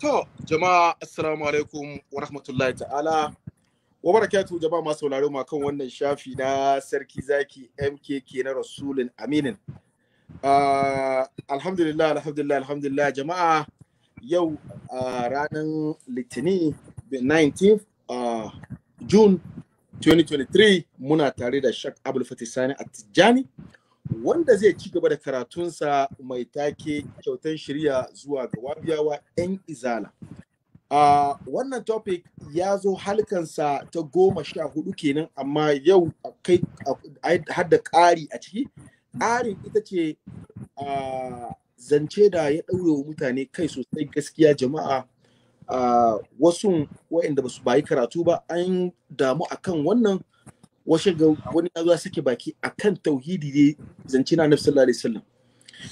To, jama'a assalamu alaikum wa rahmatullahi ta'ala. Wa barakatu jama'a masu sauraro ma kan wannan shafi na Sarki Zaki MKK na Rasulun Aminin. Uh, alhamdulillah, alhamdulillah, alhamdulillah jama'a yau uh, ah, ranar Litini 19th uh, ah, June 2023 muna tare da Shak Abdul Fatih Sani tijjani wanda zai ci gaba da karatunsa mai take kyautan shirya zuwa ga wabiyawa 'yan izala. Uh, wannan topic ya zo halkansa ta goma sha hudu kenan amma yau kai har da ƙari a ciki ƙarin ita ce uh, zance da ya ɗaure wa mutane kai sosai gaskiya jama'a uh, wasu wa'inda ba su bayi karatu ba an damu akan wannan wasu ga wani ya zo sake baki kan tauhidi ne zance na nabi sallallahu alaihi wasallam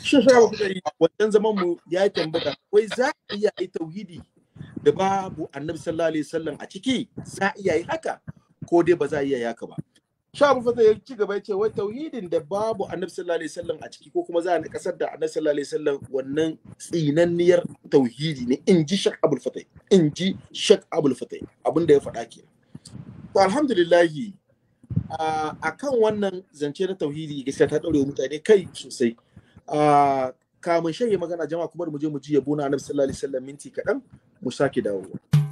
shi shi ba kudari wajen zaman mu ya tambaya wai za a iya yi tauhidi da babu annabi sallallahu alaihi wasallam a ciki za a iya yi haka ko dai ba za a iya yi haka ba abu fata ya ci gaba ce wai tauhidin da babu annabi sallallahu alaihi wasallam a ciki ko kuma za a na kasar da annabi sallallahu alaihi wasallam wannan tsinanniyar tauhidi ne in ji shak abul fatai in ji shak abul fatai abin da ya faɗa ke alhamdulillahi a kan wannan zance na tauhidi gaskiya ta ɗaure mutane kai sosai kamun shayi magana jama'a kuma da mu je mu ji yabo na annabi sallallahu alaihi wasallam minti kaɗan mu sake dawowa.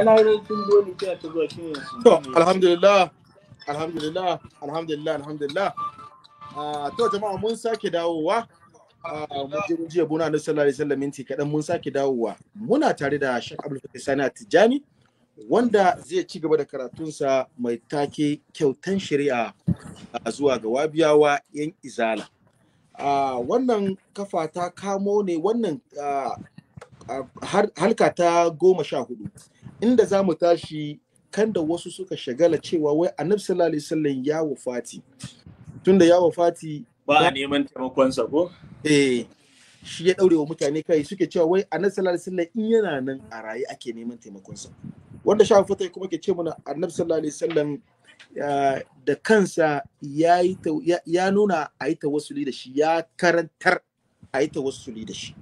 ana rikin dole kina ta zuwa shine to alhamdulillah alhamdulillah alhamdulillah alhamdulillah ah, to jama'a mun sake dawowa ah, mun je jiya buna na sallallahu alaihi wasallam minti kadan mun sake dawowa muna tare da Sheikh Abdul Fatih Sani Tijani wanda zai ci gaba da karatunsa mai take kyautan shari'a ah, zuwa ga wabiyawa yan izala wannan kafa ta kamo ne wannan harka ta goma sha hudu inda za mu tashi kan da wasu suka shagala cewa wai annabi sallallahu alaihi wasallam ya wafati tunda ya wafati ba a neman taimakonsa ko eh shi ya daurewa mutane kai suke cewa wai annabi sallallahu alaihi wasallam in yana nan a raye ake neman taimakonsa wanda shafi fata kuma ke ce mana annabi sallallahu alaihi wasallam da kansa ya nuna a yi tawassuli da shi ya karantar a yi tawassuli da shi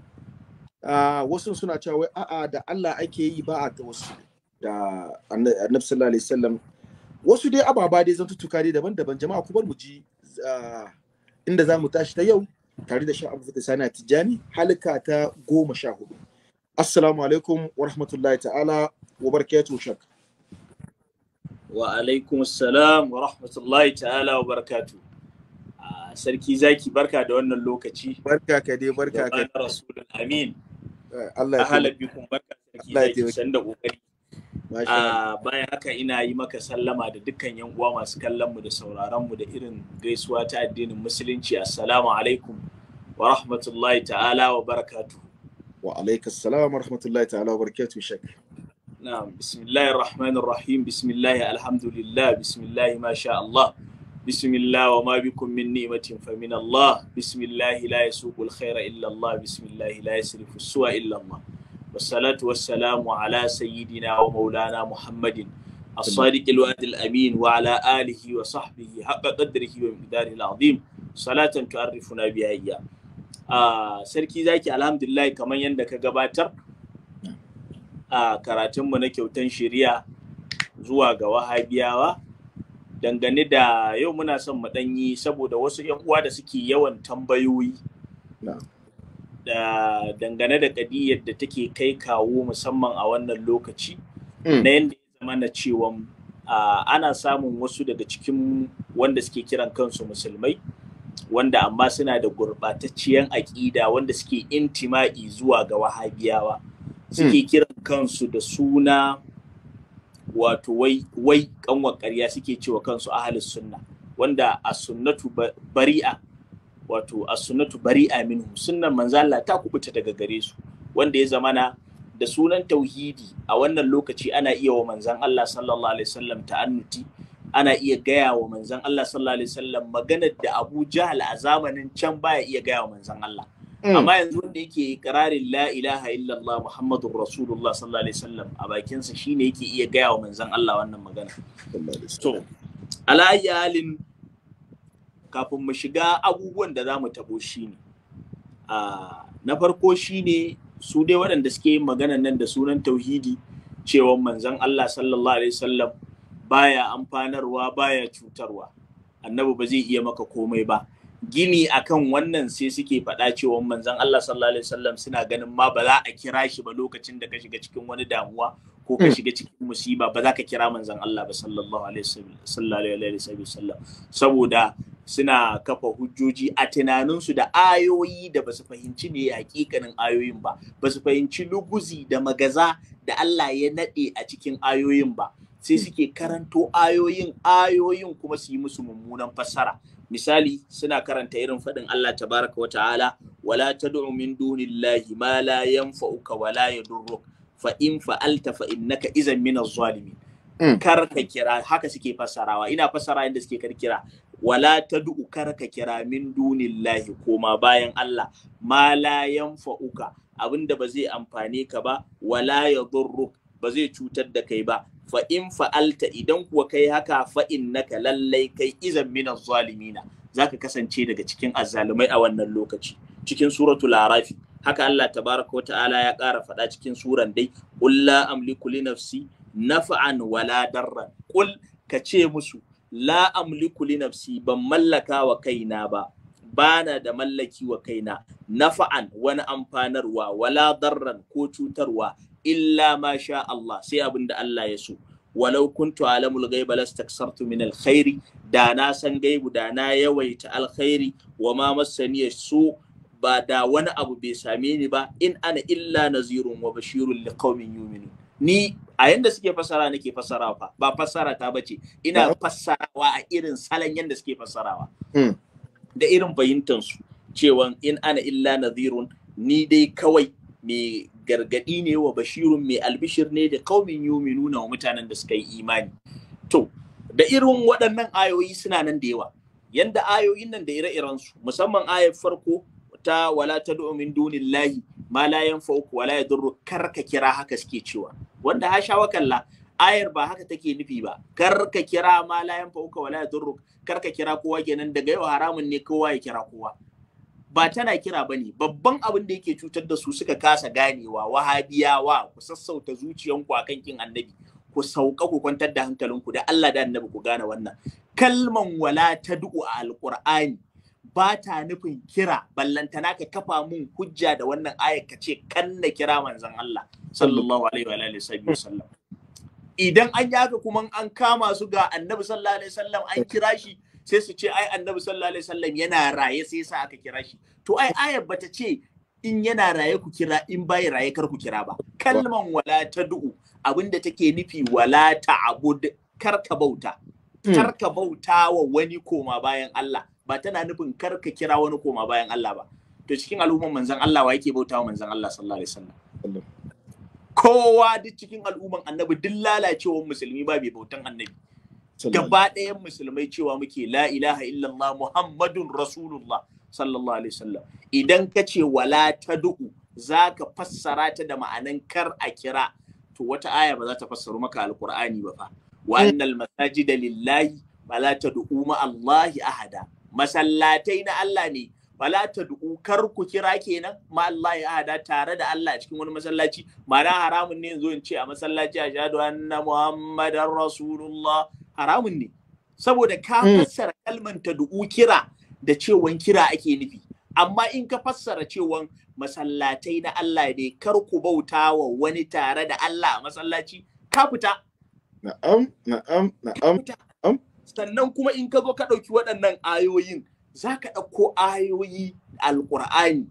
ah, wasu suna cewa wai a'a da Allah ake yi ba a wasu da annabi sallallahu alaihi wasallam wasu dai ababa dai zan tutuka dai daban-daban jama'a kuma mu ji ah, inda za mu tashi ta yau tare da sha abu da sani a tijjani halika ta goma sha hudu assalamu alaikum wa rahmatullahi ta'ala wa barakatuhu shak wa alaikum assalam wa rahmatullahi ta'ala wa barakatuhu ah, sarki zaki barka da wannan lokaci barka ka dai barka ka rasulul amin eh, Allah ya taimake barka sarki zaki sanda kokari Ah, bayan haka ina yi maka sallama da dukkan yan uwa masu kallonmu mu da sauraronmu mu da irin gaisuwa ta addinin musulunci assalamu alaikum wa rahmatullahi ta'ala wa barakatu. wa alaikassalam wa rahmatullahi ta'ala wa barakatuh shek نعم بسم الله الرحمن الرحيم بسم الله الحمد لله بسم الله ما شاء الله بسم الله وما بكم من نعمة فمن الله بسم الله لا يسوق الخير إلا الله بسم الله wassalatu wasalamu ala sayyidina wa maulana Muhammadin الصادق الوعد alihi وعلى آله وصحبه حق قدره ومقداره العظيم صلاة تعرفنا بها إياه آه سركي ذاك الحمد لله كمان يندك gabatar a karatunmu na kyautan shiriya zuwa ga wahabiyawa dangane da yau muna son mu ɗanyi saboda wasu 'yan uwa da suke yawan tambayoyi da dangane da kadiyar da take kai kawo musamman a wannan lokaci mm. na yadda ya zama na cewa ana samun wasu daga cikin wanda suke kiran kansu musulmai wanda amma suna da gurɓatacciyar aƙida wanda suke intima'i zuwa ga wahabiyawa mm. suke kiran kansu da suna wato wai wai ƙarya suke cewa kansu ahalus sunna wanda a sunnatu bari'a wato as-sunnatu bari'a minhu sunnan manzo Allah ta kubuta daga gare su wanda ya zamana da sunan tauhidi a wannan lokaci ana iya wa manzon Allah sallallahu alaihi wasallam ta'annuti ana iya gaya wa manzon Allah sallallahu alaihi wasallam maganar da Abu Jahal a zamanin can baya iya gaya wa manzon Allah mm. amma yanzu wanda yake ikrarin la ilaha illallah muhammadur rasulullah sallallahu alaihi wasallam a bakinsa shine yake iya gaya wa manzon Allah wannan magana to ala halin kafin mu shiga abubuwan da za mu tabo shi ne na farko shi ne su dai waɗanda suke yin maganan nan da sunan tauhidi cewa manzon Allah sallallahu alaihi wasallam baya amfanarwa baya cutarwa annabi ba zai iya maka komai ba gini akan wannan sai suke faɗa cewa manzon Allah sallallahu alaihi wasallam suna ganin ma ba za a kira shi ba lokacin da ka shiga cikin wani damuwa ko ka hmm. shiga cikin musiba ba za ka kira manzon Allah ba sallallahu alaihi wasallam saboda suna kafa hujjoji a tunaninsu da ayoyi da basu fahimci ne hakikanin ayoyin ba basu fahimci luguzi da magaza da Allah ya nade a cikin ayoyin ba sai hmm. suke karanto ayoyin ayoyin kuma su yi musu mummunan fassara misali suna karanta irin faɗin Allah tabaraka wa ta'ala wala tad'u min dunillahi ma la yanfa'uka wala la yadurruk fa in fa'alta fa innaka izan min az-zalimin hmm. kar ka kira haka suke fassarawa ina fassara inda suke karkira wala tad'u kar ka kira min dunillahi koma bayan Allah ma la yanfa'uka abinda ba zai amfane ka ba wala yadurruk ba zai cutar da kai ba fa in fa'alta idan kuwa kai haka fa'in naka lallai kai izan mina zalimina ka kasance daga cikin azzalumai a wannan lokaci cikin suratul arafi haka Allah tabaraka wa ta'ala ya ƙara faɗa cikin suran dai ƙulla amliku li nafsi naf'an wala darran ƙul ka ce musu la amliku li ban mallaka wa kaina ba bana da mallaki wa kaina nafa'an wani amfanarwa wala ko cutarwa illa ma sha Allah sai abin da Allah ya so walau kuntu alamul ghaiba lastaksartu min alkhairi da na san gaibu da na yawaita alkhairi wa ma masani su ba da wani abu bai same ni ba in ana illa nazirun wa bashirun liqaumin yu'minun ni a yanda suke fasara nake fasara fa ba fasara ta bace ina fassarawa a irin salon yanda suke fassarawa hmm. da irin fahimtar su cewa in ana illa nazirun ni dai kawai mai gargadi ne wa bashirun mai albishir ne da kaumin nuna wa mutanen da suka yi imani to da irin waɗannan ayoyi suna nan da yawa yanda ayoyin nan da ire-iren musamman ayar farko ta wala ta min dunillahi ma la yanfa'uku wala yadurru karka kira haka suke cewa wanda hasha kalla, ayar ba haka take nufi ba karka kira ma la yanfa'uka wala yadurruk kar karka kira kowa kenan daga yau haramun ne kowa ya kira kowa ba tana kira ba ne babban abin da yake cutar da su suka kasa ganewa wahabiyawa ku sassauta zuciyanku akan kin annabi ku sauka ku kwantar da hankalinku da Allah da annabi ku gane wannan kalman wala ta du'u a alqur'ani ba ta nufin kira ballantana ka kafa mun hujja da wannan ayar ka ce kan kira manzon Allah sallallahu alaihi wa alihi wasallam idan an yaka kuma an kama su ga annabi sallallahu alaihi wasallam an kira shi sai su ce ai annabi sallallahu alaihi wasallam yana raye sai sa aka kira shi to ai ayar bata ce in yana raye ku kira in bai raye kar ku kira ba kalman wala ta du'u abinda take nufi wala ta abud kar ka bauta hmm. kar ka bauta wa wani koma bayan Allah ba tana nufin kar ka kira wani koma bayan Allah ba to cikin al'umman manzon Allah wa yake bautawa manzon Allah sallallahu alaihi wasallam kowa duk cikin al'umman annabi duk lalacewar musulmi ba bai bautan annabi gaba ɗaya musulmai cewa muke la ilaha illallah muhammadun rasulullah sallallahu alaihi wasallam idan ka ce wala ta du'u zaka fassara ta da ma'anan kar a kira to wata aya ba za ta fassaro maka alkur'ani ba fa wa eh. annal masajida lillahi bala ta du'u ma allahi ahada masallatai na Allah ne bala ta du'u kar ku kira kenan ma allahi ahada tare da Allah cikin wani masallaci ma'ana haramun ne yanzu in ce a masallaci a shahadu anna muhammadar rasulullah haramun ne saboda ka mm. fassara kalman ta du'u kira da cewan kira ake nufi amma in ka fassara cewan masallatai na Allah ne kar ku bauta wa wani tare da Allah masallaci ka fita na'am na'am na'am sannan kuma in ka zo ka ɗauki waɗannan ayoyin za ka ɗauko ayoyi alƙur'ani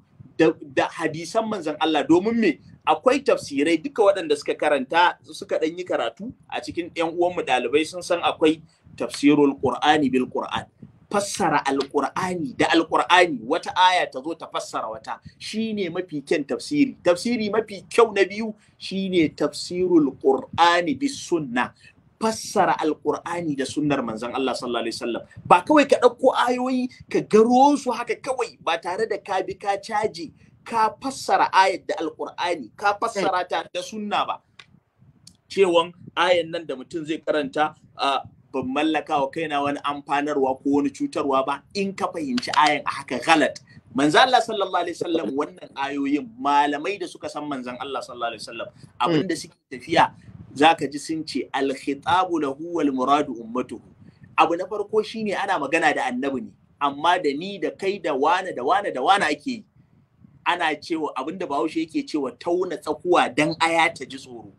da, hadisan manzon Allah domin me akwai tafsirai duka waɗanda suka karanta suka ɗan yi karatu a cikin ‘yan uwanmu ɗalibai sun san akwai tafsirul qur'ani bil qur'an fassara Alƙur'ani da alqur'ani wata aya ta zo ta fassara wata shine mafi kyan tafsiri tafsiri mafi kyau na biyu shine tafsirul qur'ani bis sunna fassara Alƙur'ani da sunnar manzon Allah sallallahu alaihi wasallam ba kawai ka ɗauko ayoyi ka garo su haka kawai ba tare da ka bi ka caji ka fassara ayat da alkur'ani ka fassara ta da sunna ba cewan ayan nan da mutum zai karanta ban mallaka wa kaina wani amfanarwa ko wani cutarwa ba in ka fahimci ayan a haka galat manzo Allah sallallahu alaihi wasallam wannan ayoyin malamai da suka san manzon Allah sallallahu alaihi wasallam abinda suke tafiya zaka ji sun ce al-khitabu lahu wal muradu ummatuhu abu na farko shine ana magana da annabi ne amma da ni da kai da wane da wane da wane ake yi ana cewa abinda bahaushe yake cewa tauna tsakuwa dan aya ta ji tsoro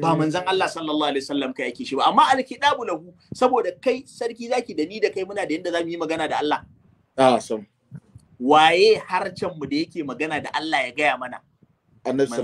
ba mm. manzon Allah sallallahu alaihi wasallam kai yake shi ba amma alkidabu lahu saboda kai sarki zaki da ni da kai muna da yanda zamu yi magana da Allah a ah, sam waye harcen mu da yake magana da Allah ya gaya mana annabi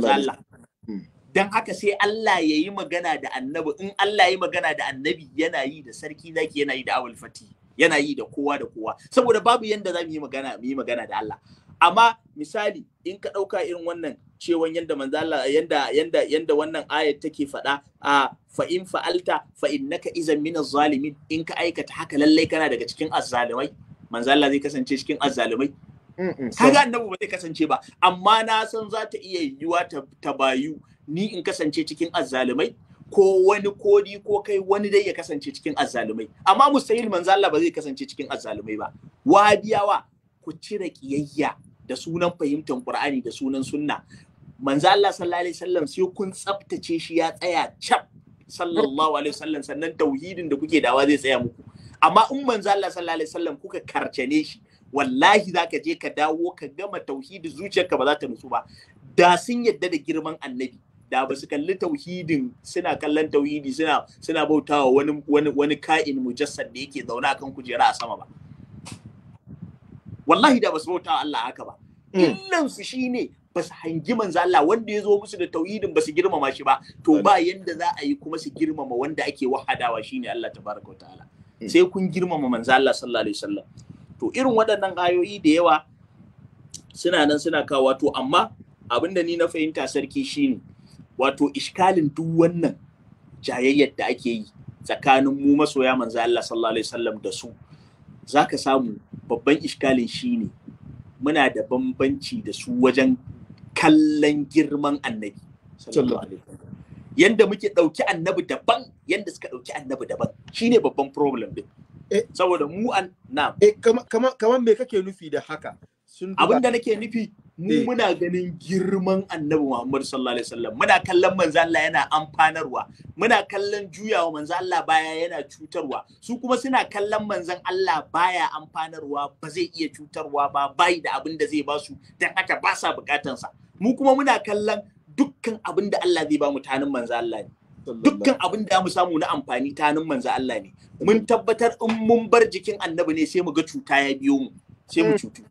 dan hmm. haka sai Allah ya yi magana da annabi in Allah ya yi magana da annabi yana yi da sarki zaki yana yi da awul fati yana yi da kowa da kowa saboda babu yanda zamu yi magana mu yi magana da Allah amma misali in ka ɗauka irin wannan cewan yanda manzala yanda yanda yanda wannan ayat take faɗa a fa in fa'alta fa innaka izan min zalimin in ka aikata haka lallai kana daga cikin azzalimai manzala zai kasance cikin azzalimai kaga annabi ba zai kasance ba amma na san za ta iya yiwuwa ta bayu ni in kasance cikin azzalumai ko wani kodi ko kai wani dai ya kasance cikin azzalumai amma mustahil manzo ba zai kasance cikin azzalumai ba Wadiyawa ku cire kiyayya da sunan fahimtar Qur'ani da sunan sunna manzo Allah sallallahu alaihi wasallam sai kun tsaftace shi ya tsaya cap sallallahu alaihi wasallam sannan tauhidin da kuke dawa zai tsaya muku amma in manzo Allah sallallahu alaihi wasallam kuka karcane shi wallahi zaka je ka dawo ka gama tauhidi zuciyarka ba za ta nutsu ba da sun yadda da girman annabi da ba su kalli tauhidin suna kallon tauhidi suna suna bautawa wani wani wani ka'in mujassad da yake zaune akan kujera a sama ba wallahi da basu bauta Allah haka ba mm. illan su shine basu hangi manzo Allah wanda ya zo musu da tauhidin basu girmama shi ba to ba yanda za a yi kuma su girmama wanda ake wahadawa shine Allah tabaraka ta'ala mm. sai kun girmama manzo Allah sallallahu alaihi wasallam to irin waɗannan ayoyi da yawa suna nan suna kawo wato amma abin da ni na fahimta sarki shine wato iskalin duk wannan jayayyar da ake yi tsakanin mu masoya manzo Allah sallallahu alaihi wasallam da su zaka samu babban iskalin shine muna da bambanci da su wajen kallon girman annabi yanda muke ɗauki annabi daban yanda suka ɗauki annabi daban shine babban problem din eh. saboda mu an na eh, kamar me kake nufi da haka abin da nake nufi mu eh. muna ganin girman annabi Muhammad sallallahu alaihi wasallam muna kallon manzo Allah yana amfanarwa muna kallon juyawa manzo Allah baya yana cutarwa su kuma suna kallon manzon Allah baya amfanarwa ba zai iya cutarwa ba bai da abin da zai basu dan haka ba sa bukatan sa mu kuma muna kallon dukkan abin da Allah zai ba mu manzo Allah ne dukkan abin da mu samu na amfani tanin manzo Allah ne mun tabbatar in mun bar jikin annabi ne sai mu ga cuta ya biyo mu sai mu mm. cutu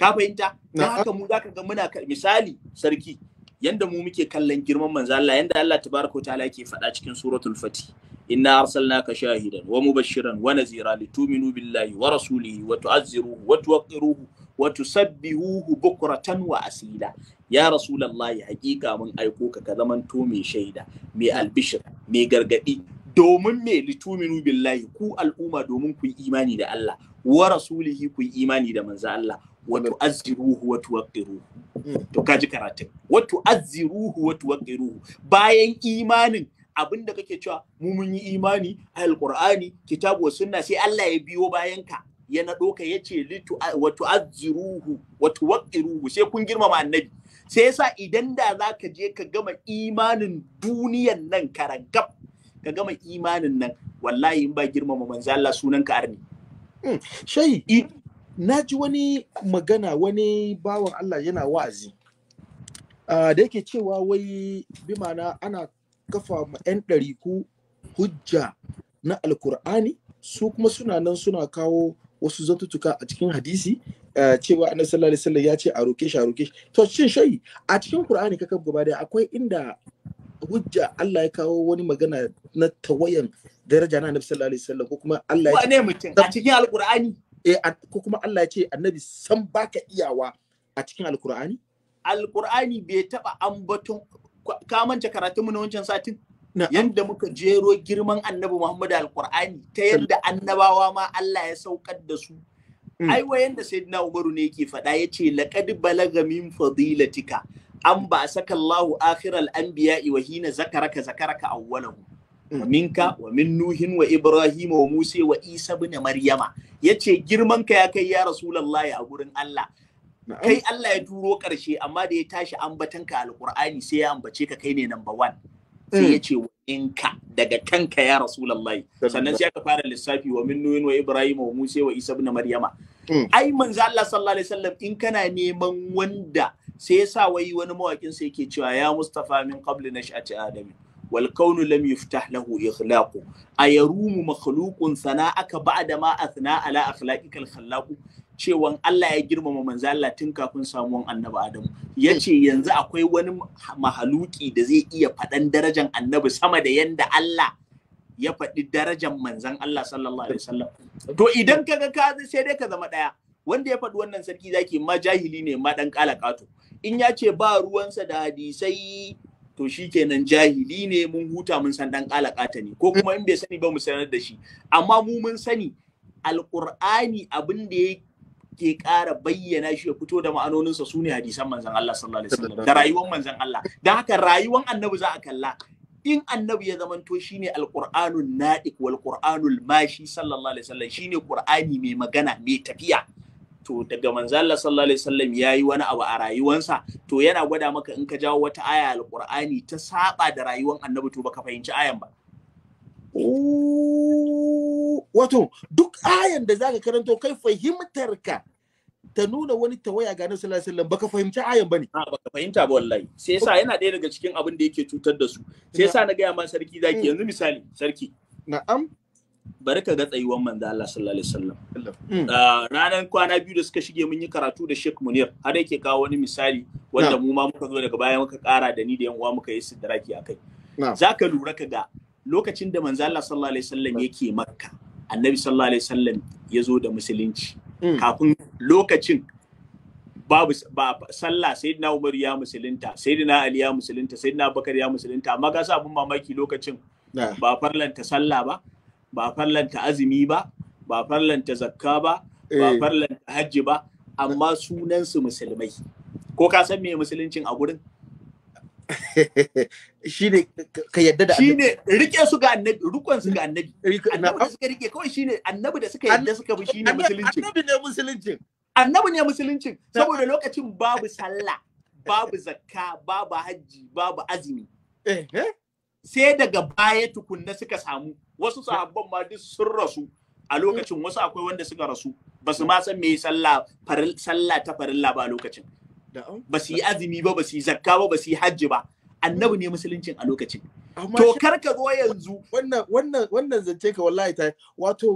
ka fahimta dan haka mu zaka ga muna misali sarki yanda mu muke kallon girman manzo Allah yanda Allah tabaraka Ta ta'ala yake faɗa cikin suratul fati inna arsalnaka shahidan wa mubashiran wa nazira litu'minu billahi wa rasulihi wa tu'azziruhu wa tuwaqqiruhu wa tusabbihuhu bukratan wa asila ya rasulullahi hakika mun aiko ka ka zaman to mai shaida mai albishir mai gargadi domin me lituminu billahi ku al'umma domin ku yi imani da Allah wa rasulihi ku yi imani da manzo Allah wato azziruhu wa tuwaqqiruhu to kaji karatun wato azziruhu wa tuwaqqiruhu bayan imanin abinda kake cewa mu mun yi imani alqur'ani kitabu wa sunna sai Allah ya biyo bayan ka ya naɗo ka yace ce wa tu'azziruhu wa tuwaqqiruhu sai kun girmama annabi sai yasa idan da zaka je ka gama imanin duniyan nan karagab ka gama imanin nan wallahi in ba girmama manzo Allah sunan ka arni na ji wani magana wani bawan Allah yana wa'azi uh, da yake cewa wai bi mana ana kafa ma 'yan ku hujja na alkur'ani su kuma suna nan suna kawo wasu zantutuka a cikin hadisi cewa annabi sallallahu alaihi wasallam ya ce a roke shi a roke shi to shin shayi a cikin qur'ani ka kan gaba da akwai inda hujja Allah ya kawo wani magana na tawayan daraja na annabi sallallahu alaihi wasallam ko kuma Allah ya ne mutum a cikin alkur'ani Eh, ko kuma Allah ya ce annabi san baka iyawa a cikin alkur'ani alkur'ani bai taba ambaton ka manta karatun mu na wancan satin yanda muka jero girman annabi Muhammad alkur'ani ta yadda annabawa ma Allah ya saukar da su mm. ai wayanda sayyidina Umaru ne yake faɗa yace laqad balaga min fadilatika an ba saka Allahu akhiral anbiya'i wa hina zakaraka zakaraka awwalahu wa mm. minka wa min nuhin wa ibrahim wa musa wa isa ibn maryama yace girman ka ya kai ya rasulullahi a gurin Allah kai Allah ya turo karshe amma da ya tashi ambatan ka alqur'ani sai ya ambace ka kai ne number one sai mm. ya ce wa Minka daga kanka ya rasulullahi sannan sai aka fara lissafi wa min nuhin wa ibrahim wa musa wa isa ibn maryama mm. ai manzo Allah sallallahu alaihi wasallam in kana neman wanda sai ya sa wai wani mawakin sai yake cewa ya mustafa min qabli nash'ati Adamu. wal kaunu lam yuftah lahu ikhlaqu ayarumu makhluqun sana'aka ba'da ma athna ala akhlaqikal khallaqu cewan Allah ya girmama manzo Allah tun kafin samuwan annabi Adamu yace yanzu akwai wani mahaluki da zai iya faɗan darajar annabi sama da yanda Allah ya faɗi darajar manzon Allah sallallahu alaihi wasallam to idan kaga ka sai dai ka zama ɗaya, wanda ya faɗi wannan sarki zaki ma jahili ne ma dan kala kato in ya ce ba ruwansa da hadisai to shi kenan jahili ne mun huta mun san dan kata ne ko kuma in bai sani ba mu sanar da shi amma mu mun sani alqur'ani abin da yake ƙara bayyana shi ya fito da ma'anoninsa sa sune hadisan manzon Allah sallallahu alaihi wasallam da rayuwar manzon Allah dan haka rayuwar annabi za a kalla in annabi ya zamanto shine alqur'anun naiq wal qur'anul mashi sallallahu alaihi wasallam shine qur'ani mai magana mai tafiya to daga manzo Allah sallallahu alaihi wasallam yayi wani abu a rayuwansa to yana gwada maka in ka jawo wata aya alqur'ani ta saba da rayuwar annabi to baka fahimci ayan ba wato duk ayan da zaka karanto kai fahimtar ka ta nuna wani tawaya ga Annabi sallallahu alaihi wasallam baka fahimci ayan bane a baka fahimta ba wallahi sai yasa yana daya daga cikin abin da yake cutar da su sai yasa na gaya ma sarki zaki hmm. yanzu misali sarki na'am bari ka ga tsayuwan manzo Allah sallallahu alaihi wasallam hmm. ah, ranar kwana biyu da suka shige mun yi karatu da Sheikh Munir har yake kawo wani misali wanda mu ma muka zo daga baya muka kara da ni da yan uwa muka yi sidraki akai zaka lura ka ga lokacin da manzo Allah sallallahu alaihi wasallam yake Makka Annabi sallallahu alaihi wasallam ya zo da musulunci hmm. kafin lokacin babu sallah sayyidina Umar ya musulunta sayyidina Ali ya musulunta sayyidina Bakar ya musulunta amma ga abun mamaki lokacin ba farlanta sallah ba ba farlanta azumi ba ba farlanta zakka ba ba eh. farlanta hajji ba amma sunansu musulmai ko ka san me musuluncin a gurin shine ka yadda da shine rike su ga annabi rukun su ga annabi annabi da suka rike kawai shine annabi da suka yadda suka bi shine musuluncin annabi ne musuluncin annabi ne musuluncin saboda lokacin babu sallah babu zakka babu hajji babu azumi eh, eh. sai daga baya tukunna suka samu wasu sahabban ma duk sun rasu a lokacin mm. wasu akwai wanda suka rasu ba su ma san me sallah sallah ta farilla ba a lokacin ba su yi azumi ba ba su yi zakka ba ba su yi hajji ba annabi ne musuluncin a lokacin to kar ka zo yanzu wannan wannan wannan zance ka wallahi ta wato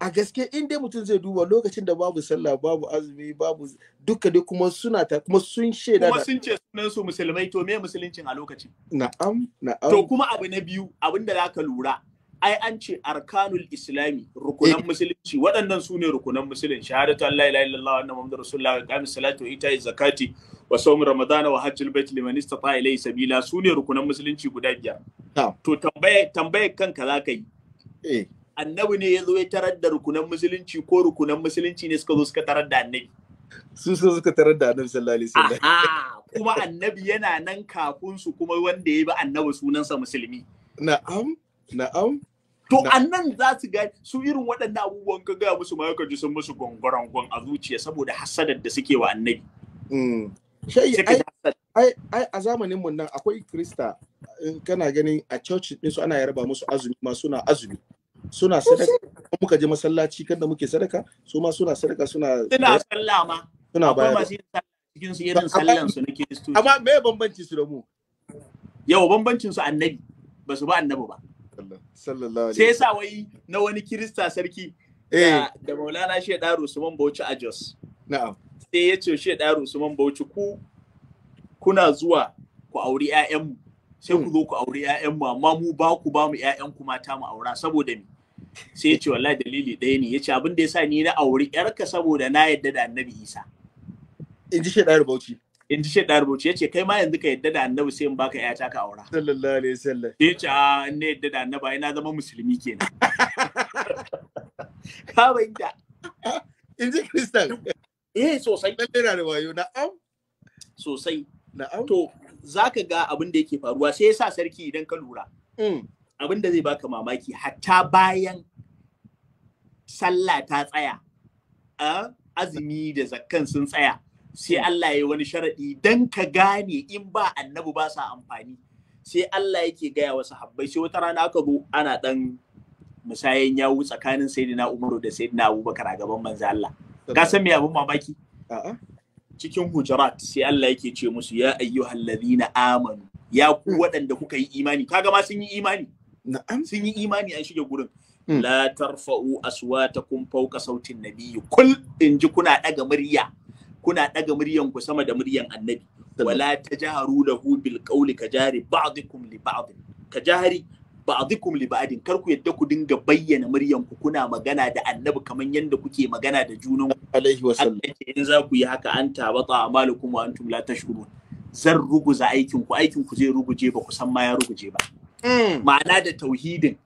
a gaske in dai mutum zai duba lokacin da babu sallah babu azumi babu duka dai kuma suna ta kuma sun shaida kuma sun ce sunan su musulmai to me musuluncin a lokacin na'am na'am to kuma abu na biyu abinda zaka lura ai an ce arkanul islami rukunan eh. musulunci waɗannan su ne rukunan musulunci shahadatu an la ilaha illallah anna muhammadur rasulullah wa qamis salatu wa ita'i zakati wa sawm ramadana wa hajjul bait liman istata ilayhi sabila su ne rukunan musulunci guda biyar to tambaye tambaye kanka zaka yi eh annabi ne ya zo ya tarar da rukunan musulunci ko rukunan musulunci ne suka zo suka tarar da annabi su suka suka tarar da annabi sallallahu alaihi wasallam kuma annabi yana nan kafin su kuma wanda ya bi annabi sunansa musulmi na'am na'am To a nan za su gani su irin waɗannan abubuwan ka gaya musu ma ji sun musu gongoron a zuciya saboda hasadar da suke wa annabi. Mm. Ai a zamanin mun nan akwai Krista in kana ganin a church din su ana yarba musu azumi ma suna azumi. Suna sadaka muka je masallaci kan da muke sadaka su ma suna sadaka suna suna sallah ma suna bayar cikin su irin sallan su na Kiristoci. Amma me bambanci su da mu? Yau bambancin su annabi ba su ba annabi ba. sallallahu alaihi sai yasa wai na wani kirista sarki da eh. maulana shaidar usman bauchi a jos na'am sai ya ce shaidar usman bauchi ku kuna zuwa ku auri 'ya'yanmu sai ku hmm. zo ku auri 'ya'yanmu amma mu ba ku ba mu 'ya'yanku mata mu aura saboda me sai ya ce wallahi dalili ɗaya ne ya ce abin da ya sa ni na auri 'yarka saboda na yadda da annabi isa in ji da bauchi in ji shaidar rubuci yace kai ma yanzu ka yadda da annabi sai in baka yata ka aura sallallahu alaihi wasallam ce a in ne yadda da annabi ina na zama musulmi kenan ka bayyana in ji kristal eh sosai dan da wayo na'am sosai am to zaka ga abin da yake faruwa sai yasa sarki idan ka lura mm. abin da zai baka mamaki hatta bayan sallah ta tsaya azumi da zakkan sun tsaya sai Allah ya wani sharaɗi dan ka gane in ba annabi ba sa amfani sai Allah yake gaya wa sahabbai sai wata rana aka zo ana dan musayen yawo tsakanin sayyidina Umaru da sayyidina Abubakar a gaban manzo Allah ka san me abun mamaki a'a cikin hujurat sai Allah yake ce musu ya ayyuhal ladina amanu ya ku hmm. waɗanda kuka yi imani kaga ma sun yi imani na'am sun yi imani an shige gurin hmm. la tarfa'u aswatakum fawqa sautin nabiyyi kul inji kuna daga murya kuna ɗaga muryan ku sama da muryan annabi wala da lahu bil ka kajari ba'dikum li ba'd kajari ba'dikum li ba'din kar ku yadda ku dinga bayyana muryan ku kuna magana da annabi kaman yanda kuke magana da junan alaihi wasallam in za ku yi haka an tabata amalukum wa antum la tashkurun zan ruguza aikinku. Aikinku zai ruguje ba ku san ma ya ruguje ba mm. ma'ana da tauhidin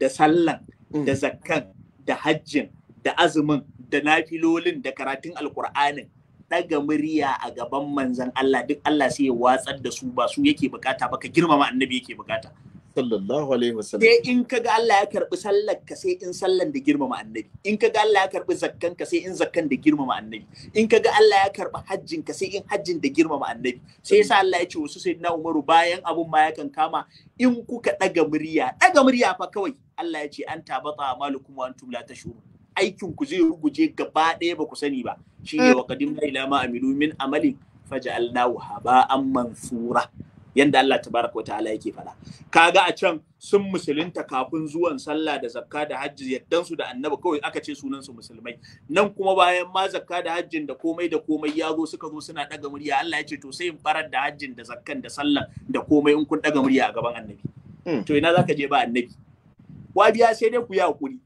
da sallan mm. da zakkan da hajjin da azumin da nafilolin da karatun alkur'anin ɗaga murya a gaban manzan Allah duk Allah sai ya watsar da su ba su yake bukata ba ka girmama annabi yake bukata sallallahu alaihi wasallam sai in kaga Allah ya karɓi sallar ka sai in sallan da girmama annabi in kaga Allah ya karɓi zakkan ka sai in zakkan da girmama annabi in kaga Allah ya karɓi hajjin ka sai in hajjin da girmama annabi sai yasa Allah ya ce wasu na Umaru bayan abun ma ya kankama in kuka ɗaga murya ɗaga murya fa kawai Allah ya ce an tabata malukum wa antum la tashurun aikin ku zai ruguje gaba ɗaya ba ku sani ba ne mm. wa qadimna ila ma amilu min amalin haba an mansura yanda Allah tabaraka wa ta'ala yake faɗa kaga a can sun musulunta kafin zuwan sallah da zakka da hajji yaddan su da annabi kawai aka ce sunan su musulmai nan kuma bayan ma zakka da hajjin da komai da komai ya zo suka zo suna daga murya Allah ya ce to sai in farar da hajjin da zakkan da sallah da komai in kun daga murya a gaban annabi mm. to ina zaka je ba annabi wa biya sai dai ku yi hakuri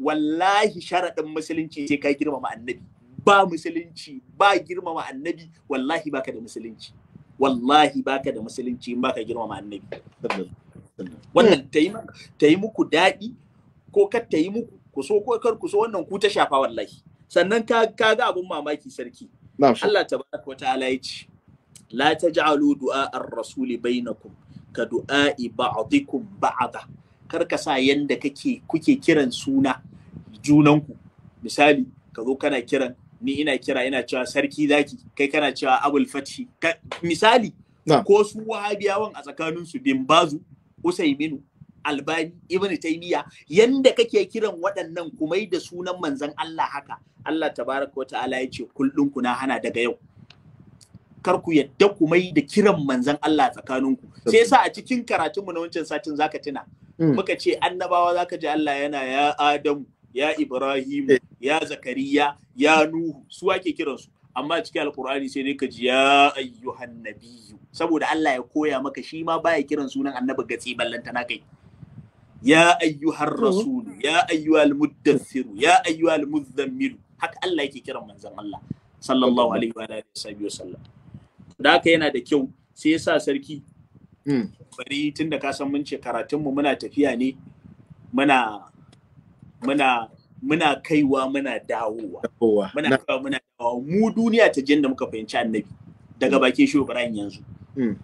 wallahi sharaɗin musulunci sai ka girmama annabi ba musulunci ba girmama annabi wallahi baka da musulunci wallahi baka da musulunci in baka girmama annabi wannan ta yi muku daɗi ko ka ta yi muku ku so ko kar ku so wannan ku ta shafa wallahi sannan ka ga abun mamaki sarki Allah tabaraka wa ta'ala ya ce la taj'alu du'a ar-rasuli bainakum ka du'a ba'dikum ba'da kar ka sa yanda kake kuke kiran suna junanku misali ka zo kana kiran ni ina kira ina cewa sarki zaki kai kana cewa abul fathi misali ko su wahabiyawan a tsakanin su bimbazu usaiminu albani ibn taymiya yanda kake kiran waɗannan kuma da sunan manzon Allah haka Allah tabaraka wa ta'ala ya ce kullun na hana daga yau kar ku yadda ku mai da kiran manzan Allah tsakaninku sai yasa a cikin karatunmu na wancan satin zaka tuna mm. muka ce annabawa zaka ji Allah yana ya Adamu ya ibrahim eh. ya Zakariya ya Nuhu su ake kiransu amma cikin alkur'ani sai dai ka ji ya ayyuhan nabiyyu saboda Allah ya koya maka shi ma baya kiran sunan annabi gatsi ballanta na kai ya ayyuhar rasul ya ayyuhal muddathir ya ayyuhal muzammil haka Allah yake kiran manzan Allah sallallahu alaihi wa alihi wasallam da haka yana da kyau sai ya sa sarki hmm. bari tun da kasan mun ce karatunmu muna tafiya ne muna muna muna kaiwa muna dawowa muna kaiwa muna dawowa mu duniya ta jin da muka fahimci annabi daga bakin shi yanzu hmm.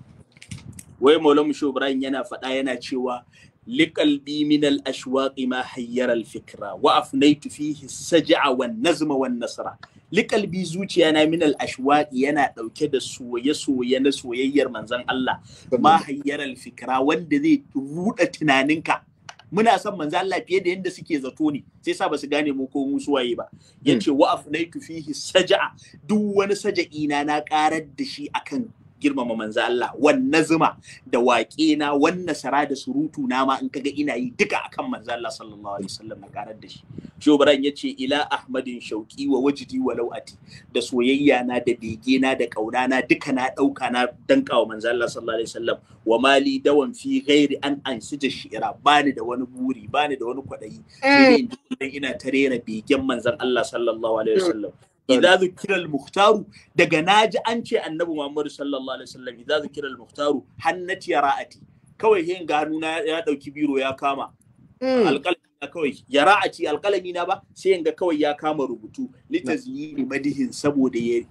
wai maulamu shi Ibrahim yana faɗa yana cewa liƙalbi minal ashwaƙi ma hayyar alfikra wa afnaitu fihi saja'a wa nazma wa nasara liƙalbi zuciya na minal ashwaƙi yana ɗauke da soye-soye na soyayyar manzan Allah ma hayyar alfikra wanda zai ruɗa tunaninka muna son manzan Allah fiye da yadda suke zato ne sai sa basu su gane mu ko mu suwaye ba yace wa afnaitu fihi saja'a duk wani saja'i na na ƙarar da shi akan girmama manzo Allah wanne zuma da waƙe na wanne sara da surutu na ma in kaga ina yi duka akan manzo Allah sallallahu alaihi wasallam na karar da shi ya yace ila ahmadin shauki wa wajdi wa lau'ati da soyayya na da bege na da kauna na duka na dauka na dankawa manzo Allah sallallahu alaihi wasallam wa mali dawan fi ghairi an ansija shi'ra bani da wani buri bani da wani kwadayi sai ina tarera begen manzon Allah sallallahu alaihi wasallam idza zukira al-mukhtaru daga naji an ce annabi Muhammad sallallahu alaihi wasallam idza zukira al-mukhtaru hannati ra'ati kawai hin ga hannuna ya dauki biro ya kama hmm. alƙalami na kawai ya ra'aci alƙalami na ba sai yanga kawai ya kama rubutu litazyini madihin saboda ya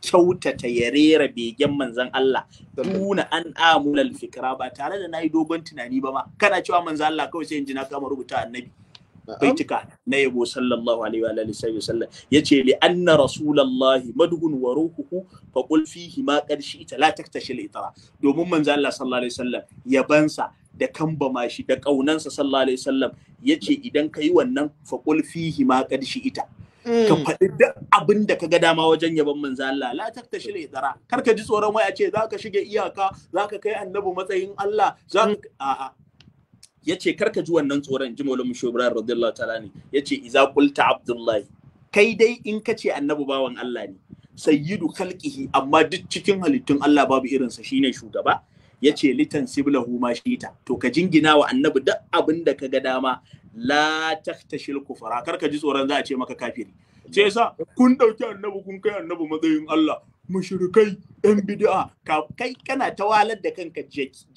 kyautata ya rera begen manzan Allah Tuna an amulal fikra ba tare da nayi dogon tunani ba ma kana cewa manzan Allah kawai sai in na kama rubuta annabi baitika na yabo sallallahu alaihi wa alihi sallam yace li anna rasulullahi madhun wa ruhuhu fa qul fihi ma qarshi ita la taktashil itara domin manzo Allah sallallahu alaihi wasallam yabansa da kambama shi da kaunansa sallallahu alaihi wasallam yace idan kai wannan fa qul fihi ma qarshi ita. Mm. ka faɗi duk abin da ka ga dama wajen yaban manzo Allah la taktashi la idara kar ka ji tsoron wai a ce zaka shige iyaka zaka kai annabi matsayin Allah zaka mm. a'a yace karka ji wannan tsoron ji maulana shubra radiyallahu ta'ala ne yace iza qulta abdullahi kai dai in kace annabi bawan Allah ne sayyidu khalqihi amma duk cikin halittun Allah babu irin irinsa shine shugaba yace litan siblahu ma shita to ka jingina wa annabi duk abin da ga dama la tahtashil kufara kar ji tsoron za a ce maka kafiri ce yasa kun dauki annabi kun kai annabi matsayin Allah mushrikai yan bid'a kai kana tawalar da kanka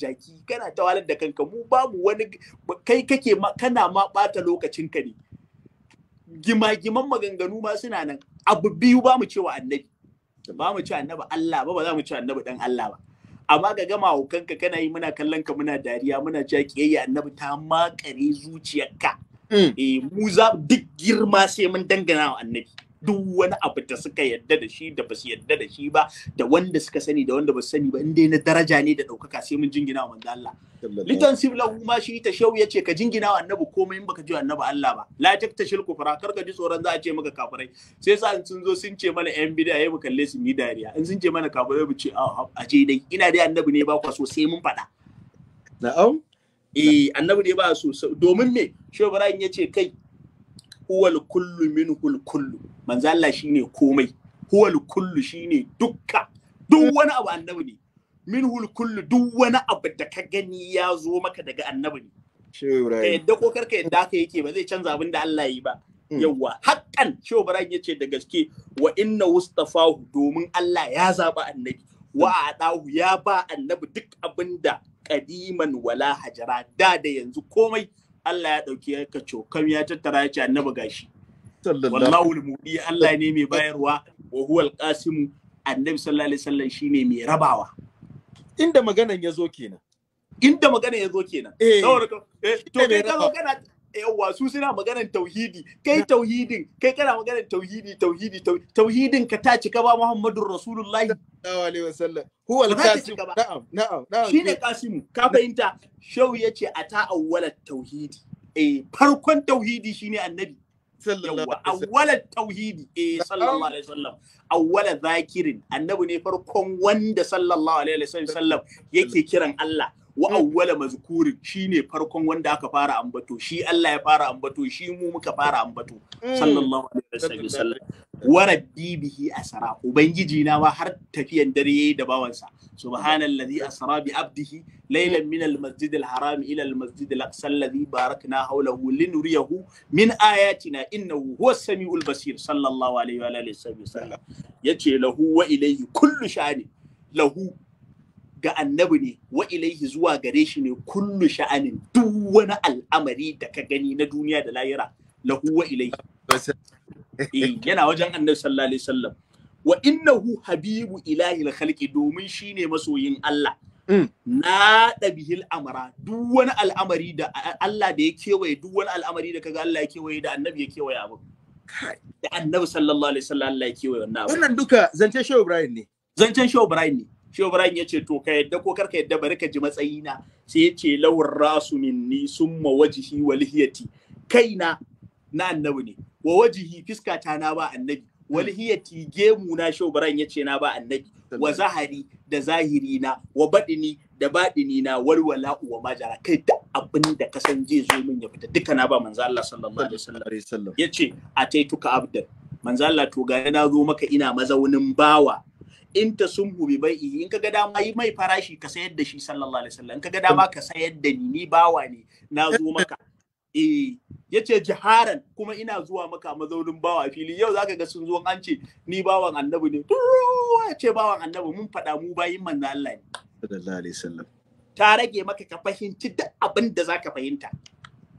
jaki kana tawalar da kanka mu babu wani kai kake kana ma bata lokacinka ne gima-giman maganganu ma suna nan abu biyu ba mu cewa annabi ba mu ci annabi Allah ba ba za mu ci annabi dan Allah ba amma ga gama hukanka kana yi muna kallon ka muna dariya muna cewa kiyayya annabi ta makare zuciyarka mm. eh mu za duk girma sai mun dangana wa annabi duk wani abu da suka yadda da shi da ba su yadda da shi ba da wanda suka sani da wanda ba su sani ba inda na daraja ne da ɗaukaka sai mun jingina wa manzo Allah litan sibla ma shi ta shau yace ka jingina wa annabi komai in baka ji annabi Allah ba la takta shil kufra kar ka ji tsoron za a ce maka kafirai sai sa sun zo sun ce mana yan bid'a yayi mu kalle su ni dariya in sun ce mana kafirai mu ce a ce dai ina dai annabi ne ba kwa so sai mun faɗa na'am eh annabi ne ba so domin me shi Ibrahim yace kai huwal kullu Hul kullu manzo Allah shine komai huwal kullu shine dukka duk wani abu annabi ne hul kullu duk wani abu da ka gani ya zo maka daga annabi ne ka yadda ko karka yadda haka yake ba zai canza abin da Allah yi ba hmm. yawwa haƙƙan shehu ibrahim yace da gaske wa inna wustafahu domin Allah ya zaba annabi wa adahu ya ba annabi duk abin da kadiman wala hajara da da yanzu komai Allah ya ɗauki ka cokam ya tattara ya ce annabi gashi wallahu al-mudi Allah ne mai bayarwa wa huwa al-qasimu annabi sallallahu alaihi wasallam shine mai rabawa inda maganan ya zo kenan inda maganan ya zo kenan eh, saboda eh, to kai ka magana yawwa su suna maganar tauhidi kai tauhidin kai kana maganar tauhidi tauhidi tauhidin ka ta cika ba muhammadur rasulullahi sallallahu alaihi wasallam huwa al-qasim na'am na'am na'am shine qasim ka fahimta shau yace ata awwalat tauhidi eh farkon tauhidi shine annabi yawwa awwalat tauhidi eh sallallahu alaihi wasallam awwala zakirin annabi ne farkon wanda sallallahu alaihi wasallam yake kiran Allah wa awwala mazkuri shine farkon wanda aka fara ambato shi Allah ya fara ambato shi mu muka fara ambato mm. sallallahu alaihi wasallam wa rabbi bihi asra ubangiji na ma har tafiyan dare yayi da bawansa subhanallazi asra bi abdihi laylan min almasjid alharam ila almasjid alaqsa alladhi barakna hawlahu linuriyahu min ayatina innahu huwa samiul basir sallallahu alaihi wa alihi wasallam yace lahu wa ilayhi kullu sha'ani lahu ga annabi ne wa ilaihi zuwa gare shi ne kullu sha'anin duk wani al'amari da ka gani na duniya da layira. lahu wa ilaihi eh, yana wajen annabi sallallahu alaihi wasallam wa innahu habibu ilahi khalqi domin shi ne masoyin Allah mm. na ɗabihil amara duk wani al'amari da Allah da ya kewaye duk wani al'amari da kaga Allah ya kewaye da annabi ya kewaye abu da annabi sallallahu alaihi wasallam Allah ya kewaye wannan abu wannan duka zancen Shehu Ibrahim ne zancen Shehu Ibrahim ne Shehu Ibrahim ya ce to ka yadda ko karka yadda bari ka ji matsayina sai ya ce lawar rasu minni summa wajihi walhiyati kaina na annabi ne wa wajihi fiskata na ba annabi walhiyati gemu na Shehu Ibrahim ya ce na ba annabi wa zahari da zahiri na wa badini da badini na walwala uwa majara kai da abin da ka san zai zo min ya fita duka na ba manzo Allah sallallahu alaihi wasallam yace taituka abdan manzo Allah to ga na zo maka ina mazaunin bawa in ta sumhu bi bai'i in kaga dama yi mai farashi ka sayar da shi sallallahu alaihi wasallam in kaga dama ka sayar da ni ni bawa ne na zo maka eh yace jiharan kuma ina zuwa maka mazaunin bawa fili yau zaka ga sun zo an ce ni bawan annabi ne ya ce bawan annabi mun faɗa mu bayin manzo Allah ne sallallahu alaihi wasallam ta rage maka ka fahimci duk abin da zaka fahimta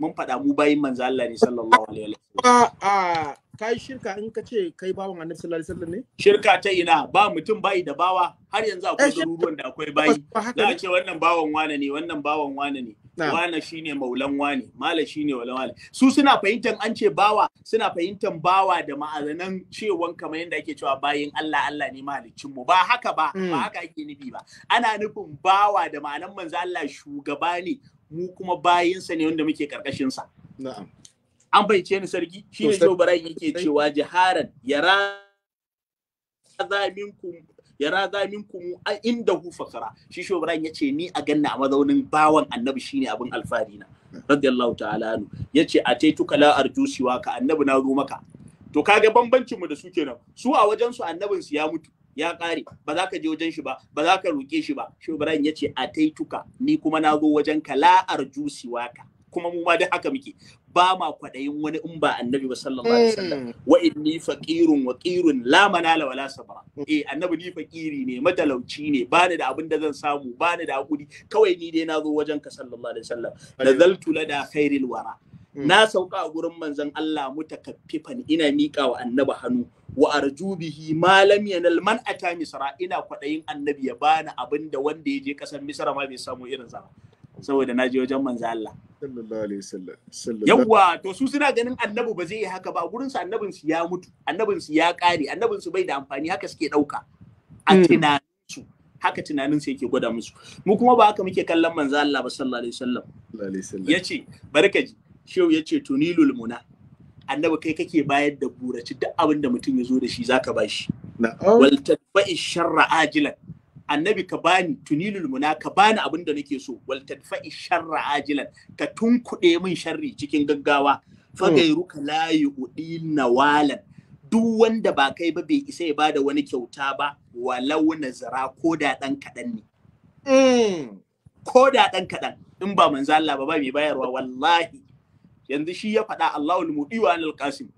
mun faɗa mu bayin manzo Allah ne sallallahu alaihi wasallam kai shirka in ka ce kai bawan annabi sallallahu alaihi wasallam ne shirka ta ina ba mutum bayi da bawa har yanzu akwai eh, garuruwan da akwai bayi da a ce wannan bawan wane ne wannan bawan wane ne wane shine maulan wane mala shine wala wane su suna fahimtar an ce bawa suna fahimtar bawa da ma'azanan cewan kamar yadda ake cewa bayin Allah Allah ne mahaliccin mu ba haka ba ba hmm. haka ake nufi ba ana nufin bawa da ma'anan manzo Allah shugaba ne mu kuma bayinsa ne wanda muke karkashin sa na'am an baice ni sarki shi ne Joe Barai yake cewa jiharan yara zaminkum yara zaminkum a inda hu fakara shi Joe Barai ya ce ni a ganna a mazaunin bawan annabi shine abin alfari na radiyallahu ta'ala anu yace a tai tuka la ka annabi na zo maka to kaga bambancin mu da su kenan su a wajen su annabin su ya mutu ya kare ba za ka je wajen shi ba ba za ka roƙe shi ba shi Ibrahim ya ce a taituka ni kuma na zo wajen ka la'ar jusiwa ka kuma mu ma dai haka muke ba ma kwaɗayin wani in ba annabi ba sallallahu alaihi wasallam hmm. wa inni faqirun wa qirun la manala wala sabra hmm. eh annabi ni faqiri ne matalauci ne ba ni da abin da zan samu ba ni da hakuri kawai ni dai nazo wajen ka sallallahu alaihi wasallam nazaltu lada khairil wara hmm. na sauka a gurin manzon Allah mutakaffifan ina miƙa wa annabi hannu wa arjubihi ma lam yanal man ata misra ina kwaɗayin annabi ya bani abin da wanda ya je ƙasar misra ma bai samu irin sa saboda na je wajen manzon Allah yawwa to su suna ganin Annabu ba zai yi haka ba gurin su annabin ya mutu annabin ya kare annabin su bai da amfani haka suke dauka a hmm. tunanin haka tunanin su yake gwada musu mu kuma ba haka muke kallon manzo Allah ba sallallahu alaihi wasallam yace barkaji shehu yace tunilul muna annabi kai kake bayar da buraci duk abin da mutum ya zo da shi zaka bashi wal tadfa'i sharra ajilan annabi ka bani tunilul muna ka bani abin da nake so wal tadfa'i sharra ajilan ka tunkuɗe min sharri cikin gaggawa fa hmm. ka la yu'di nawalan duk wanda ba kai ba bai isa ya bada wani kyauta ba walau nazara ko da dan kadan ne hmm. ko da dan kadan in ba manzo Allah ba ba mai bayarwa wallahi yanzu shi ya faɗa Allahul mudi wa anil qasim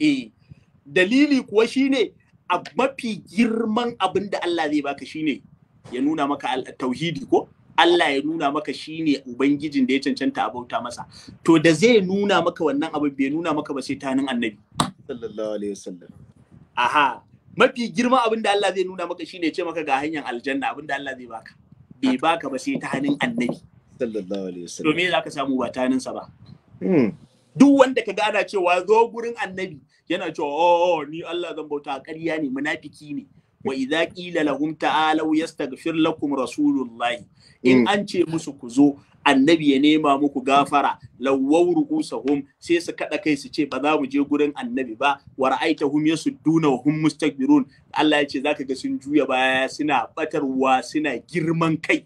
eh dalili kuwa shine a mafi girman abin da Allah zai baka shine ya nuna maka tauhidi ko Allah ya nuna maka shi ne ubangijin da ya cancanta a bauta masa to da zai nuna maka wannan abu bai nuna maka ba sai ta nan annabi sallallahu alaihi wasallam aha mafi girma abin da Allah zai nuna maka shi ya ce maka ga hanyar aljanna abin da Allah zai baka bai baka ba sai ta hannun annabi sallallahu alaihi wasallam Domin za ka samu ba ta sa ba hmm. duk wanda kaga ana cewa zo gurin annabi yana cewa oh, oh ni Allah zan bauta ƙarya ne munafiki ne wa idza qila lahum ta'alu yastaghfir lakum rasulullahi in mm. an ce musu ku zo annabi ya nema muku gafara lawwaw ru'usahum sai su kada kai su ce ba za mu je gurin annabi ba wa ra'aitahum yasudduna wa hum mustakbirun Allah ya ce zaka ga sun juya baya suna batarwa suna girman kai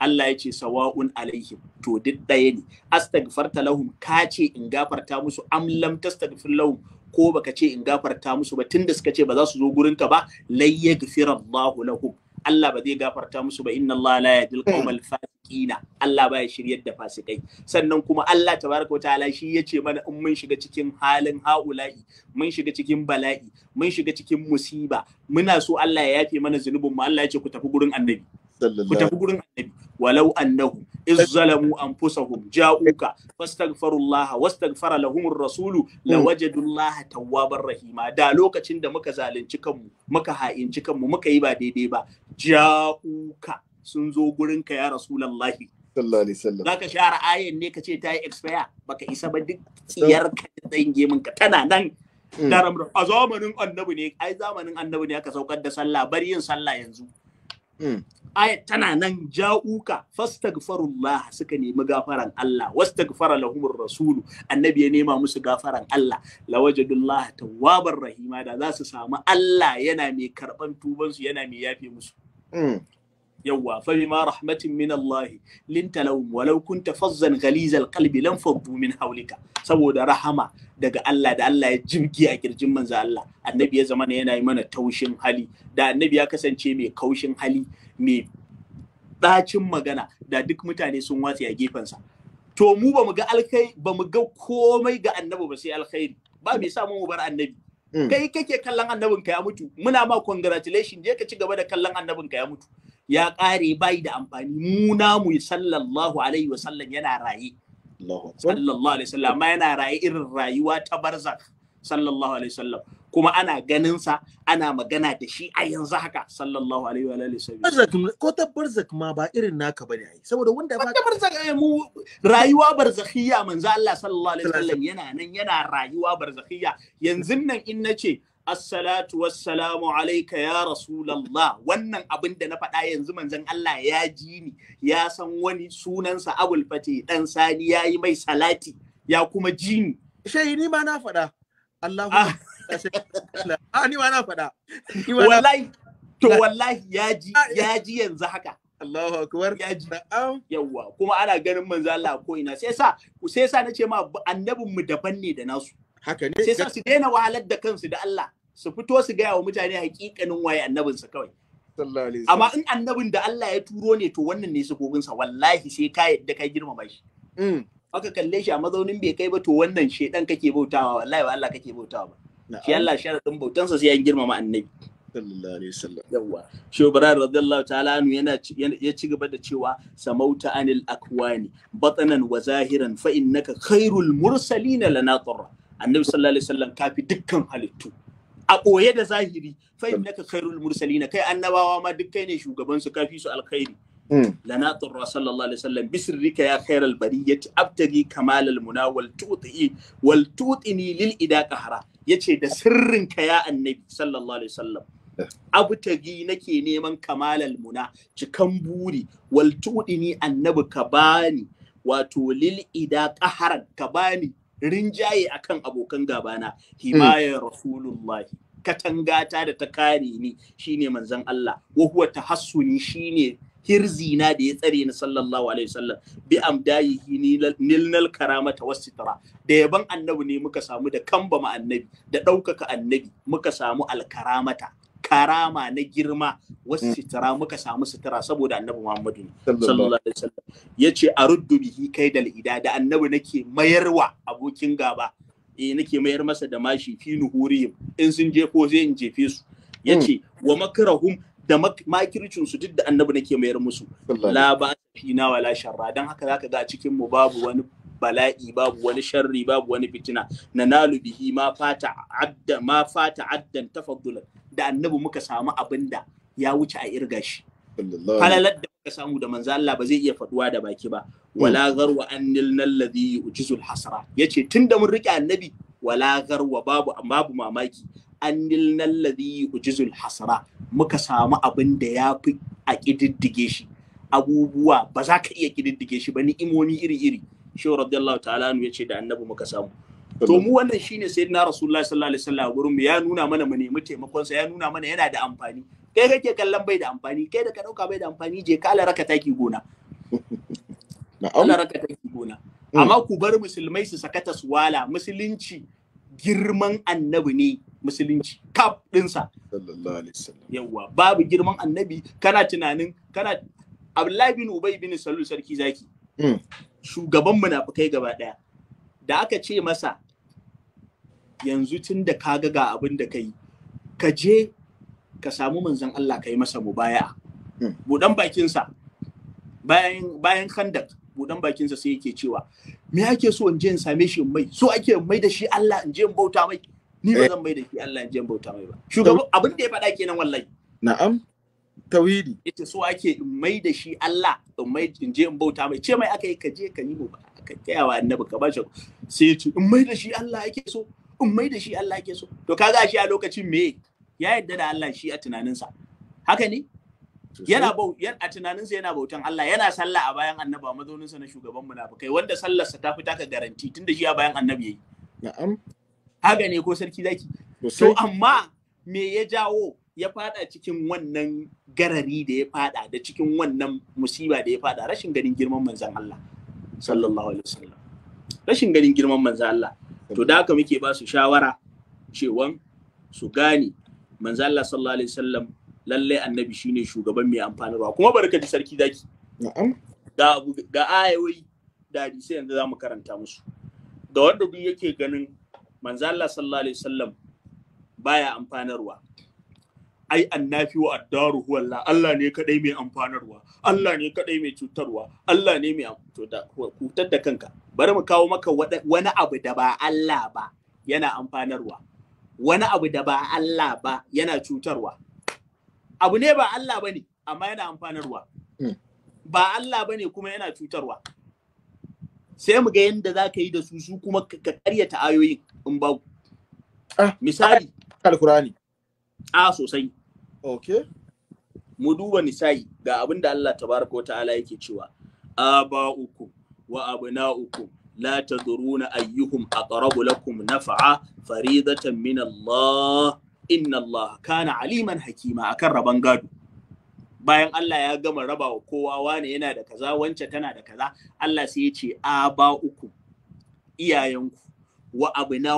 Allah ya ce sawa'un alaihim to duk ɗaya ne astaghfarta lahum ka ce in gafarta musu am lam tastaghfir lahum ko baka ce in gafarta musu ba tunda suka ce ba za su zo gurinka ba lai yaghfira Allahu lahum Allah ba zai gafarta musu ba inna Allah la yahdil qawmal fasiqina Allah ba ya shiryar da fasikai sannan kuma Allah tabaraka wa ta'ala shi yace mana in mun shiga cikin halin haula'i mun shiga cikin bala'i mun shiga cikin musiba muna so Allah ya yafe mana zunubin mu Allah ya ce ku tafi gurin annabi ku tafi gurin annabi walau annahu iz zalamu anfusahum ja'uka fastaghfirullaha wastaghfara lahumur rasulu lawajadullaha tawwabar rahima da lokacin da muka zalunci kanmu muka ha'inci kanmu muka yi ba daidai ba ja'uka sun zo gurin ka ya rasulullahi sallallahu alaihi wasallam zaka share ayan ne kace ta yi expire baka isa ba duk tsiyar ka tsange min ka tana nan mm. a zamanin annabi ne ai zamanin annabi ne aka saukar da sallah bar yin sallah yanzu Hmm. ayat tana nan ja'uka fastaghfirullah suka nemi gafaran Allah wastaghfara lahumur rasulu annabi ya nema musu gafaran Allah lawajadullah tawwabar rahima da za su samu Allah yana mai karban tuban su yana mai yafe musu hmm. yawwa fa ma rahmatin min Allah linta lahum walau kunta fazzan ghalizal qalbi lam faddu min hawlika saboda rahama daga Allah da Allah ya jirgi a kirjin manzo Allah annabi ya zama yana yi mana taushin hali da annabi ya kasance mai kaushin hali mai ɗacin magana da duk mutane sun watse a gefensa to mu ba ga alkai ba ga komai ga annabi ba sai alkhairi ba mai samu mu bar annabi mm. kai kake kallon annabin ka ya mutu muna ma congratulation je ka ci gaba da kallon annabin ka ya mutu ya ƙare bai da amfani mu namu sallallahu alaihi wasallam yana raye sallallahu alaihi wasallam amma yana raye irin rayuwa ta barzak sallallahu alaihi wasallam kuma ana ganin sa ana magana da shi a yanzu haka sallallahu alaihi wa alihi barzak ko ta barzak ma ba irin naka bane ai saboda wanda ba ta barzak ai eh, mu rayuwa barzakhiyya manzo Allah sallallahu alaihi wasallam yana nan yana rayuwa barzakhiyya yanzu nan in nace assalatu wassalamu alaika ya rasulallah wannan abin da na faɗa yanzu manzon Allah ya ji ni ya san wani sunansa abul fati dan sani ya yi mai salati ya kuma ji ni shehi ni ma na faɗa Allahu ah. ah ni ma na faɗa wallahi to wallahi ya ji ah, ya eh. ji yanzu haka Allahu akbar ya ji yawa kuma ana ganin manzon Allah ko ina sai sa sai sa nace ma annabin mu daban ne da nasu haka ne sai su daina wahalar da kansu da Allah su fito su gaya wa mutane hakikanin waye annabinsa kawai amma in annabin da Allah ya turo ne to wannan ne su sa, wallahi sai ka yadda ka girmama shi mm. aka kalle shi a mazaunin bai kai ba to wannan shedan kake bautawa wallahi ba Allah kake bautawa ba shi Allah sharadin bautansa sai ya girmama annabi sallallahu alaihi wasallam yawa shi barar radiyallahu ta'ala yana ya ci gaba da cewa samauta anil akwani batanan wa zahiran fa innaka khairul mursalin lana annabi sallallahu alaihi wasallam kafi dukkan halittu a ɓoye da zahiri fa mm. innaka khairul na kai annabawa ma duk kai ne shugaban su kafi su alkhairi mm. lana turra sallallahu alaihi wasallam bisrika ya khairal bariyati abtagi kamalal muna tuti wal tutini lil ida qahara yace da sirrin ka ya annabi sallallahu alaihi wasallam abtagi nake neman kamalal muna cikan buri wal tudini annabi ka bani wato lil ida qaharan ka bani rinjaye akan abokan gabana himayar hmm. rasulullahi katangata da ta kare ni shine manzon Allah wa huwa tahassuni shine hirzina da ya tsare ni sallallahu alaihi wasallam bi amdayihi nilnal karamata wasitra da yaban annabi ne muka samu da kamba ma annabi da ɗaukaka annabi muka samu alkaramata karama na girma wasu mm. sitara muka samu sitara saboda annabi Muhammadu sallallahu alaihi wasallam yace aruddu bihi kaidal ida da annabi nake mayarwa abokin gaba eh nake mayar masa da mashi fi nuhurihim in sun ko zai in jefe su yace mm. wa makrahum da makircin su duk da annabi nake mayar musu la ba fina wala sharra dan haka zaka ga cikin mu babu wani bala'i babu wani sharri babu wani fitina na nalu bihi ma fata adda ma fata addan tafaddulan da annabi muka samu abinda ya wuce a irga shi falalar da muka samu da manzo Allah ba zai iya faduwa da baki ba wala hmm. garwa annil nalladhi yujizul hasra yace tunda mun rike annabi wala garwa babu babu mamaki annil nalladhi yujizul hasra muka samu abin da ya fi a kididdige shi abubuwa ba za ka iya kididdige shi ba ni ni'imoni iri-iri shi radiyallahu ta'ala ya ce da annabi muka samu to mu wannan shine sayyidina rasulullahi sallallahu alaihi wasallam gurin mu ya nuna mana mu nemi taimakon sa ya nuna mana yana da amfani kai kake kallon bai da amfani kai da ka dauka bai da amfani je ka raka taki gona na'am raka taki gona hmm. amma ku bar musulmai su sakata su wala musulunci girman annabi ne musulunci kaf dinsa sallallahu alaihi wasallam yawa babu girman annabi kana tunanin kana Abdullahi bin Ubay bin Salul sarki zaki hmm. shugaban munafikai gaba daya da aka ce masa yanzu tun da ka ga ga abin da ka yi ka je ka samu manzon Allah ka yi masa mubaya hmm. budan bakinsa bayan bayan kandak budan bakinsa sai yake cewa me ake so in je in same shi in mai so ake in mai da shi Allah in je in bauta mai ni ba eh. zan mai da shi Allah in je in bauta mai ba shugaban abin da ya faɗa kenan wallahi na'am tauhidi ita so ake in mai da shi Allah in mai in je in bauta mai ce mai aka yi ka je ka yi mu ba ka tayawa annabi ka ba shi sai ya ce in mai da shi Allah ake so in mai da shi Allah ke so to kaga shi a lokacin me ya yadda da Allah shi a tunaninsa haka ne yana bau a tunaninsa yana bautan Allah yana sallah a bayan annaba mazauninsa na shugaban munafikai wanda sallarsa ta fi taka garanti tunda shi a bayan annabi yayi na'am haka ne ko sarki zaki to amma me ya jawo ya fada cikin wannan garari da ya fada da cikin wannan musiba da ya fada rashin ganin girman manzon Allah sallallahu alaihi wasallam rashin ganin girman manzon Allah to da haka muke ba su shawara cewan su gane manzo Allah sallallahu alaihi wasallam lalle annabi shine shugaban mai amfanarwa kuma barkati sarki zaki ga ga ayoyi da hadisi yanzu zamu karanta musu Da wanda duk yake ganin manzo Allah sallallahu alaihi wasallam baya amfanarwa ai annafi wa addaru huwa Allah Allah ne kadai mai amfanarwa Allah ne kadai mai cutarwa Allah ne mai cutar da kanka bari mu kawo maka wani abu da ba Allah ba yana amfanarwa wani abu da ba Allah ba yana cutarwa abu ne ba Allah bane amma yana amfanarwa hmm. ba Allah bane kuma yana cutarwa sai mu ga yadda za ka yi da su su kuma ka karyata ayoyin in babu ah, misali alkurani a sosai Okay. Mu duba nisa'i ga abinda da Allah tabaraka wa ta'ala yake cewa uku, wa uku la tadruna ayyuhum aqrabu lakum naf'a faridatan min Allah inna Allah kana aliman hakima akan raban gado bayan Allah ya gama raba wa kowa wane yana da kaza wance tana da kaza Allah sai ya ce uku, iyayenku wa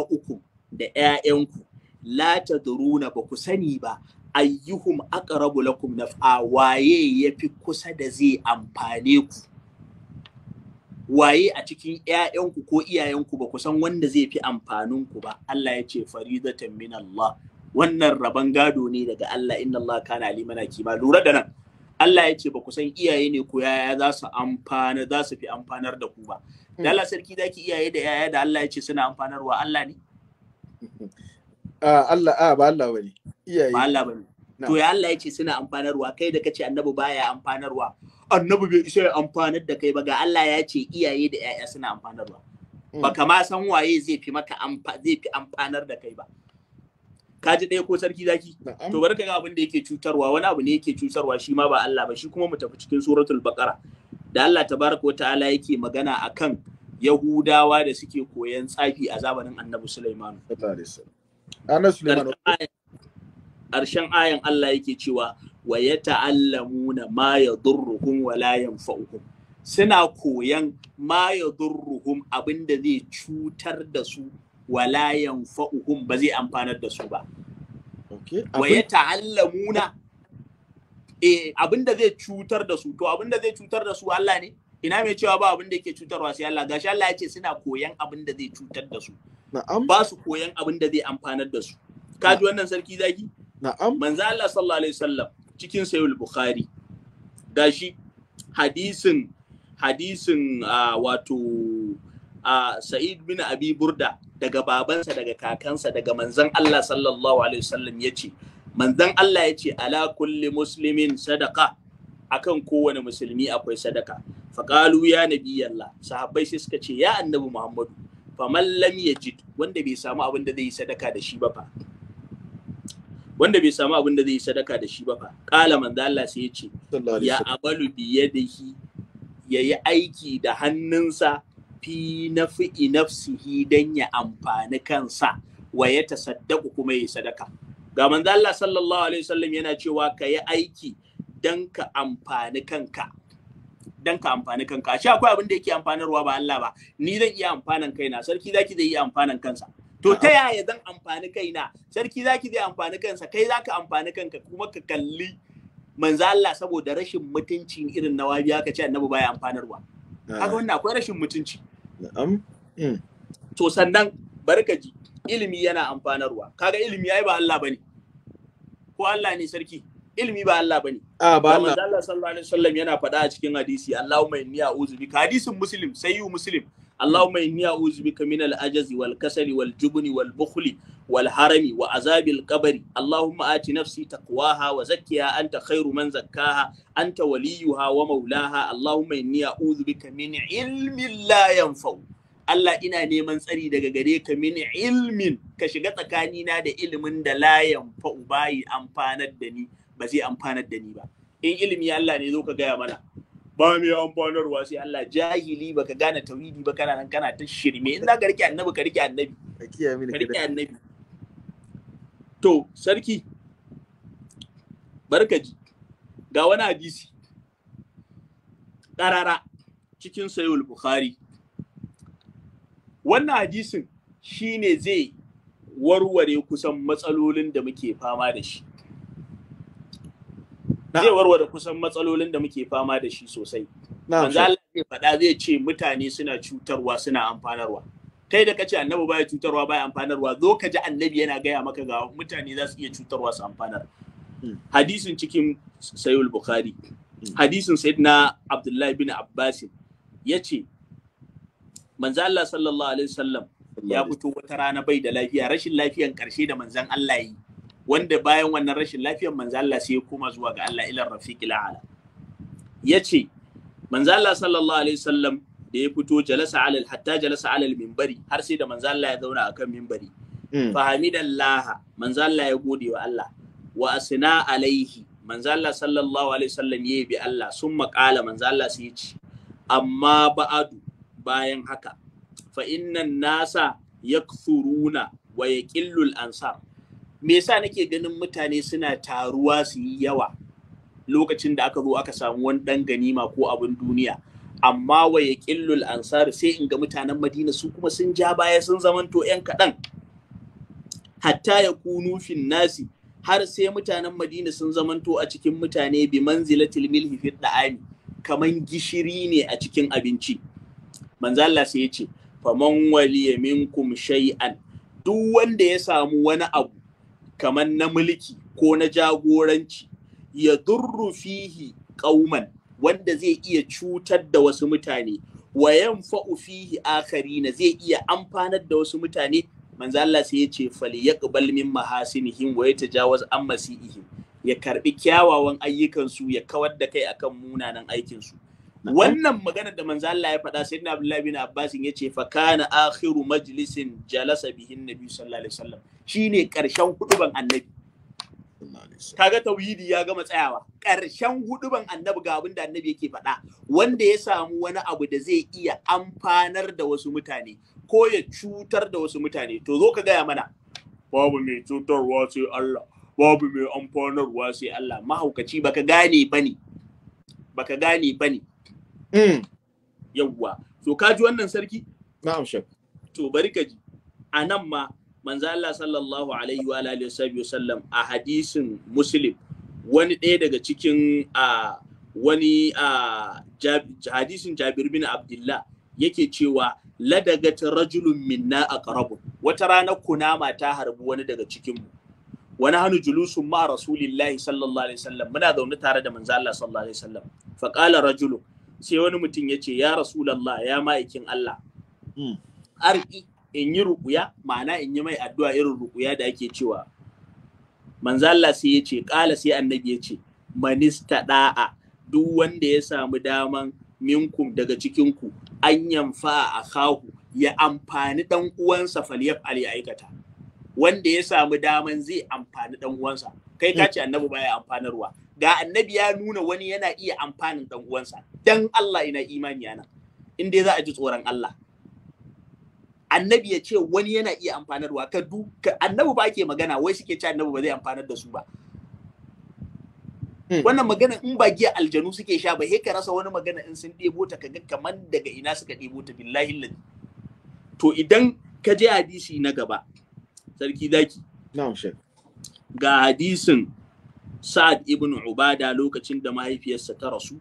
uku, da 'ya'yanku la tadruna ba ku sani ba ayyuhum aqrabu lakum naf'a waye yafi kusa da zai amfane ku waye a cikin ƴaƴanku ko iyayenku ba ku san wanda zai fi amfanin ku ba Allah ya ce faridatan min Allah wannan raban gado ne daga Allah inna Allah kana liman kima lura da nan Allah ya ce ba ku san iyaye ne ko yaya za su amfana za su fi amfanar da ku ba mm. da Allah sarki zaki iyaye da yaya da Allah ya ce suna amfanarwa Allah ne ah, Allah a ah, ba Allah bane Allah to ya Allah yace suna amfanarwa kai da kace annabi baya amfanarwa annabi bai isa ya amfanar da kai ba ga Allah ya ce iyaye da yaya suna amfanarwa ba mm. kama san waye zai fi maka zai fi amfanar da kai ba ka ji ɗaya ko sarki zaki to bari ka ga abin da yake cutarwa wani abu ne yake cutarwa shi ma ba Allah ba shi kuma mu tafi cikin suratul baqara da Allah tabaraka wa ta'ala yake magana akan Yahudawa da suke koyan tsafi a zamanin Annabi Sulaiman. Annabi Sulaiman. ƙarshen ayan Allah yake cewa wa ya ta'allamuna ma ya durruhum wa la yanfa'uhum suna koyan ma ya durruhum abinda zai cutar da su wa la yanfa'uhum ba zai amfanar da su ba wa ya ta'allamuna eh abinda zai cutar da su to abinda zai cutar da su Allah ne ina mai cewa ba abinda yake cutarwa sai Allah gashi Allah ya ce suna koyan abinda zai cutar da su ba su koyan abinda zai amfanar da su kaji wannan sarki zaki Na'am. Manzo Allah sallallahu alaihi wasallam cikin Sahih Bukhari gashi hadisin hadisin uh, wato uh, Sa'id bin Abi Burda daga babansa daga kakansa daga manzon Allah sallallahu alaihi wasallam yace manzon Allah yace ala kulli muslimin sadaqa akan kowane musulmi akwai sadaka faqalu ya nabiyalla sahabbai sai suka ce ya annabi Muhammadu faman lam yajid wanda bai samu abin da zai yi sadaka da shi ba fa wanda bai samu abin da zai yi sadaka da shi ba fa kala manzo Allah sai ya ce ya amalu ya yayi aiki da hannunsa fi nafi nafsihi dan ya amfani kansa wa ya tasaddaku kuma yi sadaka ga manzo Allah sallallahu alaihi wasallam yana cewa ka yi aiki dan ka amfani kanka dan ka amfani kanka shi akwai abin da yake amfanarwa ba Allah ba ni zan iya amfanan kaina sarki zaki zai iya amfanan kansa to ta yaya zan amfani kaina sarki zaki zai amfani kansa kai zaka amfani kanka kuma ka kalli manzo Allah saboda rashin mutunci irin na wabiya ka ce annabi baya amfanarwa kaga wannan akwai rashin mutunci na'am hmm. to sannan barkaji ilimi yana amfanarwa kaga ilimi yayi ba Allah bane ko Allah ne sarki ilimi ba Allah bane Ah ba Allah manzo Allah sallallahu alaihi wasallam yana faɗa a cikin hadisi Allahumma inni a'udhu bika hadisin muslim sayyu muslim Allahumma inni a'udhu bika min al-ajzi wal kasali wal jubni wal bukhli wal harami wa azabil qabri Allahumma ati nafsi taqwaha wa zakkiha anta khairu man zakkaha anta waliyuha wa maulaha Allahumma inni a'udhu bika min ilmin la yanfa'u Allah ina neman tsari daga gare ka min ilmin ka shiga tsakanina da ilimin da layan fa'u bayi amfanar da ni ba zai amfanar da ni ba in ilimi Allah ne zo ka gaya mana ba mai amfanarwa sai Allah jahili baka gane tauhidi ba kana nan kana ta shirme in zaka rike annabi ka rike annabi ka rike annabi to sarki barka ji. ga wani hadisi ƙarara cikin sayul bukhari wannan hadisin shine zai warware kusan matsalolin da muke fama da shi zai warware kusan matsalolin da muke fama da shi sosai manzo Allah zai faɗa zai ce mutane suna cutarwa suna amfanarwa kai da kace annabi baya cutarwa baya amfanarwa zo ka ji annabi yana gaya maka ga mutane za su iya cutarwa su amfanar hmm. hadisin cikin sayul bukhari hmm. hadisin sayyidina abdullahi bin abbas yace manzo Allah sallallahu alaihi wasallam ya fito wata rana bai da lafiya rashin lafiyan karshe da manzon Allah yi wanda bayan wannan rashin lafiyar manzo Allah sai ya koma zuwa ga Allah ila rafiqil ala yace manzo Allah sallallahu alaihi wasallam da ya fito jalasa hatta jalasa alal minbari har sai da manzo Allah ya zauna akan minbari hmm. fahamidallaha manzo Allah ya gode wa Allah wa asna alaihi manzo Allah sallallahu alaihi wasallam yayi bi Allah sun maƙala manzo Allah sai ya ce amma ba'adu bayan haka fa innan nasa yakthuruna wa yaqillul ansar me yasa nake ganin mutane suna taruwa su yi yawa lokacin da aka zo aka samu wani dan ganima ko abin duniya amma wa ya ƙillul ansar sai in ga mutanen madina su kuma sun ja baya sun zamanto 'yan kaɗan hatta ya kunu fin nasi har sai mutanen madina sun zamanto a cikin mutane bi manzilatil milhi fi da'ani kaman gishiri ne a cikin abinci manzo Allah sai ya ce faman waliya minkum shay'an duk wanda ya samu wani abu kamar na mulki ko na jagoranci ya durru fihi ƙauman wanda zai iya cutar da wasu mutane wayan fa'u fihi akharina zai iya amfanar da wasu mutane manzo Allah sai ya ce yaqbal min mahasinihim wa yatajawaz an masiihim ya karbi kyawawan ayyukan su ya kawar da kai akan munanan aikin su wannan magana da manzo Allah ya faɗa sai na Abdullahi bin Abbas ya ce fa kana akhiru majlisin jalasa bihin nabi sallallahu alaihi wasallam shine karshen huduban annabi kaga tauhidi ya gama tsayawa karshen huduban annabi ga abin da annabi yake faɗa wanda ya samu wani abu da zai iya amfanar da wasu mutane ko ya cutar da wasu mutane to zo ka gaya mana babu mai cutarwa sai Allah babu mai amfanarwa sai Allah mahaukaci baka gane bane baka gane bane Mm. Yawwa. So ka ji wannan sarki? Na'am shek. To bari ka ji. A nan ma manzo Allah sallallahu alaihi wa alihi wa sallam a hadisin Muslim wani ɗaya daga cikin a wani a hadisin Jabir bin Abdullah yake cewa ladagat rajulun minna aqrabu wata rana kunama ta harbi wani daga cikin mu wani hannu julusun ma rasulillahi sallallahu alaihi wasallam muna zaune tare da manzo Allah sallallahu alaihi wasallam fa qala rajulun sai wani mutum ya ce ya rasulallah ya ma'aikin Allah hmm. arki in yi rukuya ma'ana in yi mai addu'a irin rukuya da ake cewa manzo Allah sai ya ce kala sai annabi ya ce manista da'a duk wanda ya samu daman minkum daga cikinku an yamfa a kahu ya amfani dan uwansa falyaf ali aikata wanda ya samu daman zai amfani dan uwansa kai kace hmm. annabi baya amfanarwa ga annabi ya nuna wani yana iya amfanin dan uwansa dan Allah ina imani yana in dai za a ji tsoron Allah annabi ya ce wani yana iya amfanarwa ka du annabi ba ke magana wai suke ce annabi ba zai amfanar da su ba hmm. wannan magana in ba giya aljanu suke sha ba He ka rasa wani magana in sun debo ta kaga kaman daga ina suka debo ta billahi ladi to idan ka je hadisi na gaba sarki zaki na'am ga hadisin Sa'ad ibn Ubada lokacin da mahaifiyarsa ta rasu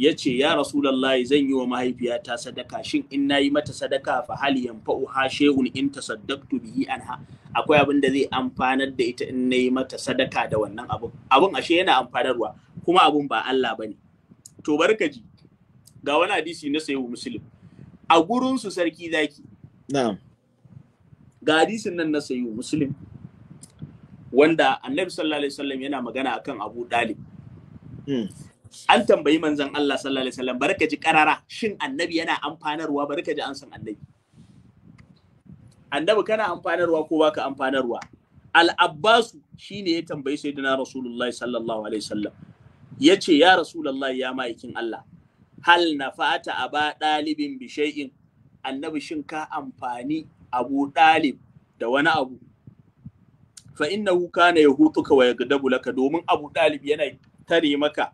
ya ce ya Rasulullahi zan yi wa mahaifiyata sadaka shin in nayi mata sadaka fa hal yanfa'u ha shay'un in tasaddaqtu bihi anha akwai abin da zai amfanar da ita in nayi mata sadaka da wannan abun abun ashe yana amfanarwa kuma abun ba Allah bane to barkaji ga wani hadisi na sayyid muslim a gurin su sarki zaki na'am ga hadisin nan na sayyid muslim wanda annabi sallallahu alaihi wasallam yana magana akan Abu Dalib hmm. an tambayi manzon Allah sallallahu alaihi wasallam barka ji karara shin annabi yana amfanarwa barka ji an san annabi annabi kana amfanarwa ko baka amfanarwa al-Abbas shine ya tambayi sayyidina Rasulullahi sallallahu alaihi wasallam yace ya Rasulullahi ya maikin Allah hal nafa'ata aba dalibin bi shay'in annabi shin ka amfani Abu Dalib da wani abu fa ya kana yahutuka ya yaghdabu laka domin Abu Dalib yana tare maka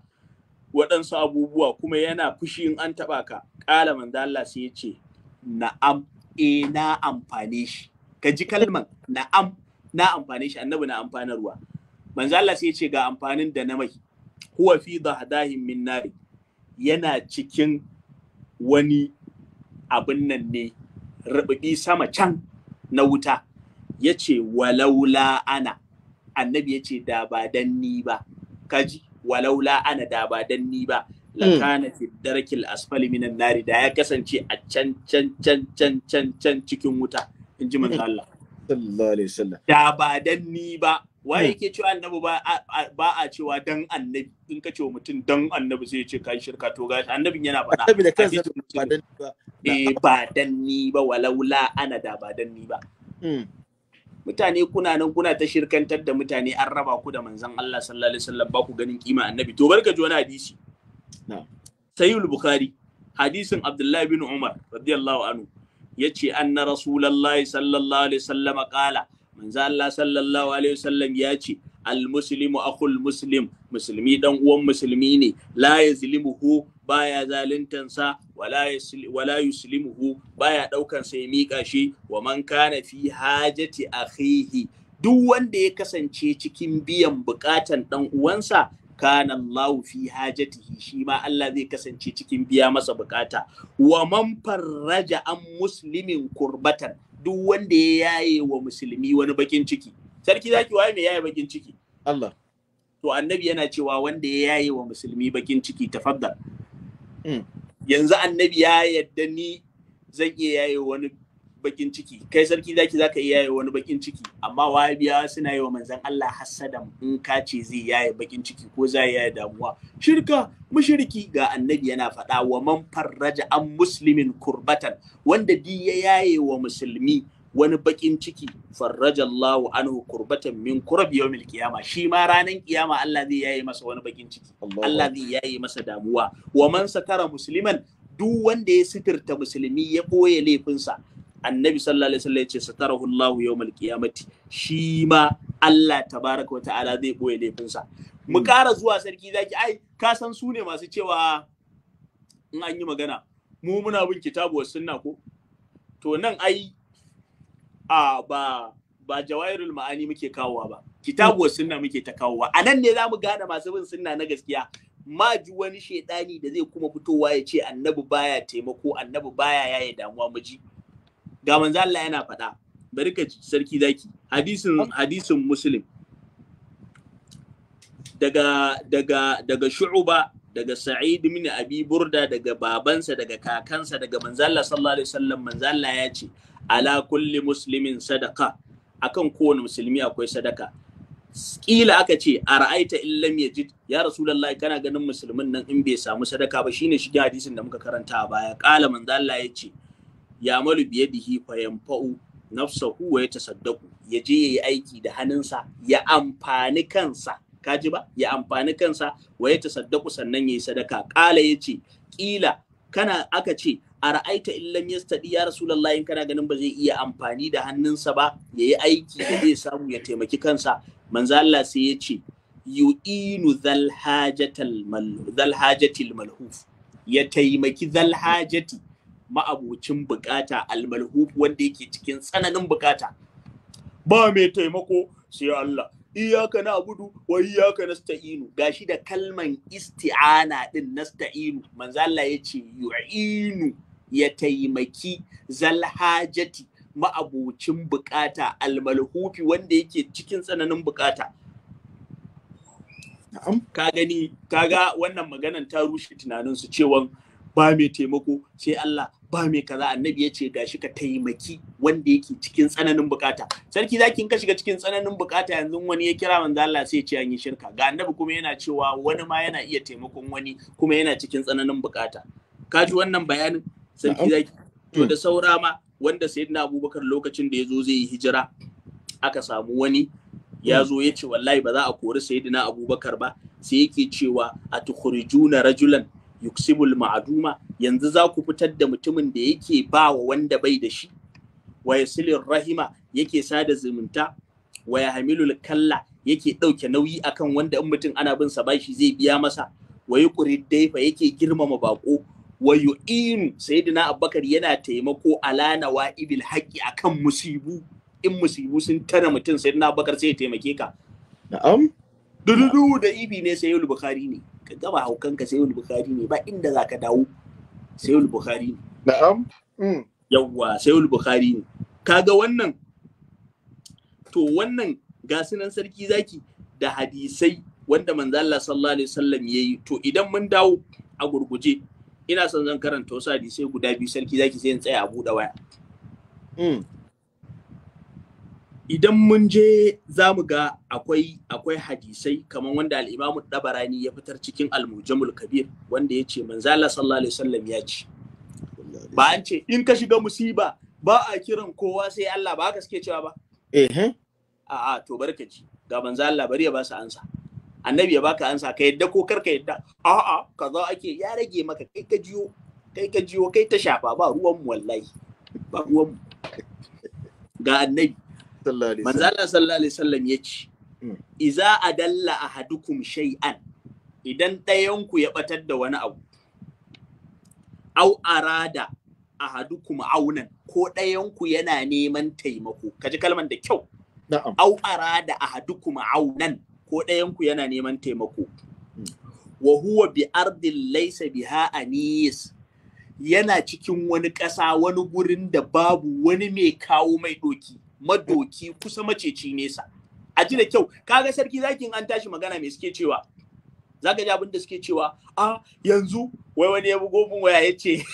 waɗansu abubuwa kuma yana fushi in an taɓa ka ƙala manzo Allah sai ya ce na'am e na amfane shi ka ji kalman na'am na amfane shi annabi na amfanarwa manzo Allah sai ya ce ga amfanin da na mai huwa fi dahdahin min nari yana cikin wani abin nan ne rububi sama can na wuta ya ce walaula ana annabi ya ce da ba dan ni ba kaji walaula ana da ba dan ni ba hmm. lakana fi darakil asfali minan nari da ya kasance a can can can can can can cikin wuta in ji manzo Allah sallallahu alaihi wasallam da ba dan ni ba wai hmm. yake cewa annabi ba ba a cewa dan annabi in ka ce wa mutum dan annabi zai ce kai shirka to gashi annabin yana faɗa annabi da kansa ba dan ni ba eh ba dan ni ba walaula ana da ba dan ni ba hmm. mutane kuna nan kuna ta shirkantar da mutane an raba ku da manzon Allah sallallahu alaihi wasallam ba ku ganin kima annabi to barka ji wani hadisi na'am sayyid bukhari hadisin abdullahi bin umar radiyallahu anhu yace anna rasulullahi sallallahu alaihi wasallam qala manzon Allah sallallahu alaihi wasallam yace almuslimu akhul muslim musulmi dan uwan musulmi ne la yazlimuhu baya sa wala yuslimuhu baya daukan sa ya mika shi wa man kana fi hajati akhihi duk wanda ya kasance cikin biyan bukatan dan uwansa kana Allahu fi hajatihi shi ma Allah zai kasance cikin biya masa bukata wa man farraja an muslimin kurbatan duk wanda ya yaye wa musulmi wani bakin ciki sarki zaki waye mai yaye bakin ciki Allah to annabi yana cewa wanda ya yaye wa musulmi bakin ciki tafaddal hmm. yanzu annabi ya yadda ni zan iya yaye wani bakin ciki kai sarki zaki zaka iya yaye wani bakin ciki amma biya suna yi wa manzon Allah hassada in ka ce zai yaye bakin ciki ko zai yaye damuwa shirka mushriki ga annabi yana faɗa wa man farraja an muslimin kurbatan wanda di ya yaye wa musulmi wani bakin ciki farrajallahu anhu kurbatan min kurab yawmil qiyama shi ma ranan kiyama Allah zai yayi masa wani bakin ciki Allah zai yayi masa damuwa wa man satara musliman duk wanda ya sitirta musulmi ya boye laifinsa annabi sallallahu alaihi wasallam yace satarahu Allahu yawmal qiyamati shi ma Allah tabaraka wa ta'ala zai boye laifinsa mu kara hmm. zuwa sarki zaki ai ka san su ne masu cewa in an yi magana mu muna bin kitabu sunna ko to nan ai a ba ba jawairul ma'ani muke kawowa ba kitabu sunna muke ta kawowa a nan ne zamu gane masu bin sunna na gaskiya ma ji wani shaidani da zai kuma fitowa ya ce annabi baya taimako annabi baya yaye damuwa miji ga manzo Allah yana faɗa bari sarki zaki hadisin hadisin muslim daga daga daga shu'uba daga sa'id min abi burda daga babansa daga kakansa daga manzo Allah sallallahu alaihi wasallam manzo Allah ya ce ala kulli muslimin sadaka akan kowane musulmi akwai sadaka kila aka ce a ra'aita in lam yajid ya rasulullahi kana ganin musulmin nan in bai samu sadaka ba shine shi hadisin da muka karanta a baya kala manzo Allah ya ce ya malu biyadihi fa yanfa'u nafsahu wa yatasaddaqu ya je yayi aiki da hannunsa ya amfani kansa kaji ba ya amfani kansa wa yatasaddaqu sannan yayi sadaka kala yace kila kana aka ce a ra'aita in lam yastadi ya rasulullahi in kana ganin ba zai iya amfani da hannunsa ba yayi aiki da zai samu ya taimaki kansa manzo Allah sai ya ce yu'inu dhal hajatal malhuf ya taimaki zalhajati ma'abocin bukata malhuf wanda yake cikin tsananin bukata ba mai taimako sai Allah iyaka na abudu wa iyaka nasta'inu gashi da kalman isti'ana din nasta'inu manzo Allah yace yu'inu ya taimaki zalhajati ma'abocin bukata almalhufi wanda yake cikin tsananin bukata ka gani kaga wannan maganan ta rushe tunaninsu cewa ba mai taimako sai Allah ba mai kaza annabi ya ce gashi ka taimaki wanda yake cikin tsananin bukata sarki zaki in ka shiga cikin tsananin bukata yanzu wani ya kira manzo Allah sai ce an yi shirka ga annabi kuma yana cewa wani ma yana iya taimakon wani kuma yana cikin tsananin bukata ka ji wannan bayanin sarki to hmm. da saura ma wanda na abubakar lokacin da ya zo zai yi hijira aka samu wani ya hmm. zo ya wallahi ba za a kori sayyidina abubakar ba sai yake cewa a tukhrijuna rajulan yuksibul ma'aduma yanzu za ku fitar da mutumin da yake ba wa wanda bai da shi wa yasilir rahima yake sada zumunta wa yahmilul kalla yake dauke nauyi akan wanda in mutum ana bin sa bashi zai biya masa wa yuqrid daifa yake girmama bako wa yu'inu sayyidina abubakar yana taimako ala ibil haqqi akan musibu in musibu sun tana mutum sayyidina abubakar sai ya taimake ka na'am dududu da ibi ne Sayyidul bukhari ne ka gama haukan ka sayyid bukhari ne ba inda zaka dawo Sayyidul bukhari ne na'am mm. yawwa Sayyidul bukhari ne kaga wannan to wannan ga sunan sarki zaki da hadisai wanda manzo Allah sallallahu alaihi wasallam yayi to idan mun dawo a gurguje ina son zan karanta wasu hadisai guda biyu sarki zaki sai in tsaya a buɗe waya hmm. idan mun je zamu ga akwai akwai hadisai kamar wanda al-Imam Dabarani ya fitar cikin Al-Mujamul Kabir wanda ya ce manzo Allah sallallahu alaihi wasallam ya ce ba an ce in ka shiga musiba ba a kiran kowa sai Allah ba haka suke cewa ba eh, eh. a'a to barkaci ga manzo Allah bari ya ba su ansa annabi ya baka ansa ka yadda ko karka yadda a'a kaza ake ya rage maka kai ka jiyo kai ka jiyo kai ta shafa ba ruwan mu wallahi ba ruwan mu ga annabi manzala sallallahu alaihi wasallam ya ce hmm. iza adalla ahadukum shay'an idan ɗayan ku ya batar da wani abu au arada ahadukum aunan ko ɗayan ku yana neman taimako kaji kalman da kyau na'am au arada ahadukum aunan ko ɗayanku yana neman taimako wa huwa bi ardin laisa biha anis yana cikin wani ƙasa wani gurin da babu wani mai kawo mai doki madoki kusa maceci nesa a ji da kyau kaga sarki zakin an tashi magana mai suke cewa zaka ji abin da suke cewa a yanzu wai wani ya bugo mun waya yace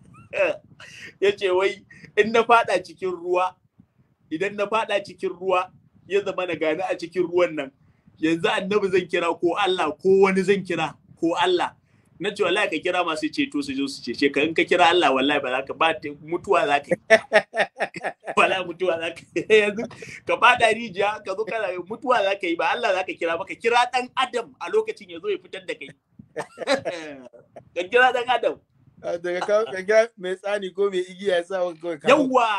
yace wai in na fada cikin ruwa idan na fada cikin ruwa ya zama na gani a cikin ruwan nan yanzu annabi zan kira ko Allah ko wani zan kira ko Allah na ce wallahi ka kira masu ceto su zo su cece ka in ka kira Allah wallahi ba za ka ba mutuwa za ka wala mutuwa za ka yanzu ka ba da rijiya ka zo kana mutuwa za ka yi ba Allah za ka kira ba ka kira dan adam a lokacin ya zo ya fitar da kai ka kira dan adam daga ka ga mai tsani ko mai igiya ya sa ka yawwa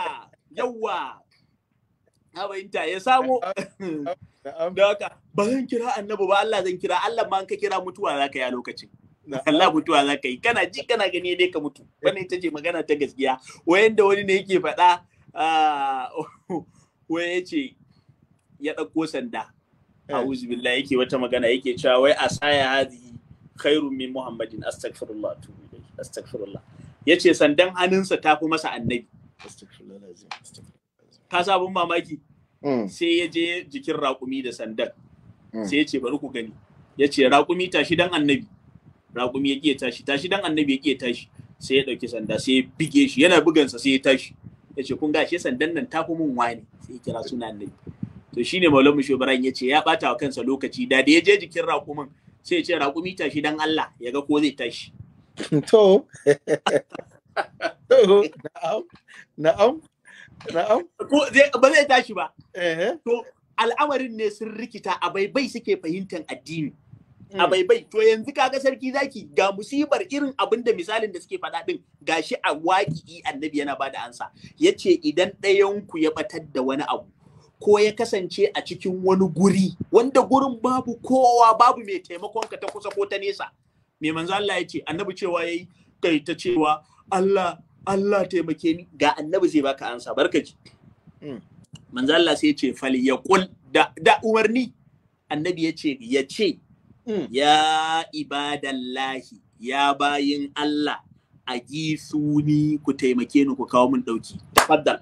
yawwa Abinta ya samu. Da haka ba zan kira annabi ba Allah zan kira Allah ma ka kira mutuwa za ka yi a lokacin. Allah mutuwa za ka yi kana ji kana gani dai ka mutu. Eh. Wannan ita ce magana ta gaskiya. Wayan da wani ne yake faɗa ah, wai ya ce ya ɗauko sanda. Eh. A'udhu billahi yake wata magana yake cewa wai asaya hadi khairun min Muhammadin astaghfirullah tu astaghfirullah. Yace sandan hannunsa ta fi masa annabi. Ka sabon mamaki. Mm. sai ya je jikin raƙumi da sandan mm. sai ya ce bari ku gani ya ce raƙumi tashi dan annabi raƙumi ya ƙiya tashi tashi dan annabi ya ƙiya tashi sai ya ɗauki sanda sai ya bige shi yana bugansa sai ya tashi ya ce kun gashe sandan nan ta fi mun wani sai ya kira suna annabi to shine maulan mu shobaran ya ce ya ɓata wa kansa lokaci da da ya je jikin raƙumin sai ya ce raƙumi tashi dan Allah ya ga ko zai tashi to na'am na'am Ba zai tashi ba. To al'amarin ne sun rikita a baibai suke fahimtar addini. Hmm. A baibai to yanzu kaga sarki zaki ga musibar irin abin da misalin da suke faɗa ɗin gashi a waƙi annabi yana ba da ansa. Ya ce idan ɗayanku ya batar da wani abu ko ya kasance a cikin wani guri wanda gurin babu kowa babu mai taimakon ka ta kusa ko ta nesa. Mai manzo Allah ya annabi cewa yayi kai ta cewa Allah Allah taimake ni ga annabi zai baka ansa barka ji hmm. manzo Allah sai ya ce fal yaqul da da umarni annabi ya ce ya ce hmm. ya ibadallahi ya bayin Allah a suni ku taimake ni ku kawo min dauki tafaddal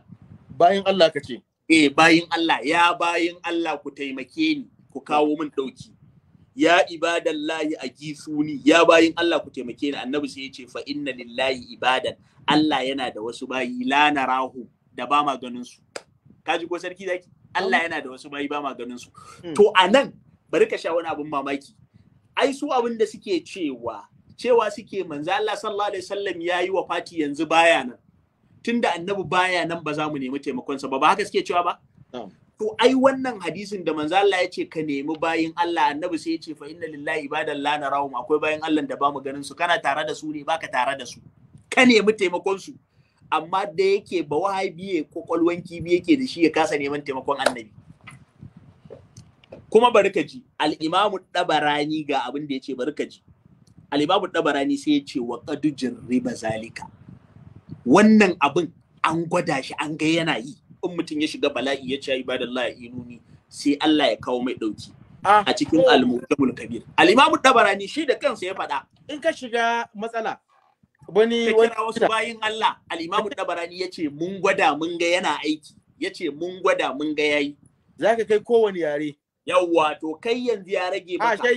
bayin Allah kace eh bayin Allah ya bayin Allah ku taimake ni ku kawo min dauki ya layi a gifuni ya bayin Allah ku taimake ni annabi sai ya ce fa inna lillahi ibadan Allah yana da wasu bayi la narahu da ba ma ganin su kaji ko sarki zaki Allah yana da wasu bayi ba ma ganin su hmm. to anan bari ka sha wani abun mamaki ai su abin da suke cewa cewa suke manzo Allah sallallahu alaihi wasallam yayi wafati yanzu baya nan tunda annabi baya nan ba za mu nemi taimakon sa ba ba haka suke cewa ba to ai wannan hadisin da manzo Allah ya ce ka nemi bayin Allah annabi sai ya ce fa inna lillahi ibadallah na akwai bayin Allah da bamu mu ganin su kana tare da su ne baka tare da su ka nemi taimakon su amma da yake ba ko kwakwalwan kibi yake da shi ya kasa neman taimakon annabi kuma bari ji al-imamu dabarani ga abin da ya ce bari ka ji al-imamu dabarani sai ya ce wa qad riba zalika wannan abin an gwada shi an ga yana yi in mutum ya shiga bala'i ya ce ibadallahi inuni sai Allah ya kawo mai dauki ah, a cikin oh. al-mu'tamul kabir al imamu tabarani shi da kansa ya faɗa in ka shiga matsala wani wani wasu bayin Allah al-imam ya yace mun gwada mun ga yana aiki yace mun gwada mun ga yayi zaka kai kowane yare yawa to kai yanzu ya rage ah, maka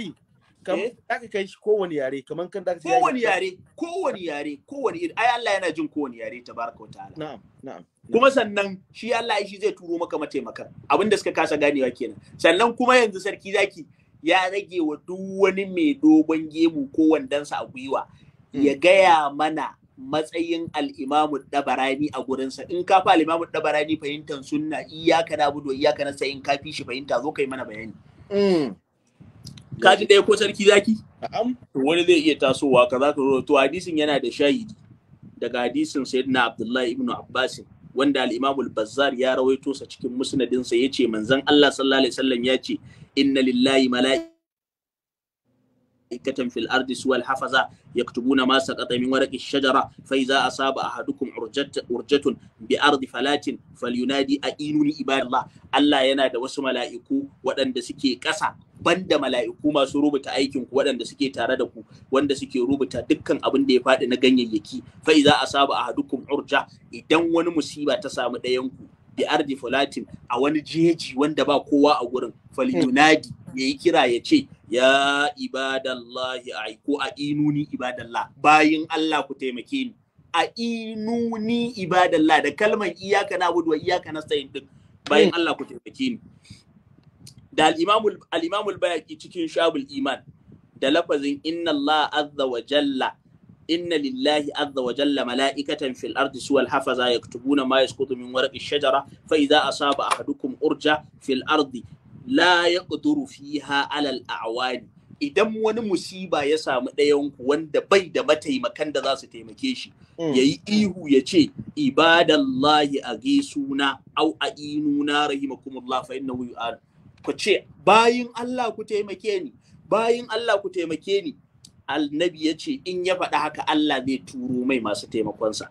Eh? zaka kai kowane yare kaman kan da kowane yare kowane yare kowane iri ai Allah yana jin kowane yare tabaraka wataala na'am na'am kuma sannan shi Allah shi zai turo maka abin abinda suka kasa ganewa kenan sannan kuma yanzu sarki zaki ya rage wa duk wani mai dogon gemu ko wandansa a gwiwa hmm. ya gaya mana matsayin al'imamu dabarani a gurinsa in ka fa al'imamu dabarani fahimtar sunna iyaka na budo iyaka na sayin ka fi shi fahimta zo kai mana bayani hmm. ka ji ɗaya ko sarki zaki wani zai iya tasowa kaza ka zo to hadisin yana da shahidi daga hadisin sayyidina abdullahi ibn Abbas, wanda al-imam bazzar ya rawaito sa cikin musnadinsa, ya yace manzon Allah sallallahu alaihi wasallam yace inna lillahi mala'i ma'aikatan fil'ardi ardi suwal hafaza yaktubuna ma saqata min waraqi shajara fa iza asaba ahadukum urjatun bi ardi falatin falyunadi a'inuni ibadallah Allah yana da wasu malaiku waɗanda suke ƙasa banda malaiku masu rubuta aikinku waɗanda suke tare da ku wanda suke rubuta dukkan abin da ya faɗi na ganyayyaki fa iza asaba ahadukum urja idan wani musiba ta samu ɗayan ku bi ardi folatin a wani jeji wanda ba kowa a gurin hmm. ya yi kira ya ce ya ibadallahi ya ko a inuni ibadallah bayin Allah ku taimake ni a inuni ibadallah da kalmar iyaka na wa iyaka na sayin din bayin hmm. Allah ku taimake ni da al-imamul al-imamul bayaki cikin shabul iman da lafazin inna Allah azza wa jalla inna lillahi azza wa jalla mala'ikatan fil ardi suwal hafaza yaktubuna ma yasqutu min warqi shajara fa idza asaba ahadukum urja fil ardi la yaqduru fiha alal a'wani idan wani musiba ya samu ɗayan ku wanda bai da mataimakan da za su taimake shi mm. Yayi ihu ya ce ibadallahi a gaisuna au a inuna rahimakumullah fa innahu yu'ar ku ce bayin Allah ku taimake ni bayin Allah ku taimake ni annabi ya ce in ya faɗa haka Allah zai turo mai masu taimakonsa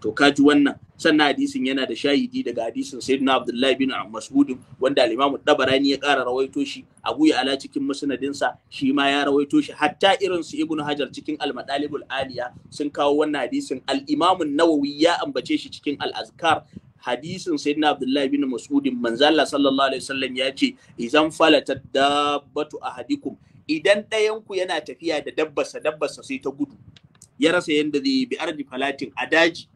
to kaji wannan sannan hadisin yana da shahidi daga hadisin sayyidina abdullahi bin mas'ud wanda al-imamu dabarani ya ƙara rawaito shi abu ya ala cikin musnadinsa shi ma ya rawaito shi hatta irin su ibnu hajar cikin al-madalibul aliya sun kawo wannan hadisin al-imamu nawawi ya ambace shi cikin al-azkar hadisin sayyidina abdullahi bin mas'ud manzo Allah sallallahu alaihi wasallam ya ce idan falatat dabbatu ahadikum idan ɗayanku yana tafiya da dabbasa dabbasa sai ta gudu ya rasa yadda zai bi ardi falatin a daji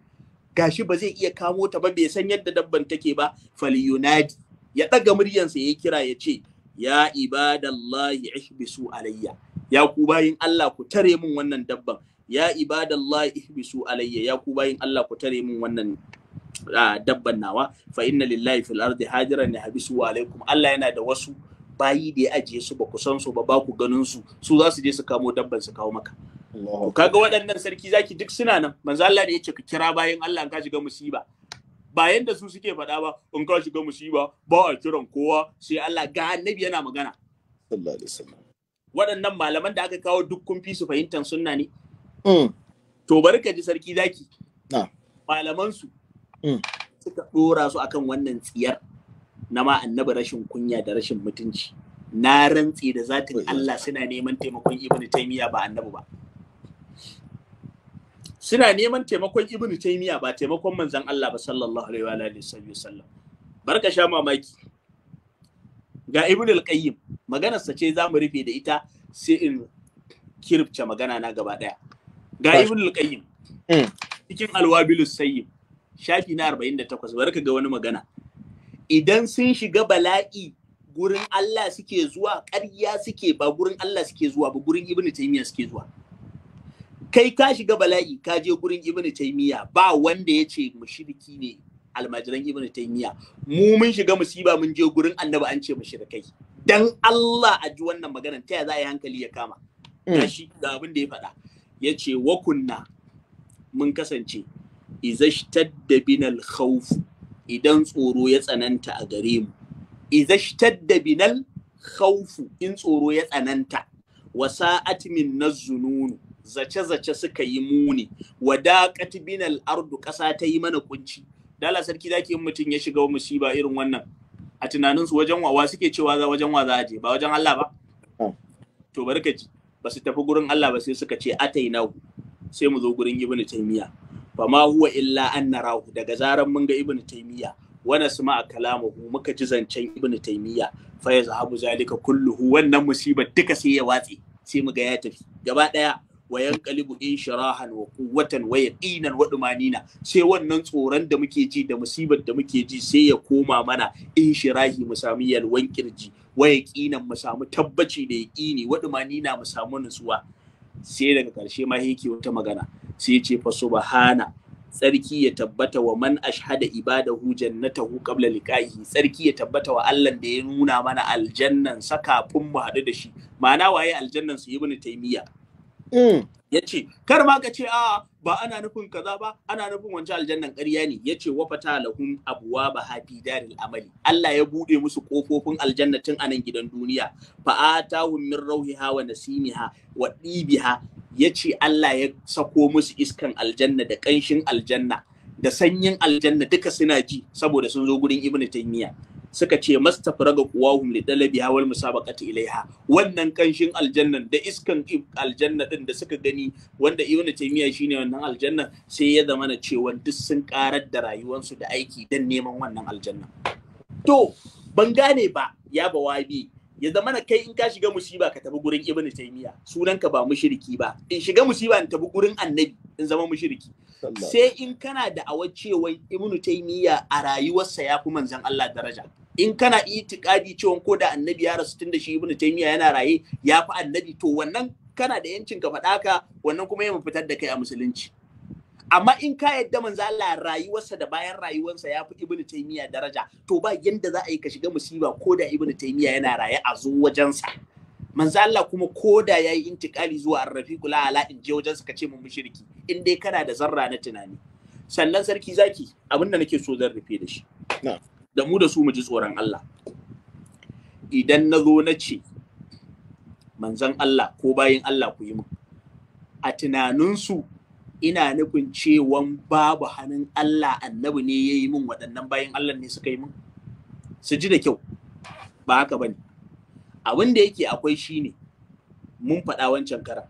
gashi ba zai iya kamo ta ba bai san yadda dabban take ba faliyunadi ya ɗaga muryansa ya kira ya ce ya ibadallahi ihbisu alayya ya ku bayin Allah ku tare min wannan dabban ya ibadallahi ihbisu alayya ya ku bayin Allah ku tare min wannan ah, dabban nawa fa inna lillahi fil ardi hajiran yahbisu alaikum Allah yana da wasu bayi da ya ajiye su ba ku san su ba ba ku ganin su su za su je su kamo dabban su kawo maka to kaga waɗannan sarki zaki duk suna nan manzo Allah da yake ka kira bayan Allah in ka shiga musiba ba yanda su suke faɗa ba in ka shiga musiba ba a kiran kowa sai Allah ga annabi yana magana sallallahu alaihi wasallam waɗannan malaman da aka kawo duk kun fi su fahimtar sunna ne mm. to bari ka ji sarki zaki malaman su mm. suka dora su akan wannan tsiyar na ma annabi rashin kunya da rashin mutunci na rantsi da zatin Allah suna neman taimakon ibnu taymiya ba annabi ba suna neman taimakon ibnu taymiya ba taimakon manzon Allah ba sallallahu alaihi wa alihi wasallam barka sha mamaki ga ibnu al-qayyim maganar sa ce zamu rufe da ita sai in kirfce magana na gaba daya ga ibnu al-qayyim hmm. cikin al-wabilus sayyib shafi na 48 barka ga wani magana idan sun shiga bala'i gurin Allah suke zuwa ƙarya suke ba gurin Allah suke zuwa ba gurin Ibn Taymiyyah suke zuwa kai ka shiga bala'i ka je gurin Ibn Taymiyyah ba wanda ya ce mushriki ne almajiran Ibn Taymiyyah mu mun shiga musiba mun je gurin Annabi an ce mushrikai dan Allah a ji wannan maganar ta ya za a yi hankali ya kama hmm. gashi ga abin da ya faɗa ya ce wa kunna mun kasance izashtadda binal khawfu idan tsoro ya tsananta a gare mu shtadda binal khawfu in tsoro ya tsananta wa wasa'at min nazununu zace zace suka yi muni Wa daqat binal ardu kasa ta yi mana kunci dala sarki zaki in mutun ya shiga musiba irin wannan a tunanin su wajen wawa suke cewa za wajen wa za a je ba wajen Allah ba oh. to barkaci ba su tafi gurin Allah ba sai suka ce atainahu sai mu zo gurin ibnu taymiya fama huwa illa an narahu daga zaran mun ga ibnu taymiya wa nasma kalamuhu muka ji zancen ibnu taymiya fa yazhabu zalika kulluhu wannan musibar duka sai ya watse sai mu ga ya tafi gaba daya wa yanqalibu inshirahan wa quwwatan wa yaqinan wa dumanina sai wannan tsoron da muke ji da musibar da muke ji sai ya koma mana inshirahi mu sami yalwan kirji wa yaqinan mu samu tabbaci da yaqini wa dumanina mu samu nutsuwa sai daga karshe ma yake wata magana sai ce fa subhana tsarki ya tabbata wa man ashhada ibadahu jannatahu qabla liqa'ihi tsarki ya tabbata wa Allah da ya nuna mana aljannan sa kafin mu hadu da shi ma'ana waye aljannan su ibnu taymiya mm. ya ce kar ma ka ce a ba ana nufin kaza ba ana nufin wancan aljannan ƙarya ne yace wa fata lahum abuwa ba hafi daril amali Allah ya bude musu kofofin aljannatin anan gidan duniya fa atahum min rauhiha wa nasimiha wa dibiha ya ce Allah ya sako musu iskan aljanna da ƙanshin aljanna da sanyin aljanna duka suna ji saboda sun zo gurin Ibn Taymiyyah suka ce mastafraga quwahum li dalabi hawal musabaqati ilaiha wannan ƙanshin aljannan da iskan aljanna din da suka gani wanda Ibn Taymiyyah shine wannan aljanna sai ya zama na cewa duk sun karar da rayuwarsu da aiki dan neman wannan aljanna to ban gane ba ya bawabi ya zama na kai in ka shiga musiba ka tafi gurin Ibn taymiya sunanka ba mushriki ba in shiga musiba in tafi gurin annabi in zama mushriki sai in kana da cewa Ibn taymiya a rayuwarsa ya fi manzon Allah daraja in kana itikadi cewa ko da annabi ya rasu tun da shi Ibn taymiya yana raye ya fi annabi to wannan kana da yancin ka faɗa ka wannan kuma ya fitar da kai a musulunci amma in ka yadda manzo Allah rayuwarsa da bayan rayuwarsa ya fi ibnu taymiya daraja to ba yanda za a yi ka shiga musiba ko da ibnu taymiya yana raye a zo wajensa manzo Allah kuma ko da yayi intikali zuwa arrafiqul ala in je wajensa ka ce mun mushriki in dai kana da zarra na tunani sannan sarki zaki abinda nake so zan rufe da shi da mu da su mu ji tsoron Allah idan na zo na ce manzon Allah ko bayin Allah ku yi mu a tunaninsu ina nufin cewan babu hannun Allah annabi ne ya yi min waɗannan bayan Allah ne suka yi min su ji da kyau ba haka ba ne abin da yake akwai shi ne mun faɗa wancan kara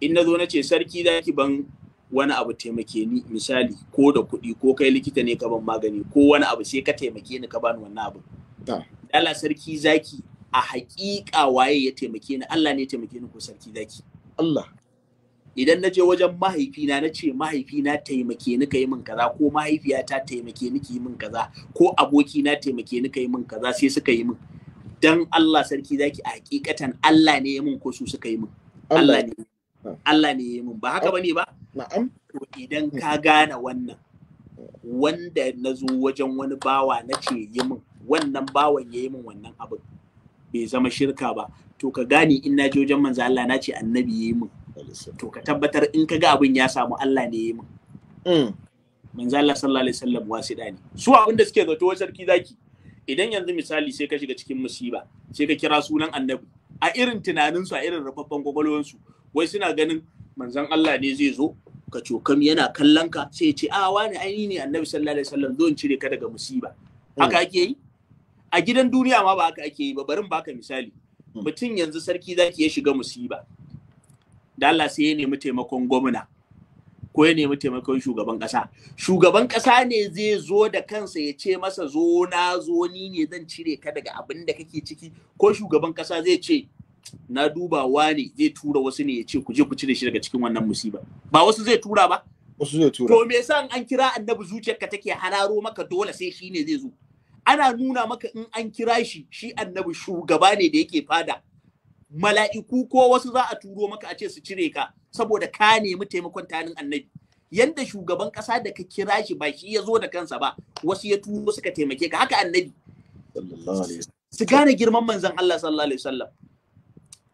in na zo na ce sarki za ki ban wani abu taimake ni misali ko da kuɗi ko kai likita ne ka ban magani ko wani abu sai ka taimake ni ka bani wannan abu Allah sarki zaki a haƙiƙa waye ya taimake ni Allah ne ya taimake ni ko sarki zaki Allah idan na je wajen mahaifina na ce mahaifina taimake ni ka yi min kaza ko mahaifiyata taimake ni ki min kaza ko abokina taimake ni ka yi min kaza sai suka yi min dan Allah sarki zaki a hakikatan Allah ne ya min ko su suka yi min Allah ne Allah ne ya min ba haka bane ba na'am to idan ka gane wannan wanda nazo zo wajen wani bawa na ce yi min wannan bawan ya yi min wannan abin bai zama shirka ba to ka gane in na je wajen manzo Allah na ce annabi ya yi min to ka tabbatar in ka ga abin ya samu Allah ne ya min mm. manzo Allah sallallahu alaihi wasallam wasida ne su abin da suke zato sarki zaki idan yanzu misali sai ka shiga cikin musiba sai ka kira sunan annabi a irin tunaninsu a irin rafaffan kwakwalwansu wai suna ganin manzon Allah ne zai zo ka cokam yana kallon ka sai ce a wani aini ne annabi sallallahu alaihi wasallam zo in cire ka daga musiba mm. haka ake yi a gidan duniya ma ba haka ake yi ba barin baka misali mm. mutum yanzu sarki zaki ya shiga musiba da Allah sai ya nemi taimakon gwamna ko ya nemi taimakon shugaban kasa? shugaban kasa ne zai zo da kansa ya ce masa zo na zo ni ne zan cire ka daga abin da kake ciki ko shugaban kasa zai ce na dubawa ne zai tura wasu ne ya ce ku je ku cire shi daga cikin wannan musiba ba wasu zai tura ba wasu zai tura to me yasa an kira annabi ka take hararo maka dole sai shi ne zai zo ana nuna maka in an kira shi shi annabi shugaba ne da yake fada mala'iku ko wasu za a turo maka a ce su cire ka saboda ka nemi taimakon tanin annabi yanda shugaban kasa da ka kira shi ba shi ya zo da kansa ba wasu ya turo suka taimake ka haka annabi su gane girman manzon Allah sallallahu alaihi wasallam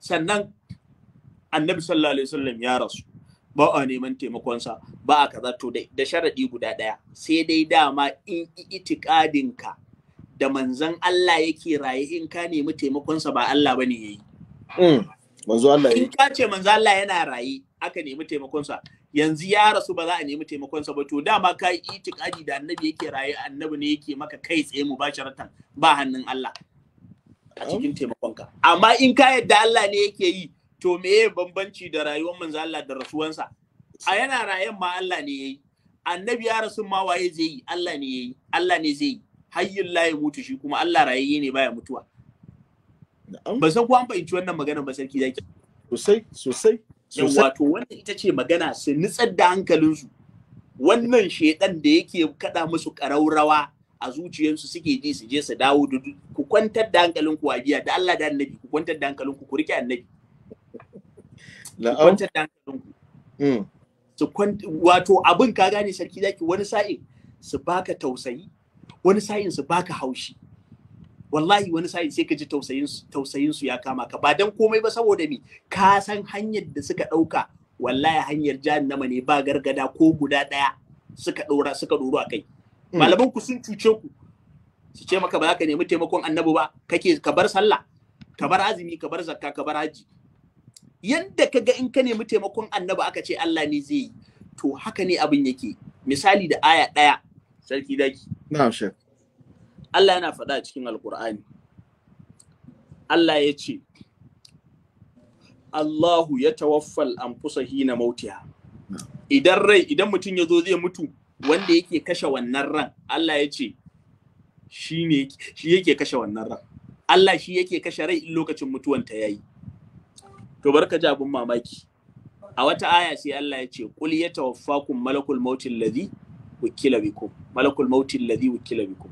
sannan annabi sallallahu alaihi wasallam ya rasu ba a neman taimakonsa ba a kaza to da sharadi guda daya sai dai dama in ka da manzon Allah yake raye in ka nemi taimakonsa ba Allah bane yayi Mm. manzo Allah in ka ce manzo Allah yana rayi aka nemi taimakon sa yanzu ya rasu ba za a nemi taimakon sa ba to dama ka yi itikadi da annabi yake raye annabi ne yake maka kai tsaye mubasharatan ba hannun Allah a cikin taimakon ka amma in ka yadda Allah ne yake yi to meye bambanci da rayuwar manzo Allah da rasuwansa a yana rayen ma Allah ne yayi annabi ya rasu ma waye zai yi Allah ne yayi Allah ne zai yi hayyul la mutu shi kuma Allah raye ne baya mutuwa ba san ko an fahimci wannan magana ba sarki zaki. Sosai, sosai. Wato wannan ita ce magana su nitsar da hankalinsu. Wannan shedan da yake kada musu ƙaraurawa a zuciyarsu suke ji su je su dawo da ku kwantar da hankalinku a wajiya da Allah da annabi ku kwantar da hankalinku ku rike annabi. Ku kwantar da hankalinku. Mm. Su wato abin ka gane sarki zaki wani sa'in su baka tausayi wani sa'in su baka haushi wallahi wani sai sai ka ji tausayin tausayin su ya kama ka ba dan komai ba saboda me ka san hanyar da suka dauka wallahi hanyar jahannama ne ba gargada ko guda daya suka dora suka doro a kai hmm. malaman ku sun cuce ku su ce maka ba za ka nemi taimakon annabi ba kake ka bar sallah ka bar azumi ka bar zakka ka bar haji yanda ka ga in ka nemi taimakon annabi aka ce Allah ne zai yi to haka ne abin yake misali da aya ɗaya sarki daki na'am shek Allah yana faɗa cikin Alƙur'ani. Allah ya ce Allahu ya tawaffal kusa hina mautiya. idan rai idan mutum ya zo zai mutu wanda yake kashe wannan ran Allah ya ce shi ne yake kashe wannan ran Allah shi yake kashe rai in lokacin mutuwan ta yayi to barka ji abun mamaki a wata aya sai Allah ya ce ya yatawaffakum malakul Mautin lazi wukila bikum malakul Mautin lazi wukila bikum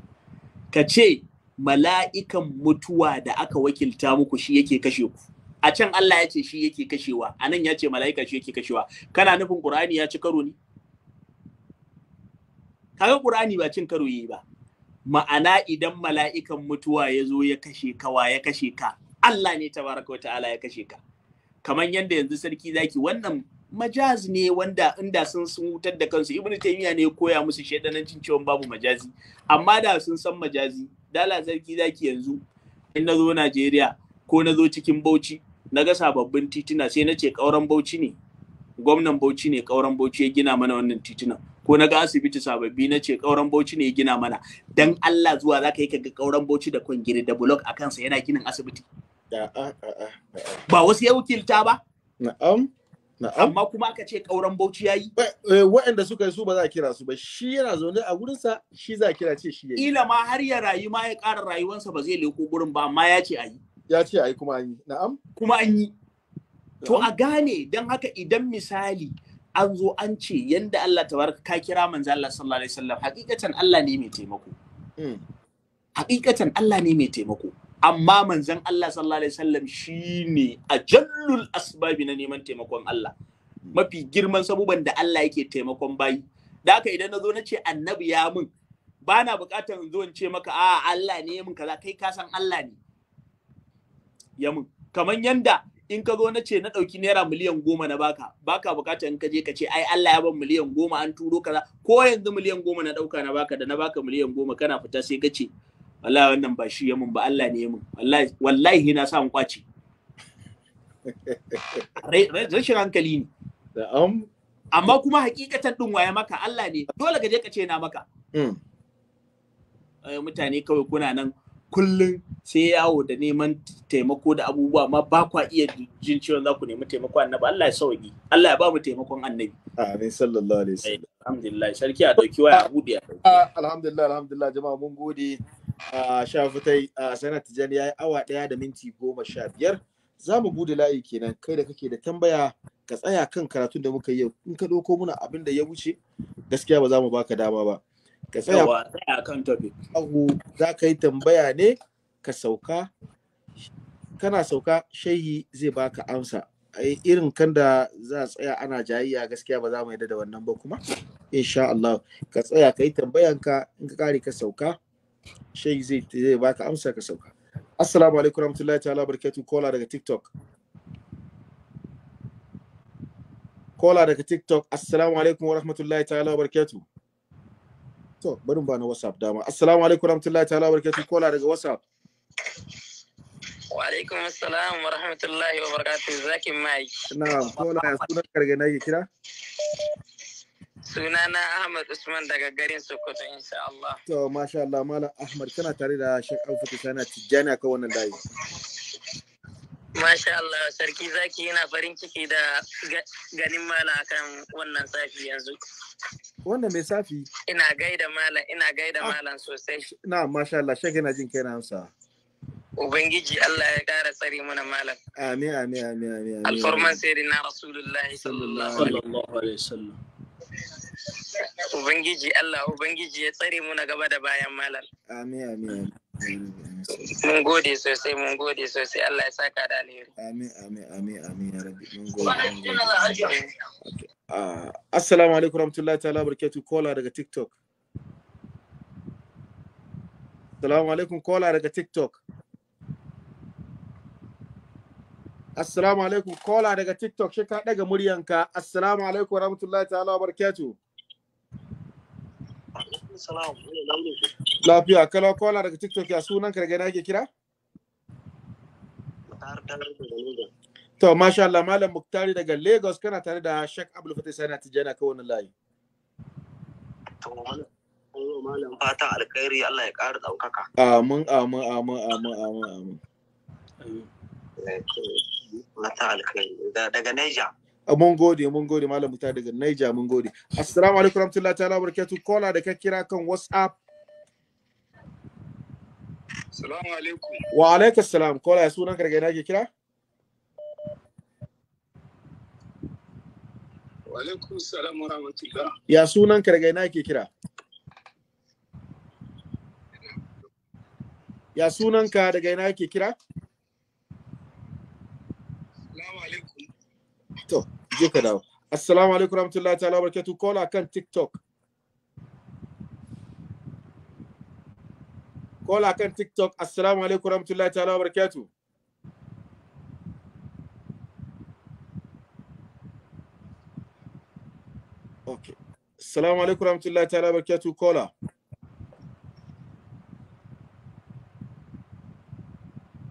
ka ce mala'ikan mutuwa da aka wakilta muku shi yake kashe ku a can Allah ya ce shi yake kashewa a nan ya ce mala'ika shi yake kashewa kana nufin ƙur'ani ya ci karo ne kaga ƙur'ani ba cin karo yi ba ma'ana idan mala'ikan mutuwa ya zo ya kashe kawa ya kashe ka Allah ne wata ta'ala ya kashe ka kamar yadda yanzu sarki zaki wannan majazi ne wanda inda sun sun wutar da kansu ibnu taymiya ne koya musu shedanancin cewa babu majazi amma da sun san majazi dala zarki zaki yanzu in nazo Najeriya ko na cikin Bauchi na ga sababbin tituna sai na ce kauran Bauchi ne gwamnan Bauchi ne kauran Bauchi ya gina mana wannan titunan ko na ga asibiti sababbi na ce kauran Bauchi ne ya gina mana dan Allah zuwa zaka yi ka ga kauran Bauchi da kwangire da block a kansa yana ginin asibiti ba wasu ya wakilta ba na'am amma kuma aka ce kauran bauchi yayi eh, waɗanda suka yi su ba za a kira su ba shi yana zaune a gurinsa shi za a kira ce shi yayi ila ma har ya rayu ma ya ƙara rayuwarsa ba zai leko gurin ba amma ya ce ayi ya ce ayi kuma an yi na'am kuma an yi to a gane dan haka idan misali an zo an ce yanda Allah tabaraka ka kira manzo Allah sallallahu alaihi wasallam hakikatan Allah ne mai taimako mm. hakikatan Allah ne mai taimako amma manzon Allah sallallahu alaihi wasallam shine ajallul asbabi na neman taimakon Allah mafi girman sabuban da Allah yake taimakon bayi da haka idan nazo nace annabi ya mun Bana buƙatar bukatar in zo in ce maka a Allah ne ya mun kaza kai ka san Allah ne ya mun kamar yanda in ka zo na ce na ɗauki naira miliyan goma na baka baka bukatar in ka je ka ce ai Allah ya ban miliyan goma an turo kaza ko yanzu miliyan goma na ɗauka na baka da na baka miliyan goma kana fita sai ka ce Allah wannan ba shi yamin ba Allah ne yamin wallahi wallahi na samu kwace rashin hankali ne amma kuma hakikatan din waye maka Allah ne dole ka je ka ce na maka hmm. eh, mutane kawai kuna nan kullum sai yawo da neman taimako da abubuwa amma ba kwa iya jin cewa za ku nemi taimako annabi Allah ya sauki Allah ya ba mu taimakon annabi amin sallallahu alaihi wasallam eh, alhamdulillah sarki a dauki waya a alhamdulillah alhamdulillah jama'a mun gode sha fitai sanar tijjani ya yi awa ɗaya da minti goma sha biyar za mu bude layi kenan kai da kake da tambaya ka tsaya kan karatun da muka yi in ka ɗauko muna abin da ya wuce gaskiya ba za mu baka dama ba ka tsaya kan topic za ka yi tambaya ne ka sauka kana sauka shehi zai baka amsa irin kan da za a tsaya ana jayayya gaskiya ba za mu yadda da wannan ba kuma insha Allah ka tsaya ka yi tambayanka in ka kare ka sauka sheik zai zai baka amsa ka sauka assalamu alaikum warahmatullahi ta'ala barakatuh kola daga tiktok kola daga tiktok assalamu alaikum warahmatullahi ta'ala barakatuh to barin ba na whatsapp dama assalamu alaikum warahmatullahi ta'ala barakatuh kola daga whatsapp wa alaikum assalam wa rahmatullahi wa barakatuh zakin mai na'am kola sunan karga nake kira Sunana Ahmad Usman daga garin Sokoto insha Allah. To masha Allah Malam Ahmad kana tare da Sheikh Alfa Tisana Tijjani akan wannan layi. Masha Allah sarki zaki yana farin ciki da ganin mala akan wannan safi yanzu. Wanda mai safi? Ina gaida malam ina gaida ah. malam sosai. Na masha Allah shek yana jin kai amsa. Ubangiji Allah ya kara tsari mana malam. Amin amin amin amin. Alfarman sayyidina Rasulullahi sallallahu alaihi wasallam. Ubangiji Allah Ubangiji ya tsare mu na gaba da bayan malam. Amin amin. Mun gode sosai mun gode sosai Allah ya saka da alheri. Amin amin amin amin ya rabbi mun gode. Ah, assalamu alaikum warahmatullahi ta'ala barkatu kola daga TikTok. Assalamu alaikum kola daga TikTok. Assalamu alaikum kola daga TikTok shi ka daga muryanka. Assalamu alaikum warahmatullahi ta'ala barkatu. salam. Lafiya, kalau kola daga TikTok ya sunan ka na ake kira? To, masha Allah, Malam Muktari daga Lagos kana tare da Shek Abdul Fatih Sani Tijjana ka wannan layi. To, Malam fata alkhairi Allah ya ƙara ɗaukaka. Amin, amin, amin, amin, amin, amin. Eh, fata alkhairi daga Niger. mun gode mun gode malam ta daga Naija mun gode assalamu alaikum warahmatullahi ta'ala barakatu kola da ka kira kan whatsapp assalamu alaikum wa alaikum assalam kola ya sunan ka daga ina ke kira wa alaikum assalam wa rahmatullahi ya sunan ka daga ina ke kira ya sunan ka daga ina ke kira to je ka dawo assalamu alaikum warahmatullahi ta'ala barakatuh kola kan tiktok kola kan tiktok assalamu alaikum warahmatullahi ta'ala barakatuh okay assalamu alaikum warahmatullahi ta'ala barakatuh kola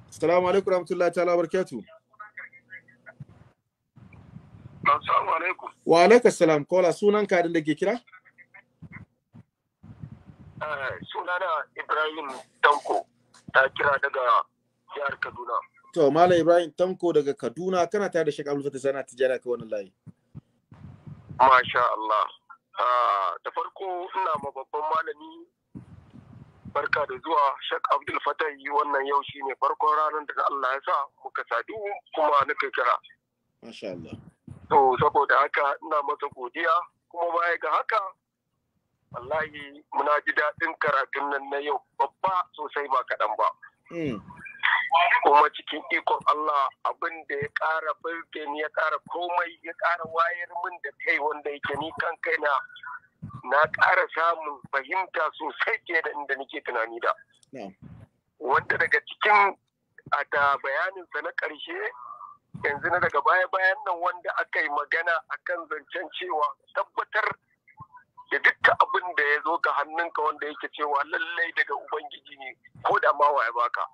assalamu alaikum warahmatullahi ta'ala barakatuh Assalamu alaikum. Wa alaikum salam. Kola sunan ka da ke kira? Eh, sunana Ibrahim Tanko ta kira daga jihar Kaduna. To Malam Ibrahim Tanko daga Kaduna kana tare da Sheikh Abdul Fatah Zana tijara ka wannan layi. Masha Allah. Ah, da farko ina ma babban malami barka da zuwa Sheikh Abdul yi wannan yau shine farkon ranar da Allah ya sa muka sadu kuma na kira. Masha Allah. to saboda haka ina masa godiya kuma baya ga haka wallahi muna ji daɗin karatun nan na yau babba sosai ba kaɗan ba hmm. kuma cikin ikon Allah abin da ya ƙara birkin ya ƙara komai ya ƙara wayar min da kai wanda yake ni kan kaina na ƙara samun fahimta sosai ke da inda nake tunani da wanda daga cikin a da bayaninsa na ƙarshe yanzu na daga baya bayan nan wanda aka yi magana akan zancen cewa tabbatar da dukkan abin da ya zo ga hannunka wanda yake cewa lallai daga ubangiji ne ko da ma waye baka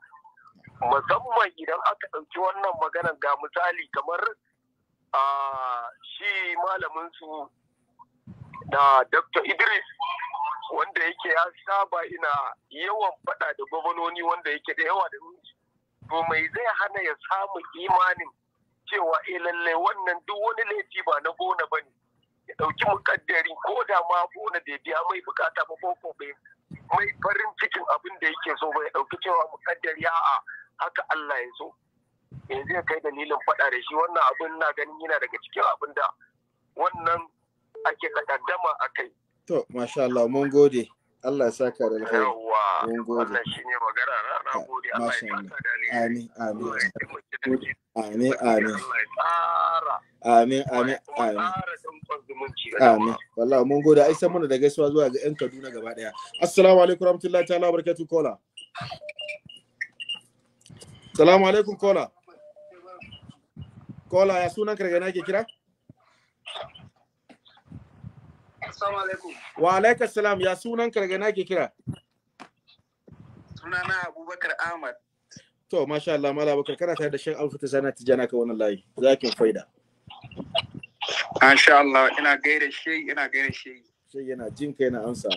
musamman idan aka ɗauki wannan maganar, ga misali kamar a shi malamin su da dr idris wanda yake ya saba ina yawan faɗa da gwamnoni wanda yake da yawa da to mai zai hana ya samu imanin cewa eh lalle wannan duk wani laifi ba na gona ba ne ya ɗauki mukaddari ko da ma gona da biya mai bukata ba ko bai mai farin cikin abin da yake so ba ya ɗauki cewa mukaddari a'a haka Allah ya so yanzu zai kai dalilin faɗa da shi wannan abin na ganin yana daga cikin abin da wannan ake takaddama a kai. To, masha Allah, mun gode. Allah ya saka da alheri. Yawwa, wannan shi ne magana na na ah, gode Allah ya saka Amin, amin. Amin, amin. Amin, amin, amin. Amin. Wallahi mun gode ai san mana da gaisuwa zuwa ga 'yan Kaduna gaba daya. Assalamu alaikum warahmatullahi ta'ala barakatuh kola. Assalamu alaikum kola. Kola ya sunan karga na ke kira? Assalamu alaikum. Wa alaikas salam ya sunan kargana ke kira. Sunana Abubakar Ahmad. To masha Allah mala Abubakar kana tare da shan Alfu ta sana tijana ka wannan layi. Zakin faida. Masha Allah ina gaida shi ina gaida shi. Sai yana jin kai na amsa.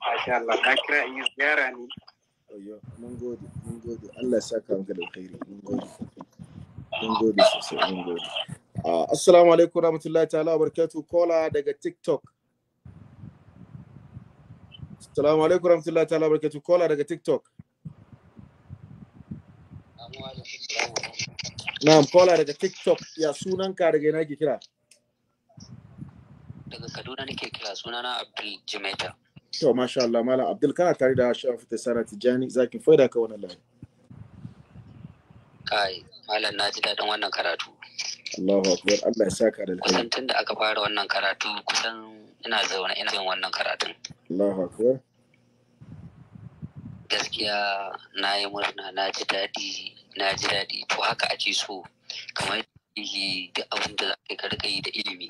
Masha Allah ka kira in yi ziyara ne. Ayyo mun gode mun gode Allah ya saka maka da alkhairi mun gode. Mun gode sosai mun gode. Uh, assalamu alaikum rahmatullahi ta'ala wa barakatuh kola daga TikTok. Assalamu alaikum rahmatullahi ta'ala wa barakatuh kola daga TikTok. Na'am kola daga TikTok ya sunan ka daga yana ke kira? Daga Kaduna nake kira sunana Abdul Jimaita. To masha Allah Malam Abdul kana tare da Shafi Tasara Tijani zaki faida ka wannan lafiya. Kai Malam na ji daɗin wannan karatu. Allahu akbar Allah ya saka da alheri tun da aka fara wannan karatu kusan ina zaune ina yin wannan karatun Allahu akbar gaskiya na yi murna na ji daɗi na ji daɗi to haka ake so kamar yi duk abin da za ka karka yi da ilimi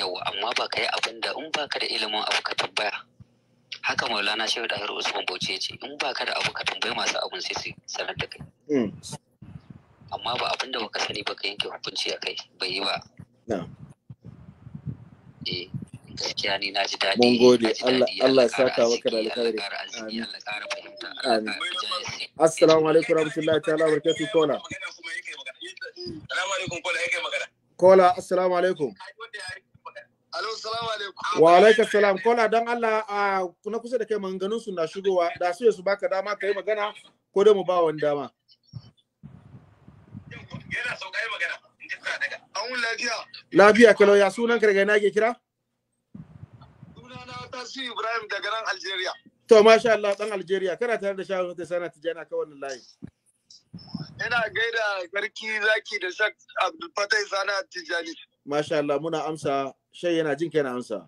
yau amma ba ka yi abin da in ba ka da ilimin abu ka tambaya haka maulana shehu dahir usman bauchi ya ce in ba ka da abu ka tambayi masu abun sai su sanar da kai hmm. amma ba abin da baka sani baka yanke hukunci a kai bai yi ba eh, gaskiya ni na ji daɗi mun gode Allah ya saka maka da alkhairi amin amin assalamu alaikum warahmatullahi ta'ala barakatuh kola kola yake magana kola assalamu alaikum Alo, Wa alaikum salam. Kola dan Allah a kuna kusa da kai maganganun su na shigowa da su ya su baka dama ka yi magana ko da mu ba wani dama. yana sauka yi magana an lafiya lafiya kalau ya sunan ka daga ina ke kira sunana tasiri ibrahim daga nan algeria to masha Allah dan algeria kana tare da shawarar da sana tijana ka wannan layi ina gaida sarki zaki da shak abdulfatai sana tijani masha Allah muna amsa shai yana jin kai na amsa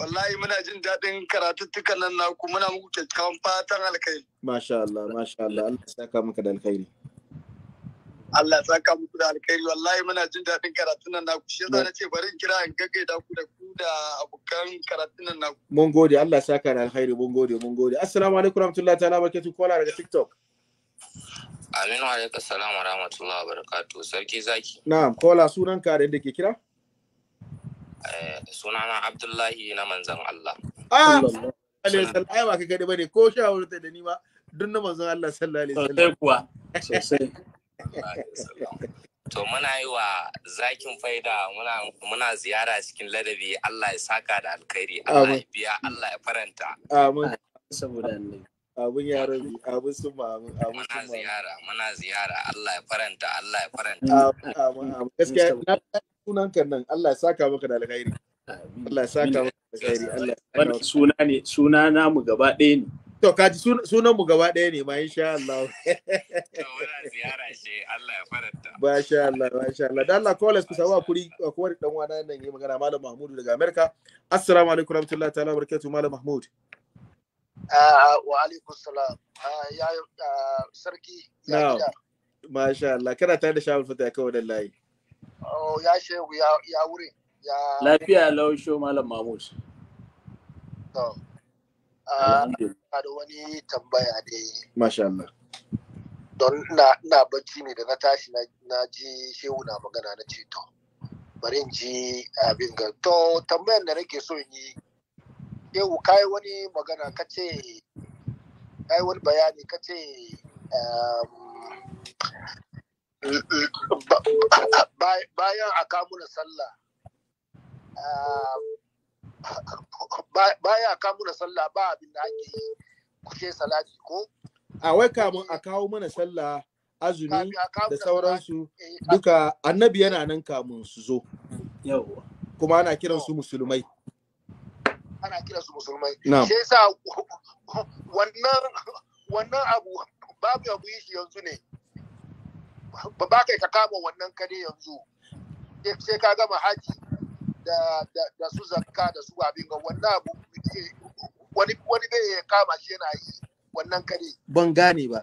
wallahi muna jin daɗin karatuttukan nan naku muna muku kyakkyawan fatan alkhairi masha Allah masha Allah Allah ya saka maka da alkhairi Allah saka muku da alkhairi wallahi muna jin daɗin karatun nan naku shi yasa ce bari in kira in gaggai da ku da ku da abokan karatun nan naku mun gode Allah saka da alkhairi mun gode mun gode assalamu alaikum warahmatullahi ta'ala barkatu kola daga tiktok Aminu alaikum salam wa rahmatullahi wa barakatu sarki zaki na'am kola sunan ka da yadda ke kira eh, sunana Abdullahi na manzon Allah ah alaihi salam ka gadi bane ko shawarta da ni ma dun na Allah sallallahu alaihi wasallam sai kuwa sai To muna yi wa zakin faida muna ziyara cikin ladabi Allah ya saka da alkhairi Allah ya biya Allah ya faranta. Amin. Saboda ne. Abun ya rabi, abun sun ma abun sun ma. Muna ziyara, muna ziyara Allah ya faranta, Allah ya faranta. Amin, amin. Gaskiya na sunan kan nan Allah ya saka maka da alkhairi. Allah ya saka maka da alkhairi. Allah ya saka maka. da alkhairi. Suna ne, suna namu gaba ɗaya ne. To kaji sunan mu gaba ɗaya ne ma insha Allah. ziyara ce Allah ya faranta. Ba sha Allah ba sha Allah. Da Allah kawai ku samu kuri a kowane ɗan wani nan yi magana Malam Mahmud daga Amerika. Assalamu alaikum warahmatullahi ta'ala barakatuh Malam Mahmud. Ah, wa alaikum salam. Ah, ya ah, sarki. Na. Masha Allah kana tare da shawar Fata kawai da layi. Oh, ya shehu ya wuri. Lafiya laushe Malam Mahmud. To. da wani tambaya ne. Masha Don na bacci ne da na tashi na ji shehu na magana na ce to. Bari in ji abin ga to tambayar da nake so yi. Shehu yi wani magana ka ce yi wani bayani ka ce um, bayan a kamuna sallah um, baya kamu na sallah ba abin da ake yi kushe salati ko a wai kamun a kawo mana sallah azumi da sauransu eh, duka annabi yana nan kamun su zo kuma ana kiran su oh. musulmai ana kiran su musulmai shi yasa wannan wannan abu babu abu yi shi yanzu ne ba kai ka kama wannan kare yanzu sai ka gama haji da su zakka da su abin ga wannan abu wani wani bai ya kama shi yana yi wannan kare ban gane ba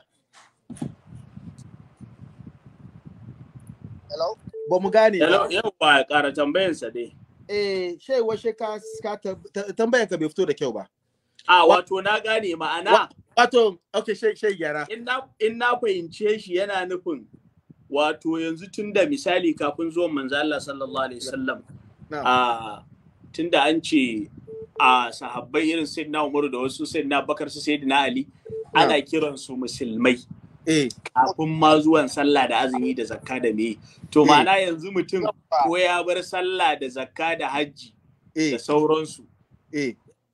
hello ba mu gane hello yau ba ƙara tambayar sa dai eh shai washe ka tambayar ka bai fito da kyau ba a wato na gane ma'ana wato okay shai shai gyara in na fahimce shi yana nufin wato yanzu tun da misali kafin zuwan manzo Allah sallallahu alaihi wasallam a ah, tunda an ce a sahabbai irin na umaru da wasu na bakar su na ali ana kiransu musulmai eh. kafin ma zuwan sallah da azumi da zakka da me to eh. ma'ana yanzu mutum ko ya bar sallah da zakka da hajji da eh. sauransu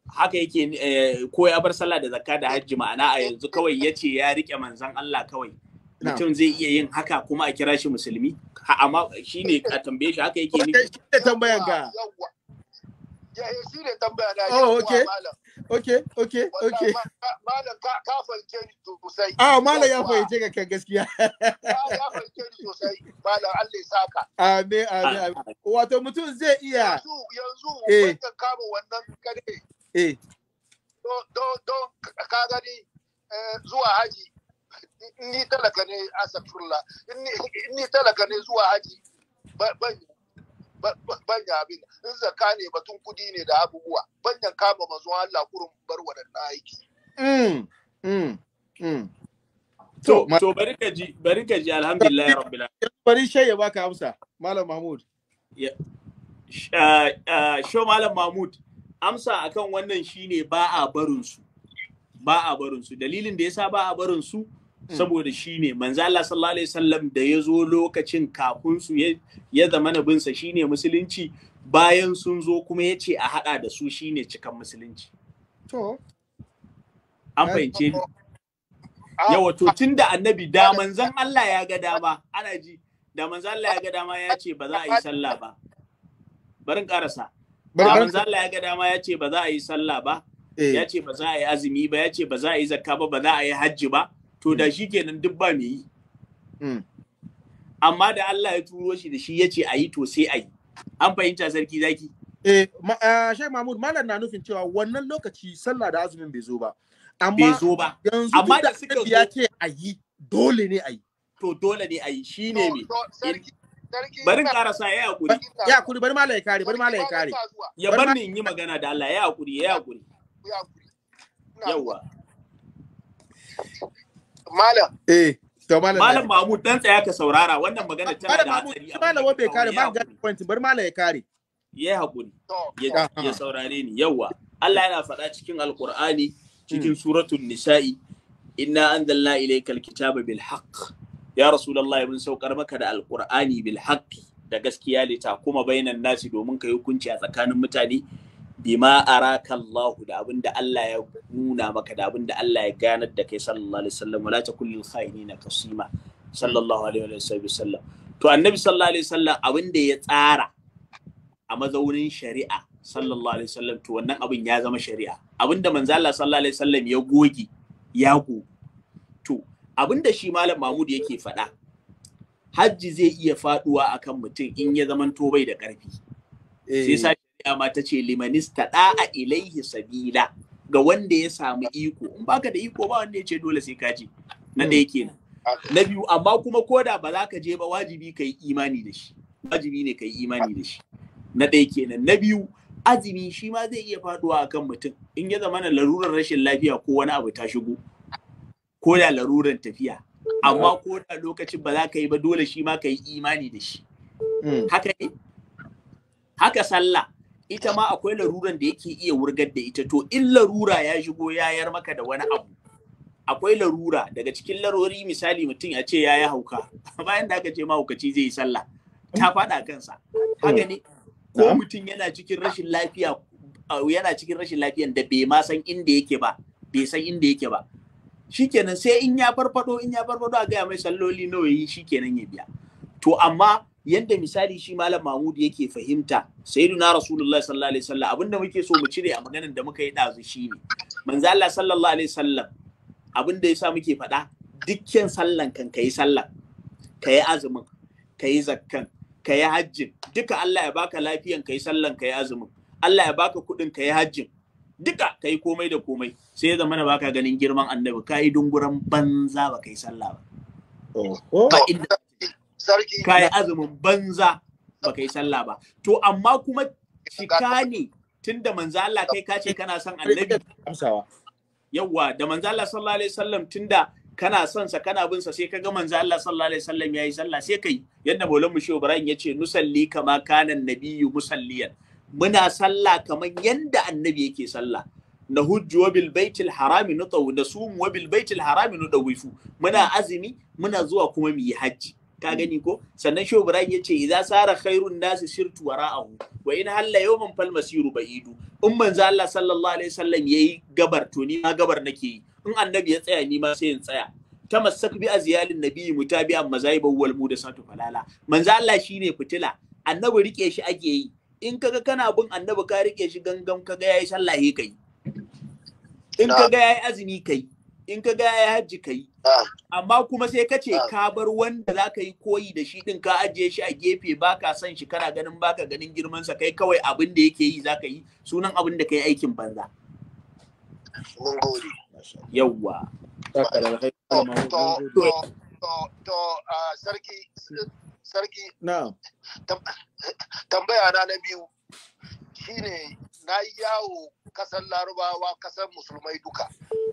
haka yake ko ya bar sallah da zakka da hajji ma'ana a yanzu kawai ya ce ya rike manzan Allah kawai mutum zai iya yin haka kuma a kira shi musulmi amma shi ne a tambaye shi haka yake ne shi ne tambayan ka eh, eh, shi ne tambaya na oh okay okay okay okay malam ka fahimce ni sosai ah malam ya fahimce ka kan gaskiya ah, ya fahimce ni sosai malam Allah ya saka amin amin ah, ah. wato mutum zai iya yanzu yanzu eh. wanda kama wannan kare eh don don ka gani zuwa haji ni talaka ne asafurla ni talaka ne zuwa haji ban ya abin in zaka ne batun kudi ne da abubuwa ban ya kama mazon Allah kurin bar waɗannan aiki. Mm, mm, mm. To, to bari ka ji bari ka ji alhamdulillah ya rabbil alamin. Bari shay ya baka amsa Malam Mahmud. Sho Malam Mahmud amsa akan wannan shine ba a barin su. Ba a barin su. Dalilin da yasa ba a barin su Mm. saboda shi ne, Allah sallallahu alaihi wasallam da ya zo lokacin kafin su ya zama nabin sa shine musulunci bayan sun zo kuma ya ce a haɗa da su shine cikan musulunci to an fahimce ni ah. yawa to da annabi da manzan Allah ya ga dama ana ji da manzan Allah ya ga dama ya ce ba za a yi sallah ba barin karasa da manzan Allah ya ga dama ya ce ba za a yi sallah ba eh. ya ce ba za a yi azumi ba ya ce ba za a yi zakka ba ba za a yi hajji ba to da hmm. shi kenan duk ba me yi hmm. amma da Allah ya turo shi da shi ya ce a yi to sai a yi an fahimta sarki zaki eh, eh shai mahmud malam na nufin cewa wannan lokaci sallah da azumin bai zo ba amma yanzu amma da suka ya ce a yi dole ne a yi to dole ne a yi shine me barin sa ya hakuri ya hakuri bari malam ya kare bari malam ya kare ya bar ni in yi magana da Allah ya hakuri ya hakuri yawa malam eh to malam malam Mahmud dan tsaya ka saurara wannan magana tana da hatsari malam bai kare ba ga point bar malam ya kare ya hakuri ya saurare ni yawa Allah yana faɗa cikin Alƙur'ani hmm. cikin suratul nisa'i inna anzalna ilaykal kitaba bil haqq ya rasulullah mun saukar maka da Alƙur'ani bil haqqi da gaskiya lita kuma bainan nasi domin kai hukunci a tsakanin mutane bima araka Allah da abin da Allah ya nuna maka da abin da Allah ya ganar da kai sallallahu alaihi wasallam wala takul lil khainina kasima sallallahu alaihi wa wasallam to annabi sallallahu alaihi wasallam abin da ya tsara a mazaunin shari'a sallallahu alaihi wasallam to wannan abin ya zama shari'a abin da manzo Allah sallallahu alaihi wasallam ya goge ya go to abin da shi malam Mahmud yake faɗa hajji zai iya faduwa akan mutum in ya zaman to bai da ƙarfi eh. sai kiyama ta ce limanista a ilaihi sabila ga wanda ya samu iko in baka da iko ba wanda ya ce dole sai ka je na ɗaya kenan na biyu amma kuma koda ba za ka je ba wajibi ka yi imani da shi wajibi ne ka yi imani da shi na ɗaya kenan na biyu azumi shi ma zai iya faduwa akan mutum in ya zama larurar rashin lafiya ko wani abu ta shigo ko da larurar tafiya amma ko da lokacin ba za ka yi ba dole shi ma ka yi imani da shi hmm. haka ne haka sallah ita ma akwai laruran da yake iya wurgar da ita to in larura ya shigo yayar maka da wani abu akwai larura daga cikin larori misali mutum ya ce ya yi hauka bayan da aka ce mahaukaci zai yi sallah ta faɗa kansa haka hmm. ne ko mutum yana cikin rashin lafiya yana cikin rashin lafiyan da bai ma san inda yake ba bai san inda yake ba shikenan sai in ya farfado in ya farfado a gaya mai salloli nawa yi shikenan ya biya to amma yadda misali shi malam Mahmud yake fahimta sayyiduna rasulullah sallallahu alaihi wasallam abinda muke so mu cire a maganar da muka yi dazu shine manzo Allah sallallahu alaihi wasallam abinda yasa muke faɗa dukkan sallan kan kai sallan kai azumin kai zakkan kai hajjin duka Allah ya baka lafiyan kai sallan kai azumin Allah ya baka kuɗin kai hajjin duka kai komai da komai sai ya zamana baka ganin girman annabi kai dunguran banza ba kai sallah ba oh, oh. ka yi azumin banza ba ka yi sallah ba to amma kuma cika ne tunda manzo Allah kai ka ce kana son annabi yawwa da manzo Allah sallallahu alaihi wasallam tunda kana son sa kana bin sa sai kaga manzo Allah sallallahu alaihi wasallam yayi sallah sai kai yadda Maulana Shehu Ibrahim yace nusalli kama kana nabiyyu musalliyan muna sallah kaman yanda annabi yake sallah na hujju wa bil baitil harami nutawu da sumu wa bil baitil harami nudawifu muna azumi muna zuwa kuma mu yi hajji ka mm. gani ko sannan shehu ibrahim ya ce idza sara khairun nasi sirtu wara'ahu wa in halla yawman fal masiru ba'idu in manzo Allah sallallahu alaihi wasallam yayi gabar to ni ma gabar nake yi in annabi ya tsaya ni ma sai in tsaya tamassak bi aziyalin nabiyyi mutabi'an mazaibahu wal mudasatu falala manzo Allah shine fitila annabi rike shi ake yi in kaga kana bin annabi ka rike shi gangan kaga yayi sallah kai in kaga yayi azumi kai in ka ga ya hajji ka yi ah. amma kuma sai ka ce ah. ka bar wanda za ka yi koyi da shi din ka ajiye shi a gefe ba ka son shi kana ganin ba ka ganin girmansa kai kawai abin da yake yi za ka yi sunan abin da ka yi aikin banza. Mun gode. Yawwa. To, uh, sarki, sarki. Tambaya na na biyu shine na yi yawo kasar larubawa kasar musulmai duka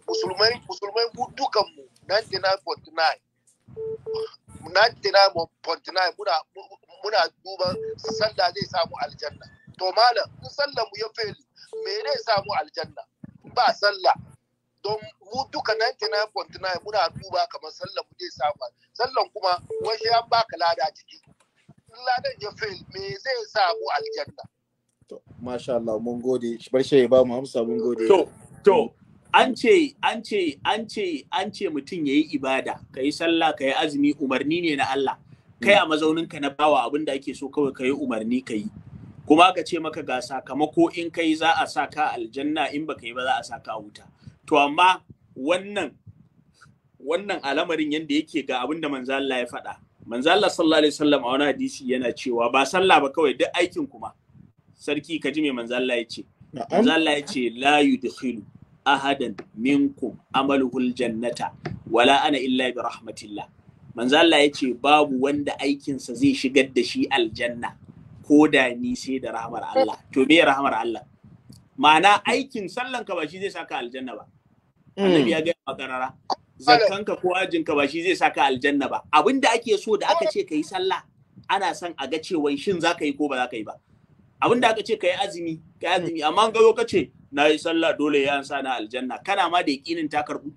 musulmai musulmai mu dukan mu 99.9 muna muna duba sallah zai samu aljanna to malam in sallah mu ya feli me zai samu aljanna ba sallah don mu duka 99.9 muna duba kamar sallah mu zai samu sallan kuma wani an baka lada ciki ladan ya feli me zai samu aljanna masha Allah mun gode bar shi ba mu hamsa mun gode to to an ce an ce an ce an ce mutum yayi ibada kai sallah kai azumi umarni ne na Allah kai a mazaunin ka na bawa abin da ake so kawai kai umarni kai kuma aka ce maka ga sakamako in kai za a sa aljanna in baka yi ba za a sa wuta to amma wannan wannan alamarin yanda yake ga abin da manzo Allah ya faɗa manzo Allah sallallahu alaihi wasallam a wani hadisi yana cewa ba sallah ba kawai duk aikin kuma sarki ka ji mai manzo Allah ya ce manzo Allah ya ce la yudkhilu ahadan minkum amaluhul jannata wala ana illa bi rahmatillah manzo Allah ya ce babu wanda aikinsa zai shigar da shi aljanna ko da ni sai da rahmar Allah to me rahmar Allah ma'ana aikin sallan ka ba shi zai saka aljanna ba hmm. annabi ya ga makarara zakkan ka ko ajin ka ba shi zai saka aljanna ba abinda ake so da aka ce kai sallah ana son a ga cewa shin zaka yi ko ba zaka yi ba abin da aka ce ka yi azumi ka yi azumi amma ga ka ce na yi sallah dole ya sa na aljanna kana ma da yakinin ta karbu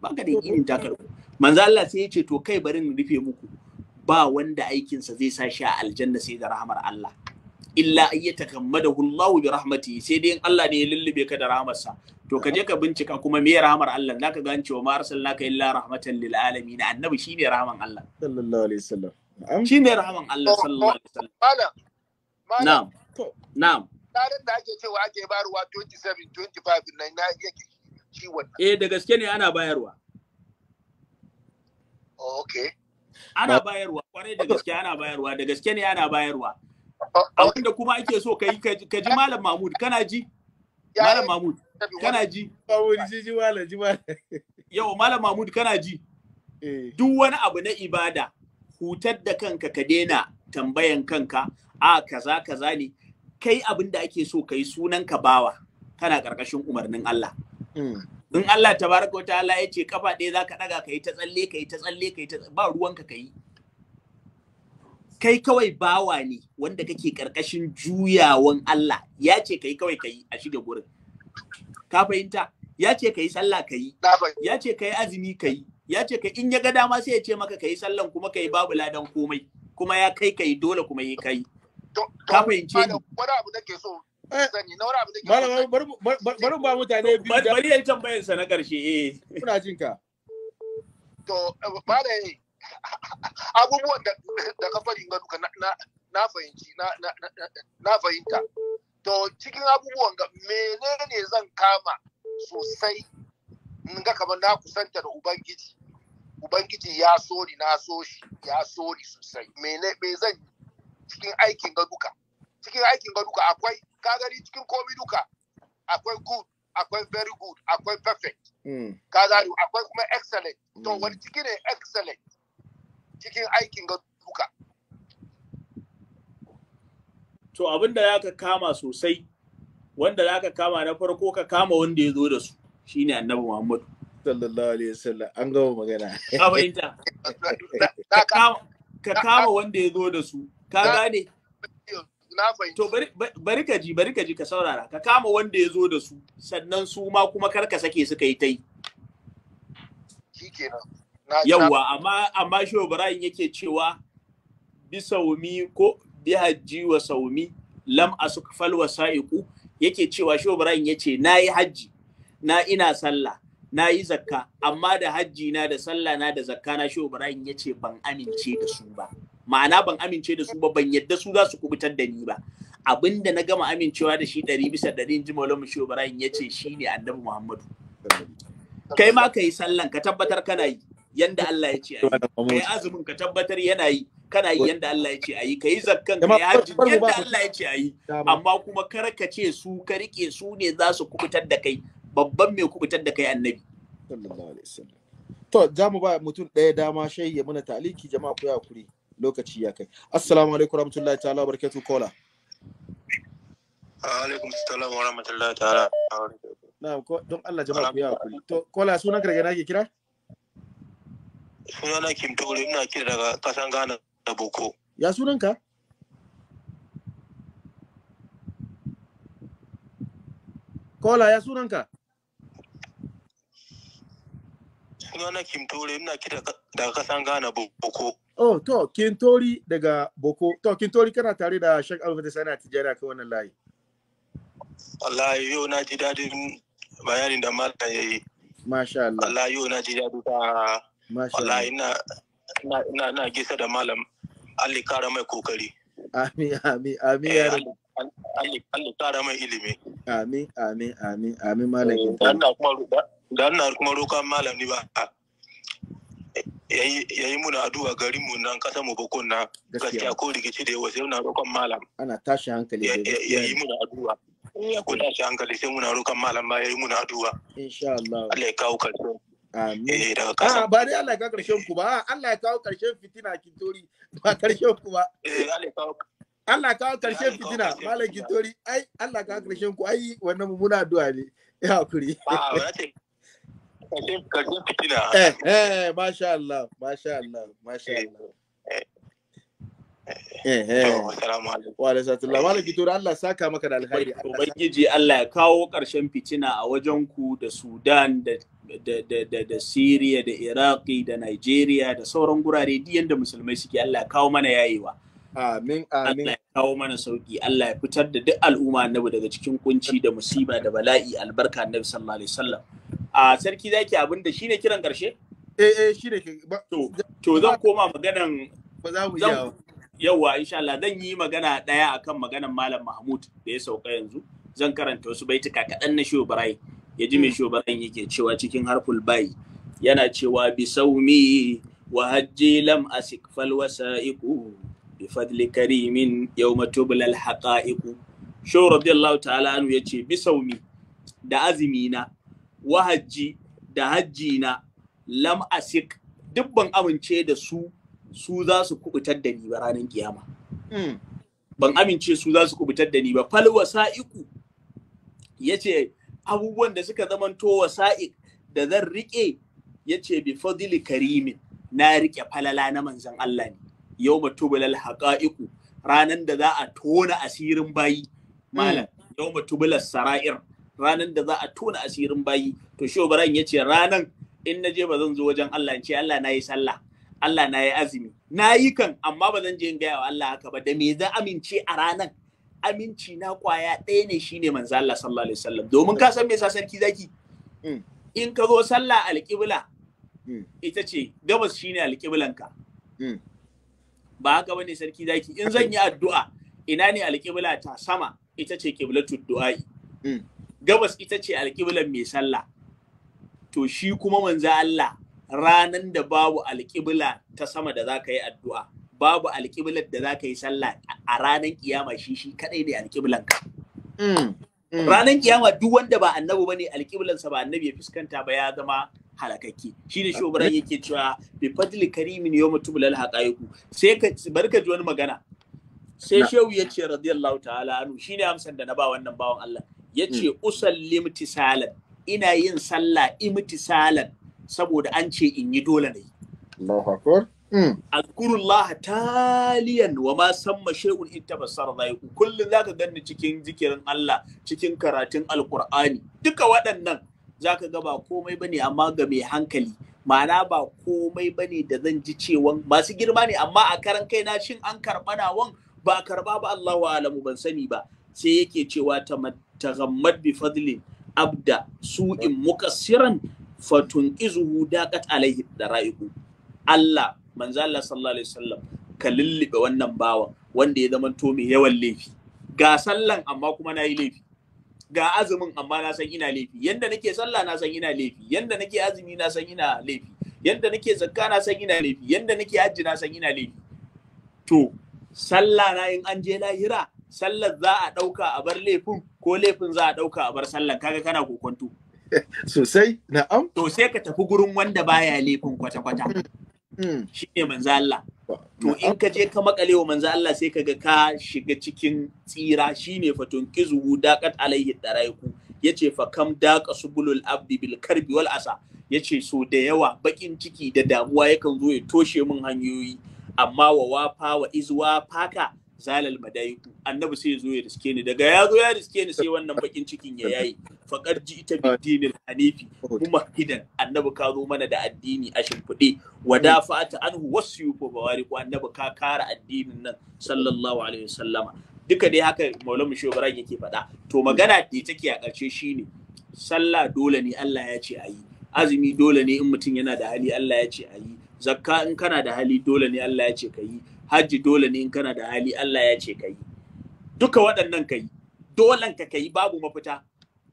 ba ka da yakinin ta karbu manzo Allah sai ya ce to kai bari in rufe muku ba wanda aikinsa zai sa shi a aljanna sai da rahmar Allah illa ayyata kamadahu Allahu bi rahmati sai dai in Allah ne ya lullube ka da sa to ka je ka bincika kuma me rahmar Allah zaka gane cewa ma arsalnaka illa rahmatan lil alamin annabi shine rahman Allah sallallahu alaihi wasallam shine rahman Allah sallallahu alaihi wasallam na'am Na'am. Tsarin da ake cewa ake bayarwa 27 25 nan na yake shi wannan. Eh da gaske ne ana bayarwa. Oh, ok. Ana bayarwa kwarai da gaske ana bayarwa da gaske ne ana bayarwa. Oh, oh. Abin da kuma ake so ka ka ji Malam Mahmud kana ji? Malam Mahmud kana ji? Mahmud ji ji Malam ji Malam. Yau Malam Mahmud kana ji? Eh. Duk wani abu na ibada hutar da kanka ka daina tambayan kanka a kaza kaza ne kai abin da ake so kai sunan ka bawa kana karkashin umarnin Allah in Allah tabaraka wa ta'ala ya ce kafa ɗaya zaka daga kai ta tsalle kai ta tsalle kai ta ba ruwanka kai kai kawai bawa ne wanda kake karkashin juyawan Allah ya ce kai kawai kai a shiga gurin ka fahimta ya ce kai sallah kai ya ce kai azumi kai ya ce ka in ya ga dama sai ya ce maka ka yi sallan kuma ka yi babu ladan komai kuma ya kai ka yi dole kuma yi kai ka fahimce ni wani abu nake so eh, sani na wani abu da ke so bari ba mutane biyu bari yayi tambayar sa na karshe eh kuna jin ka to bare abubuwan da da ka fari ga duka na na fahimci na na fahimta to cikin abubuwan ga menene zan kama sosai in ga kamar na kusanta da ubangiji ubangiji ya so ni na so shi ya so ni sosai me zan cikin aikin ga duka cikin aikin ga duka akwai ka gani cikin komi duka akwai good akwai very good akwai perfect hmm. ka gani akwai kuma excellent to hmm. wani ciki ne excellent cikin aikin ga duka to abin da ya ka kama sosai wanda za ka kama na farko ka kama wanda ya zo da su shine annabi muhammadu sallallahu alaihi wasallam an gama magana ka kama wanda ya zo da su ka gane to bari ka ji bari ka ji ka saurara ka kama wanda ya zo da su sannan su ma kuma kar ka sake suka yi ta yi yawwa amma amma shi ibrahim yake cewa bi saumi ko bi hajji wa saumi lam asukfal wa sa'iqu yake cewa shehu ibrahim yace nayi hajji na ina sallah na yi zakka amma da hajji na da sallah na da zakka na shehu ibrahim yace ban amince da su ba ma'ana ban amince da su ba ban yadda su za su kubutar da ni ba Abinda na gama amincewa da shi ɗari bisa ɗari ji maulan mu ibrahim ya ce shi ne annabi muhammadu kai ma ka yi sallan ka tabbatar kana yi yanda Allah ya ce a yi kai azumin ka tabbatar yana yi kana yi yanda Allah ya ce a yi kai zakkan ka yi hajji yanda Allah ya ce a yi amma kuma kar ka ce su ka rike su ne za su kubutar da kai babban mai kubutar da kai annabi sallallahu alaihi wasallam to za mu ba mutum ɗaya dama shehi ya muna taliki jama'a ku ya kuri lokaci ya kai assalamu alaikum rahmatullahi ta'ala wa barakatuh kola alaikum salam wa rahmatullahi ta'ala na'am ko don Allah jama'a ku ya hakuri to kola sunan ka daga nake kira sunana Kim Tore ina kira daga kasan Ghana da Boko ya sunan ka kola ya sunan ka sunana Kim Tore ina kira daga kasan Ghana Boko Oh, to, Kintori daga Boko. To, Kintori kana tare da Sheikh Alfata Sani a tijara kan wannan layi. Wallahi yau na ji dadin bayanin da Malam ya yi. Masha Allah. Wallahi yau na ji dadi ta. Masha Allah. Wallahi ina ina ina gisa da Malam Ali kara mai kokari. Amin, amin, amin eh, ya rabu. Allah kara mai ilimi. Amin, amin, amin, amin Malam. Eh, dan na kuma roƙa Malam ni ba. ya yi muna addu'a garin mu nan kasa mu bako na gaskiya ko rikici da yawa sai muna roƙon malam ana tashi hankali ya yi muna addu'a ya ku tashi hankali sai muna roƙon malam ba ya yi muna addu'a insha Allah Allah ya kawo karshe amin kasa eh, ah, ba dai Allah ya kawo karshen ku ba ah, Allah ya kawo karshen fitina kintori ba karshen ku ba eh Allah ya kawo Allah karshen fitina malam kintori ai Allah kawo karshen ku ai wannan mummuna addu'a ne ya hakuri karshen fitina eh eh masha Allah masha Allah masha eh, Allah eh, eh. Allah saka maka da alkhairi. Ubangiji Allah ya kawo ƙarshen fitina a wajen ku da Sudan da da Syria da Iraki da Nigeria da sauran gurare duk yanda musulmai suke Allah ya kawo mana yayewa. Amin amin. Allah ya kawo mana sauki, Allah ya fitar da duk al'umma annabi daga cikin kunci da musiba da bala'i albarka annabi sallallahu alaihi wasallam. A sarki zaki abin da shine kiran karshe? Eh eh shine to to zan koma maganan ba za mu yawa insha Allah zan yi magana daya akan maganan Malam Mahmud da ya sauka yanzu. Zan karanta wasu baituka kaɗan na Shehu Ibrahim. Ya ji me hmm. Shehu yake cewa cikin harful bai. yana cewa bisaumi wa hajji lam asik fal wasaiku بفضل كريم يوم تبلى الحقائق شو رضي الله تعالى عنه يجي بسومي دا أزمينا وهجي دا هجينا لم أسك دبن amince da su su za su kubutar da ni ba ranar kiyama hmm. ban amince su za su kubutar da ni ba fal wasa'iku yace abubuwan da suka zamanto wasa'ik da zan rike yace bi fadli karimin na rike falala na manzon Allah ne yawma tubulal haƙa'iku. ranan da za a tona asirin bayi malam hmm. yawma tubulal sara'ir ranan da za a tona asirin bayi to shi ya yace ranan in naje ba zan zo wajen Allah ce Allah nayi sallah Allah na yi azumi na yi kan amma ba zan je in gaya wa Allah haka ba da me zan amince a ranan aminci na kwaya ɗaya ne shine manzo Allah sallallahu alaihi wasallam domin ka san me yasa sarki zaki hmm. in ka zo sallah alƙibla hmm. ita ce gabas shine alƙiblanka ba haka bane sarki zaki in zan yi addu'a ina ne alƙibla ta sama ita ce qiblatud du'ai hmm. gabas ita ce alƙiblan mai sallah to shi kuma manzo Allah ranan da babu alƙibla ta sama da zaka yi addu'a babu alƙiblar da zaka yi sallah a ranan kiyama shi shi kadai ne alƙiblan ka hmm. hmm. ranan kiyama duk wanda ba annabi bane sa ba annabi ya fuskanta ba ya zama halakakke shine shi obran yake cewa bi fadli karimin yawma tubulal haqaiqu sai ka barka ji wani magana sai shehu ya ce radiyallahu ta'ala shi shine amsan da na ba wannan bawan Allah ya ce hmm. usallim tisalan ina yin sallah imtisalan saboda an ce in yi dole ne Allahu akbar hmm. Azkurullah taliyan wa ma samma shay'un in tabassara dhaiku kullu zaka ganni cikin zikirin Allah cikin karatun alqur'ani duka waɗannan za ka ga ba komai bane amma ga mai hankali ma'ana ba komai bane da zan ji cewa masu girma ne amma a karan kai na shin an karɓa nawan ba karɓa ba Allahu alamu ban sani ba sai yake cewa taghammad bi fadlin abda su'in mukassiran fatun izuhu daqat alaihi dara'ihu Allah manzo Allah sallallahu alaihi wasallam ka lullube wannan bawan wanda ya zama to mai yawan laifi ga sallan amma kuma na yi laifi ga azumin amma na san ina laifi yanda nake sallah na san ina laifi yanda nake azumi na san ina laifi yanda nake zakka na san ina laifi yanda nake hajji na san ina laifi to sallah na in an je lahira sallar za a dauka a bar laifin ko laifin za a dauka a bar sallar kaga kana kokonto sosai na'am to sai ka tafi gurin wanda baya laifin kwata kwata hmm. Hmm. shi ne manzo Allah to in ka je ka makale wa manzo Allah sai kaga ka shiga cikin tsira shine fatun kizuhu daqat alaihi daraiku yace fa kam daqa subulul abdi bil karbi wal asa yace so da yawa bakin ciki da damuwa yakan zo ya toshe min hanyoyi amma wa wafa wa izwa faka zalal madaiku annabi sai ya zo ya riske ni daga ya zo ya riske ni sai wannan bakin cikin ya yayi faqad ji'ta bi dinil hanifi kuma hidan annabi ka zo mana da addini a shimfiɗe wada fa'ata anhu ko bawari ko annabi ka kara addinin nan sallallahu alaihi wasallama duka dai haka maulamu shobaran yake faɗa to magana da take a ƙarshe shine sallah dole ne Allah ya ce ayi azumi dole ne in mutum yana da hali Allah ya ce ayi zakka in kana da hali dole ne Allah ya ce hajji dole ne in kana da hali Allah ya ce ka yi duka waɗannan ka yi dolan ka ka yi babu mafita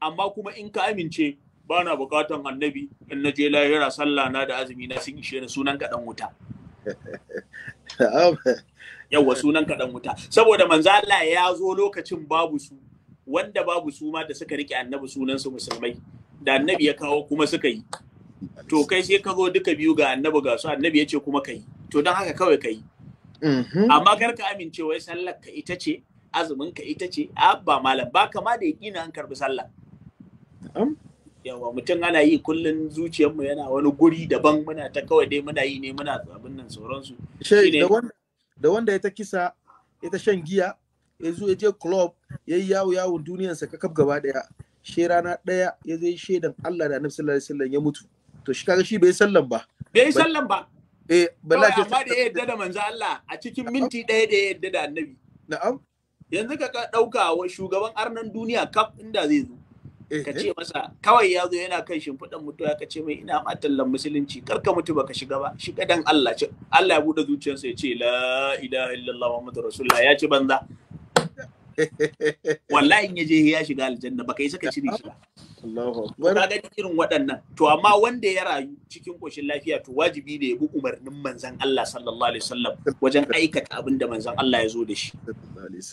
amma kuma in ka amince ba na bukatan annabi in na je lahira sallah na da azumi na sun ishe ni sunan ka dan wuta yawa sunan ka dan wuta saboda manzo Allah ya zo lokacin babu su wanda babu su ma da suka rike annabi sunan su musulmai da annabi ya kawo kuma suka yi to kai sai ka zo duka biyu ga annabi ga su annabi ya ce kuma kai to don haka kawai kai Mm-hmm. amma kar ka amince wai sallar ka ita ce azumin ka ita ce abba malam ba kama da yaƙina an karbi sallah yawa mutum ana yi kullun zuciyarmu yana wani guri daban muna ta kawai dai muna yi ne muna abin nan sauransu da wanda ya ta kisa ya ta shan giya ya zo ya je club ya yi yawo yawon duniyarsa kakaf gaba daya she rana daya ya zai shaidan Allah da Annabi sallallahu alaihi wasallam ya mutu to shi kaga shi bai sallan ba bai sallan ba eh balla amma da yadda da manzo Allah a cikin minti ɗaya da ya yadda da annabi na'am yanzu ka ɗauka wa shugaban arnan duniya kaf inda zai zo eh, ka eh. ce masa kawai ya zo yana kan shimfiɗan mutuwa ka ce mai ina matallan musulunci kar ka mutu baka shiga ba shiga dan Allah ce Allah ya buɗe zuciyarsa ya ce la ilaha illallah muhammadu rasulullah ya ci banza wallahi in yaje ya shiga aljanna baka yi saka cire shi ba Allahu akbar ka gani irin waɗannan to amma wanda ya rayu cikin koshin lafiya to wajibi ne ya bi umarnin manzon Allah sallallahu alaihi wasallam wajen aikata abin da manzon Allah ya zo da shi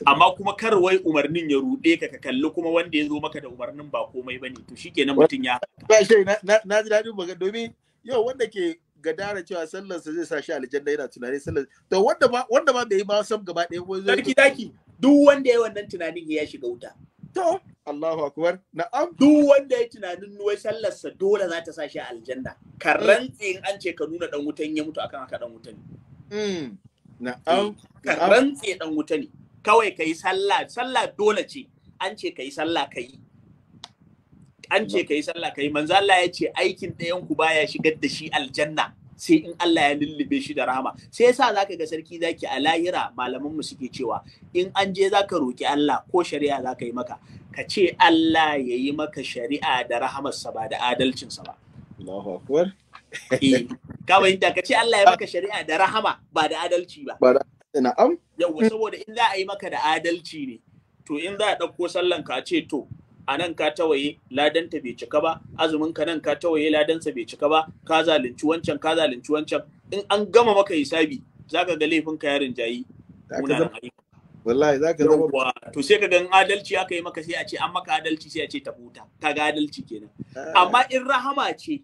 amma kuma kar wai umarnin ya rude ka ka kalli kuma wanda ya zo maka da umarnin ba komai bane to shikenan mutun ya na ji dadin magana domin yau wanda ke gadara cewa sallarsa zai sa shi aljanna yana tunanin sallar to wanda ba wanda ba bai ma sam gaba ɗaya ko zai sarki daki duk wanda ya wannan tunanin ya shiga wuta to Allahu akbar na'am duk wanda ya tunanin wai sallarsa dole za ta sa shi aljanna Karan mm. tsin an ce ka nuna dan wutan ya mutu akan haka dan wuta ne mm. na'am mm. tsin dan wuta ne kawai kai sallah sallah dole ce an ce kai sallah kai an ce kai sallah kai manzo Allah ya ce aikin ɗayan ku baya shigar da shi aljanna sai in Allah ya lullube shi da rahama sai yasa zaka ga sarki zaki a lahira malaman mu suke cewa in an je zaka roki Allah ko shari'a zaka yi maka ka ce Allah ya yi maka shari'a da rahamarsa ba da adalcinsa ba Allahu akbar eh, kawai da ka ce Allah ya maka shari'a da rahama ba da adalci ba ba na'am yawa saboda in za a yi maka da adalci ne to in za a ɗauko sallan ka ce to a nan ka tawaye ladanta bai cika ba azumin ka nan ka tawaye ladansa bai cika ba ka zalunci wancan ka zalunci wancan in an gama maka hisabi zaka ga laifin ka yarin jayi wallahi zama to sai ka ga adalci aka yi maka sai a ce an maka adalci sai a ce ta huta ga adalci kenan ah. amma in rahama ce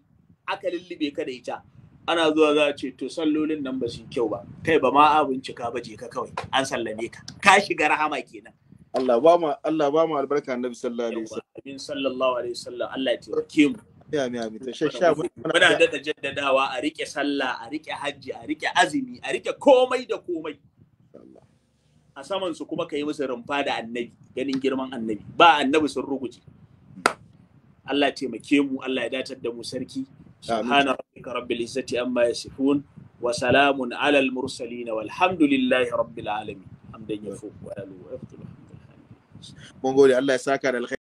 aka lullube ka da ita ana zuwa za a ce to sallolin nan ba su kyau ba kai ba ma abin bincika ba je ka kawai an sallame ka ka shiga rahama kenan Allah ba mu Allah ba mu albarka annabi sallallahu alaihi wasallam amin sallallahu alaihi wasallam Allah ya taimake mu amin amin to shasha muna da jaddadawa a rike sallah a rike hajji a rike azumi a rike komai da komai a saman su kuma ka yi musu rumfa da annabi ganin girman annabi ba annabi sun ruguje Allah ya taimake mu Allah ya datar da mu sarki subhana rabbika rabbil izzati amma yasifun wa salamun alal mursalin walhamdulillahi rabbil alamin hamdan yafu wa yalu mun gode Allah ya saka da alkhairi